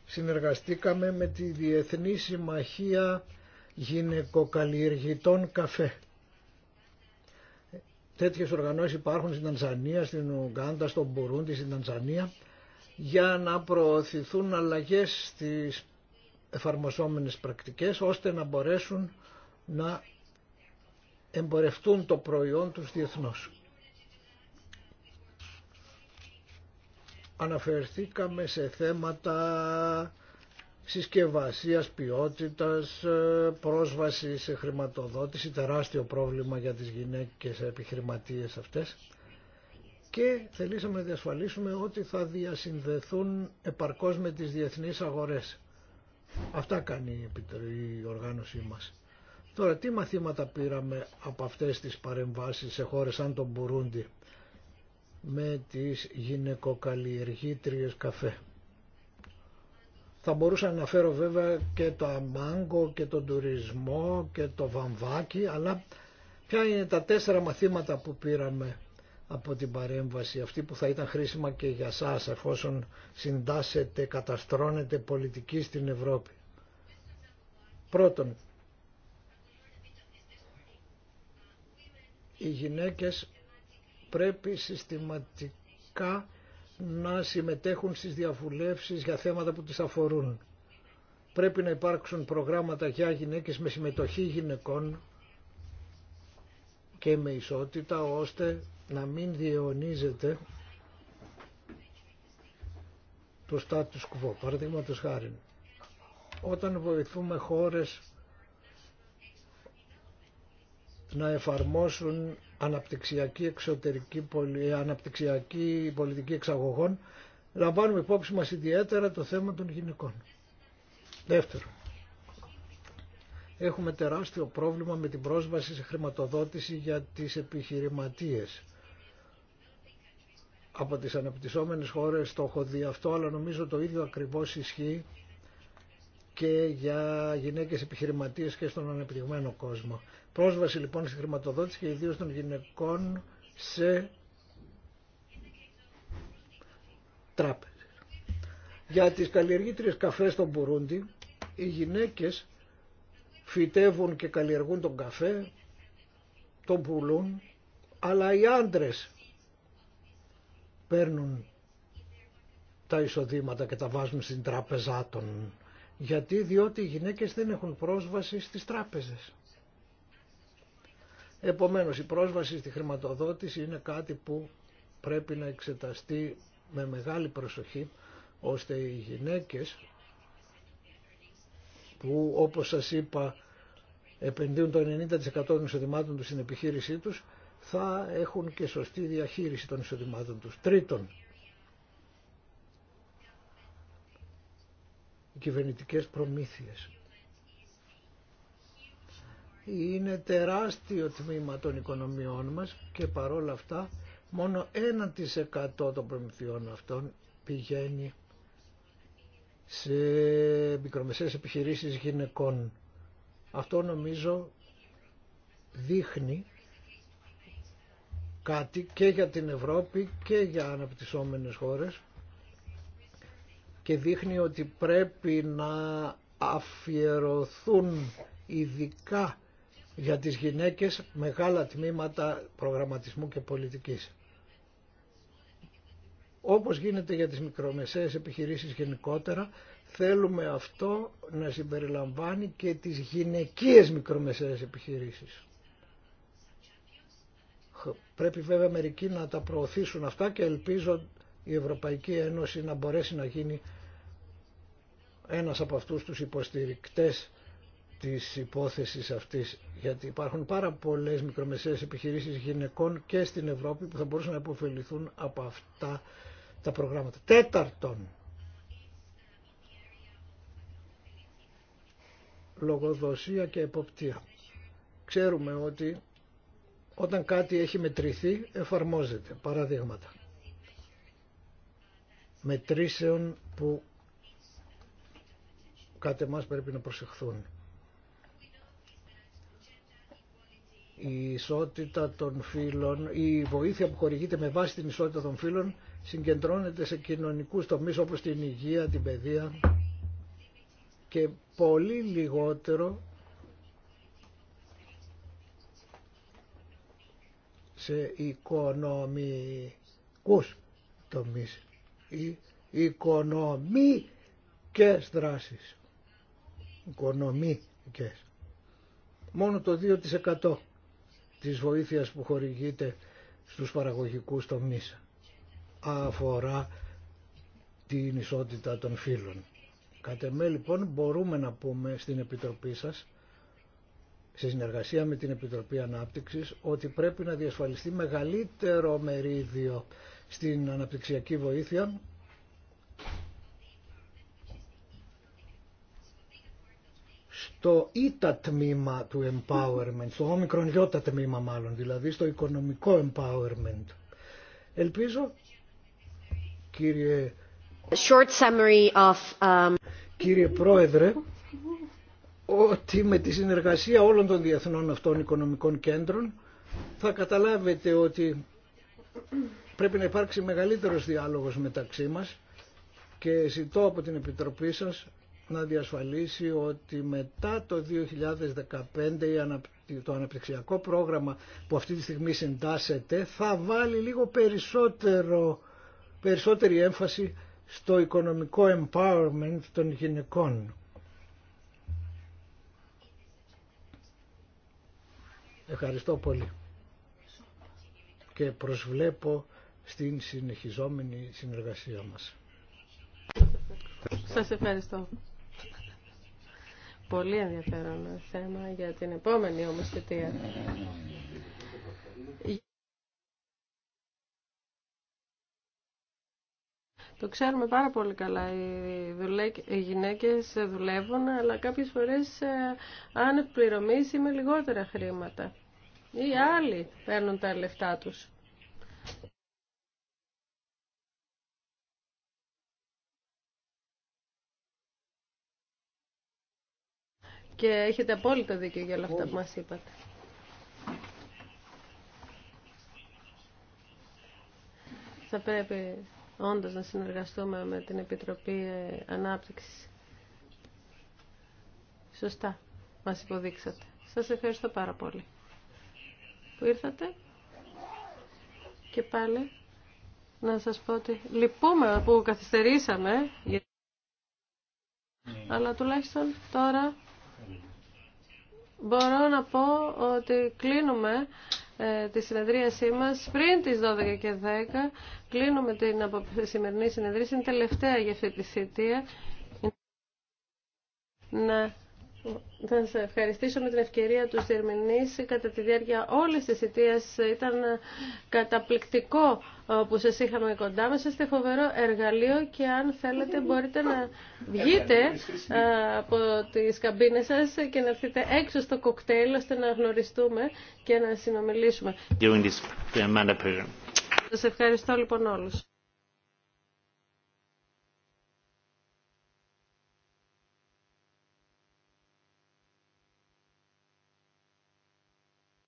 Speaker 4: συνεργαστήκαμε με τη Διεθνή Συμμαχία Γυναικοκαλλιεργητών Καφέ. Τέτοιες οργανώσεις υπάρχουν στην Τανζανία, στην Ουγγάντα, στον Μπουρούντι, στην Τανζανία για να προωθηθούν αλλαγές στις εφαρμοσόμενες πρακτικές ώστε να μπορέσουν να εμπορευτούν το προϊόν τους διεθνώς. Αναφερθήκαμε σε θέματα συσκευασίας, ποιότητας, ε, πρόσβαση σε χρηματοδότηση, τεράστιο πρόβλημα για τις γυναίκες επιχειρηματίες αυτές και θελήσαμε να διασφαλίσουμε ότι θα διασυνδεθούν επαρκώς με τις διεθνείς αγορές. Αυτά κάνει η οργάνωσή μας. Τώρα τι μαθήματα πήραμε από αυτές τις παρεμβάσεις σε χώρες σαν τον Μπουρούντι με τις γυναικοκαλλιεργήτριες καφέ. Θα μπορούσα να αναφέρω βέβαια και το αμάγκο και τον τουρισμό και το βαμβάκι, αλλά ποια είναι τα τέσσερα μαθήματα που πήραμε από την παρέμβαση αυτή που θα ήταν χρήσιμα και για σας εφόσον συντάσσετε, καταστρώνετε πολιτική στην Ευρώπη. Πρώτον, Οι γυναίκες πρέπει συστηματικά να συμμετέχουν στις διαβουλεύσεις για θέματα που τις αφορούν. Πρέπει να υπάρξουν προγράμματα για γυναίκες με συμμετοχή γυναικών και με ισότητα ώστε να μην διαιωνίζεται το status quo. Παραδείγματος χάρη, όταν βοηθούμε χώρες να εφαρμόσουν αναπτυξιακή, εξωτερική, ε, αναπτυξιακή πολιτική εξαγωγών, λαμβάνουμε υπόψη μας ιδιαίτερα το θέμα των γυναικών. Δεύτερο, έχουμε τεράστιο πρόβλημα με την πρόσβαση σε χρηματοδότηση για τις επιχειρηματίες. Από τις αναπτυσσόμενες χώρες το έχω δει αυτό, αλλά νομίζω το ίδιο ακριβώς ισχύει και για γυναίκες επιχειρηματίες και στον ανεπτυγμένο κόσμο. Πρόσβαση λοιπόν στη χρηματοδότηση και ιδίως των γυναικών σε τράπεζες. Για τις καλλιεργήτριες καφέ στον Μπουρούντι, οι γυναίκες φυτεύουν και καλλιεργούν τον καφέ, τον πουλούν, αλλά οι άντρες παίρνουν τα εισοδήματα και τα βάζουν στην τράπεζά των. Γιατί διότι οι γυναίκες δεν έχουν πρόσβαση στις τράπεζες. Επομένως η πρόσβαση στη χρηματοδότηση είναι κάτι που πρέπει να εξεταστεί με μεγάλη προσοχή ώστε οι γυναίκες που όπως σας είπα επενδύουν το 90% των εισοδημάτων τους στην επιχείρησή τους θα έχουν και σωστή διαχείριση των εισοδημάτων τους. Τρίτον, κυβερνητικές προμήθειες. Είναι τεράστιο τμήμα των οικονομιών μας και παρόλα αυτά μόνο 1% των προμηθειών αυτών πηγαίνει σε μικρομεσαίες επιχειρήσεις γυναικών. Αυτό νομίζω δείχνει κάτι και για την Ευρώπη και για αναπτυσσόμενες χώρες και δείχνει ότι πρέπει να αφιερωθούν ειδικά για τις γυναίκες μεγάλα τμήματα προγραμματισμού και πολιτικής. Όπως γίνεται για τις μικρομεσαίες επιχειρήσεις γενικότερα, θέλουμε αυτό να συμπεριλαμβάνει και τις γυναικείες μικρομεσαίες επιχειρήσεις. Πρέπει βέβαια μερικοί να τα προωθήσουν αυτά και ελπίζω η Ευρωπαϊκή Ένωση να μπορέσει να γίνει ένας από αυτούς τους υποστηρικτές της υπόθεσης αυτής γιατί υπάρχουν πάρα πολλές μικρομεσαίες επιχειρήσεις γυναικών και στην Ευρώπη που θα μπορούσαν να υποφεληθούν από αυτά τα προγράμματα. Τέταρτον, λογοδοσία και εποπτεία. Ξέρουμε ότι όταν κάτι έχει μετρηθεί εφαρμόζεται. Παραδείγματα μετρήσεων που Κάτι μας πρέπει να προσεχθούν. Η ισότητα των φύλων, η βοήθεια που χορηγείται με βάση την ισότητα των φύλων συγκεντρώνεται σε κοινωνικούς τομείς όπως την υγεία, την παιδεία και πολύ λιγότερο σε οικονομικούς τομείς ή οικονομικές δράσεις οικονομικές. Μόνο το 2% της βοήθειας που χορηγείται στους παραγωγικούς τομείς αφορά την ισότητα των φύλων. Κατ' εμέ λοιπόν μπορούμε να πούμε στην Επιτροπή σας, σε συνεργασία με την Επιτροπή Ανάπτυξης, ότι πρέπει να διασφαλιστεί μεγαλύτερο μερίδιο στην αναπτυξιακή βοήθεια Το ΙΤΑ τμήμα του empowerment, το όμικρον γιώτα τμήμα μάλλον, δηλαδή στο οικονομικό empowerment. Ελπίζω, κύριε, Short summary of, um... κύριε Πρόεδρε, ότι με τη συνεργασία όλων των διεθνών αυτών οικονομικών κέντρων θα καταλάβετε ότι πρέπει να υπάρξει μεγαλύτερος διάλογος μεταξύ μας και ζητώ από την Επιτροπή σας να διασφαλίσει ότι μετά το 2015 το αναπτυξιακό πρόγραμμα που αυτή τη στιγμή συντάσσεται θα βάλει λίγο περισσότερο, περισσότερη έμφαση στο οικονομικό empowerment των γυναικών. Ευχαριστώ πολύ και προσβλέπω στην συνεχιζόμενη συνεργασία μας. Σας
Speaker 3: ευχαριστώ πολύ ενδιαφέρον θέμα για την επόμενη όμως Το ξέρουμε πάρα πολύ καλά. Οι, δουλέ... οι γυναίκες δουλεύουν, αλλά κάποιες φορές ε, αν με λιγότερα χρήματα. Ή άλλοι παίρνουν τα λεφτά τους. και έχετε απόλυτο δίκιο για όλα αυτά που μας είπατε. Θα πρέπει όντως να συνεργαστούμε με την Επιτροπή Ανάπτυξης. Σωστά μας υποδείξατε. Σας ευχαριστώ πάρα πολύ που ήρθατε και πάλι να σας πω ότι λυπούμε που καθυστερήσαμε ναι. αλλά τουλάχιστον τώρα μπορώ να πω ότι κλείνουμε ε, τη συνεδρίασή μας πριν τις 12 και 10. Κλείνουμε την σημερινή συνεδρίαση, είναι τελευταία για αυτή τη θητεία. Θα σας ευχαριστήσω με την ευκαιρία του Σερμινής κατά τη διάρκεια όλης της αιτίας. Ήταν καταπληκτικό ε, που σας είχαμε κοντά μας. Είστε φοβερό εργαλείο και αν θέλετε μπορείτε να βγείτε ε, από τις καμπίνες σας και να έρθετε έξω στο κοκτέιλ ώστε να γνωριστούμε και να συνομιλήσουμε. Σας ευχαριστώ λοιπόν όλους.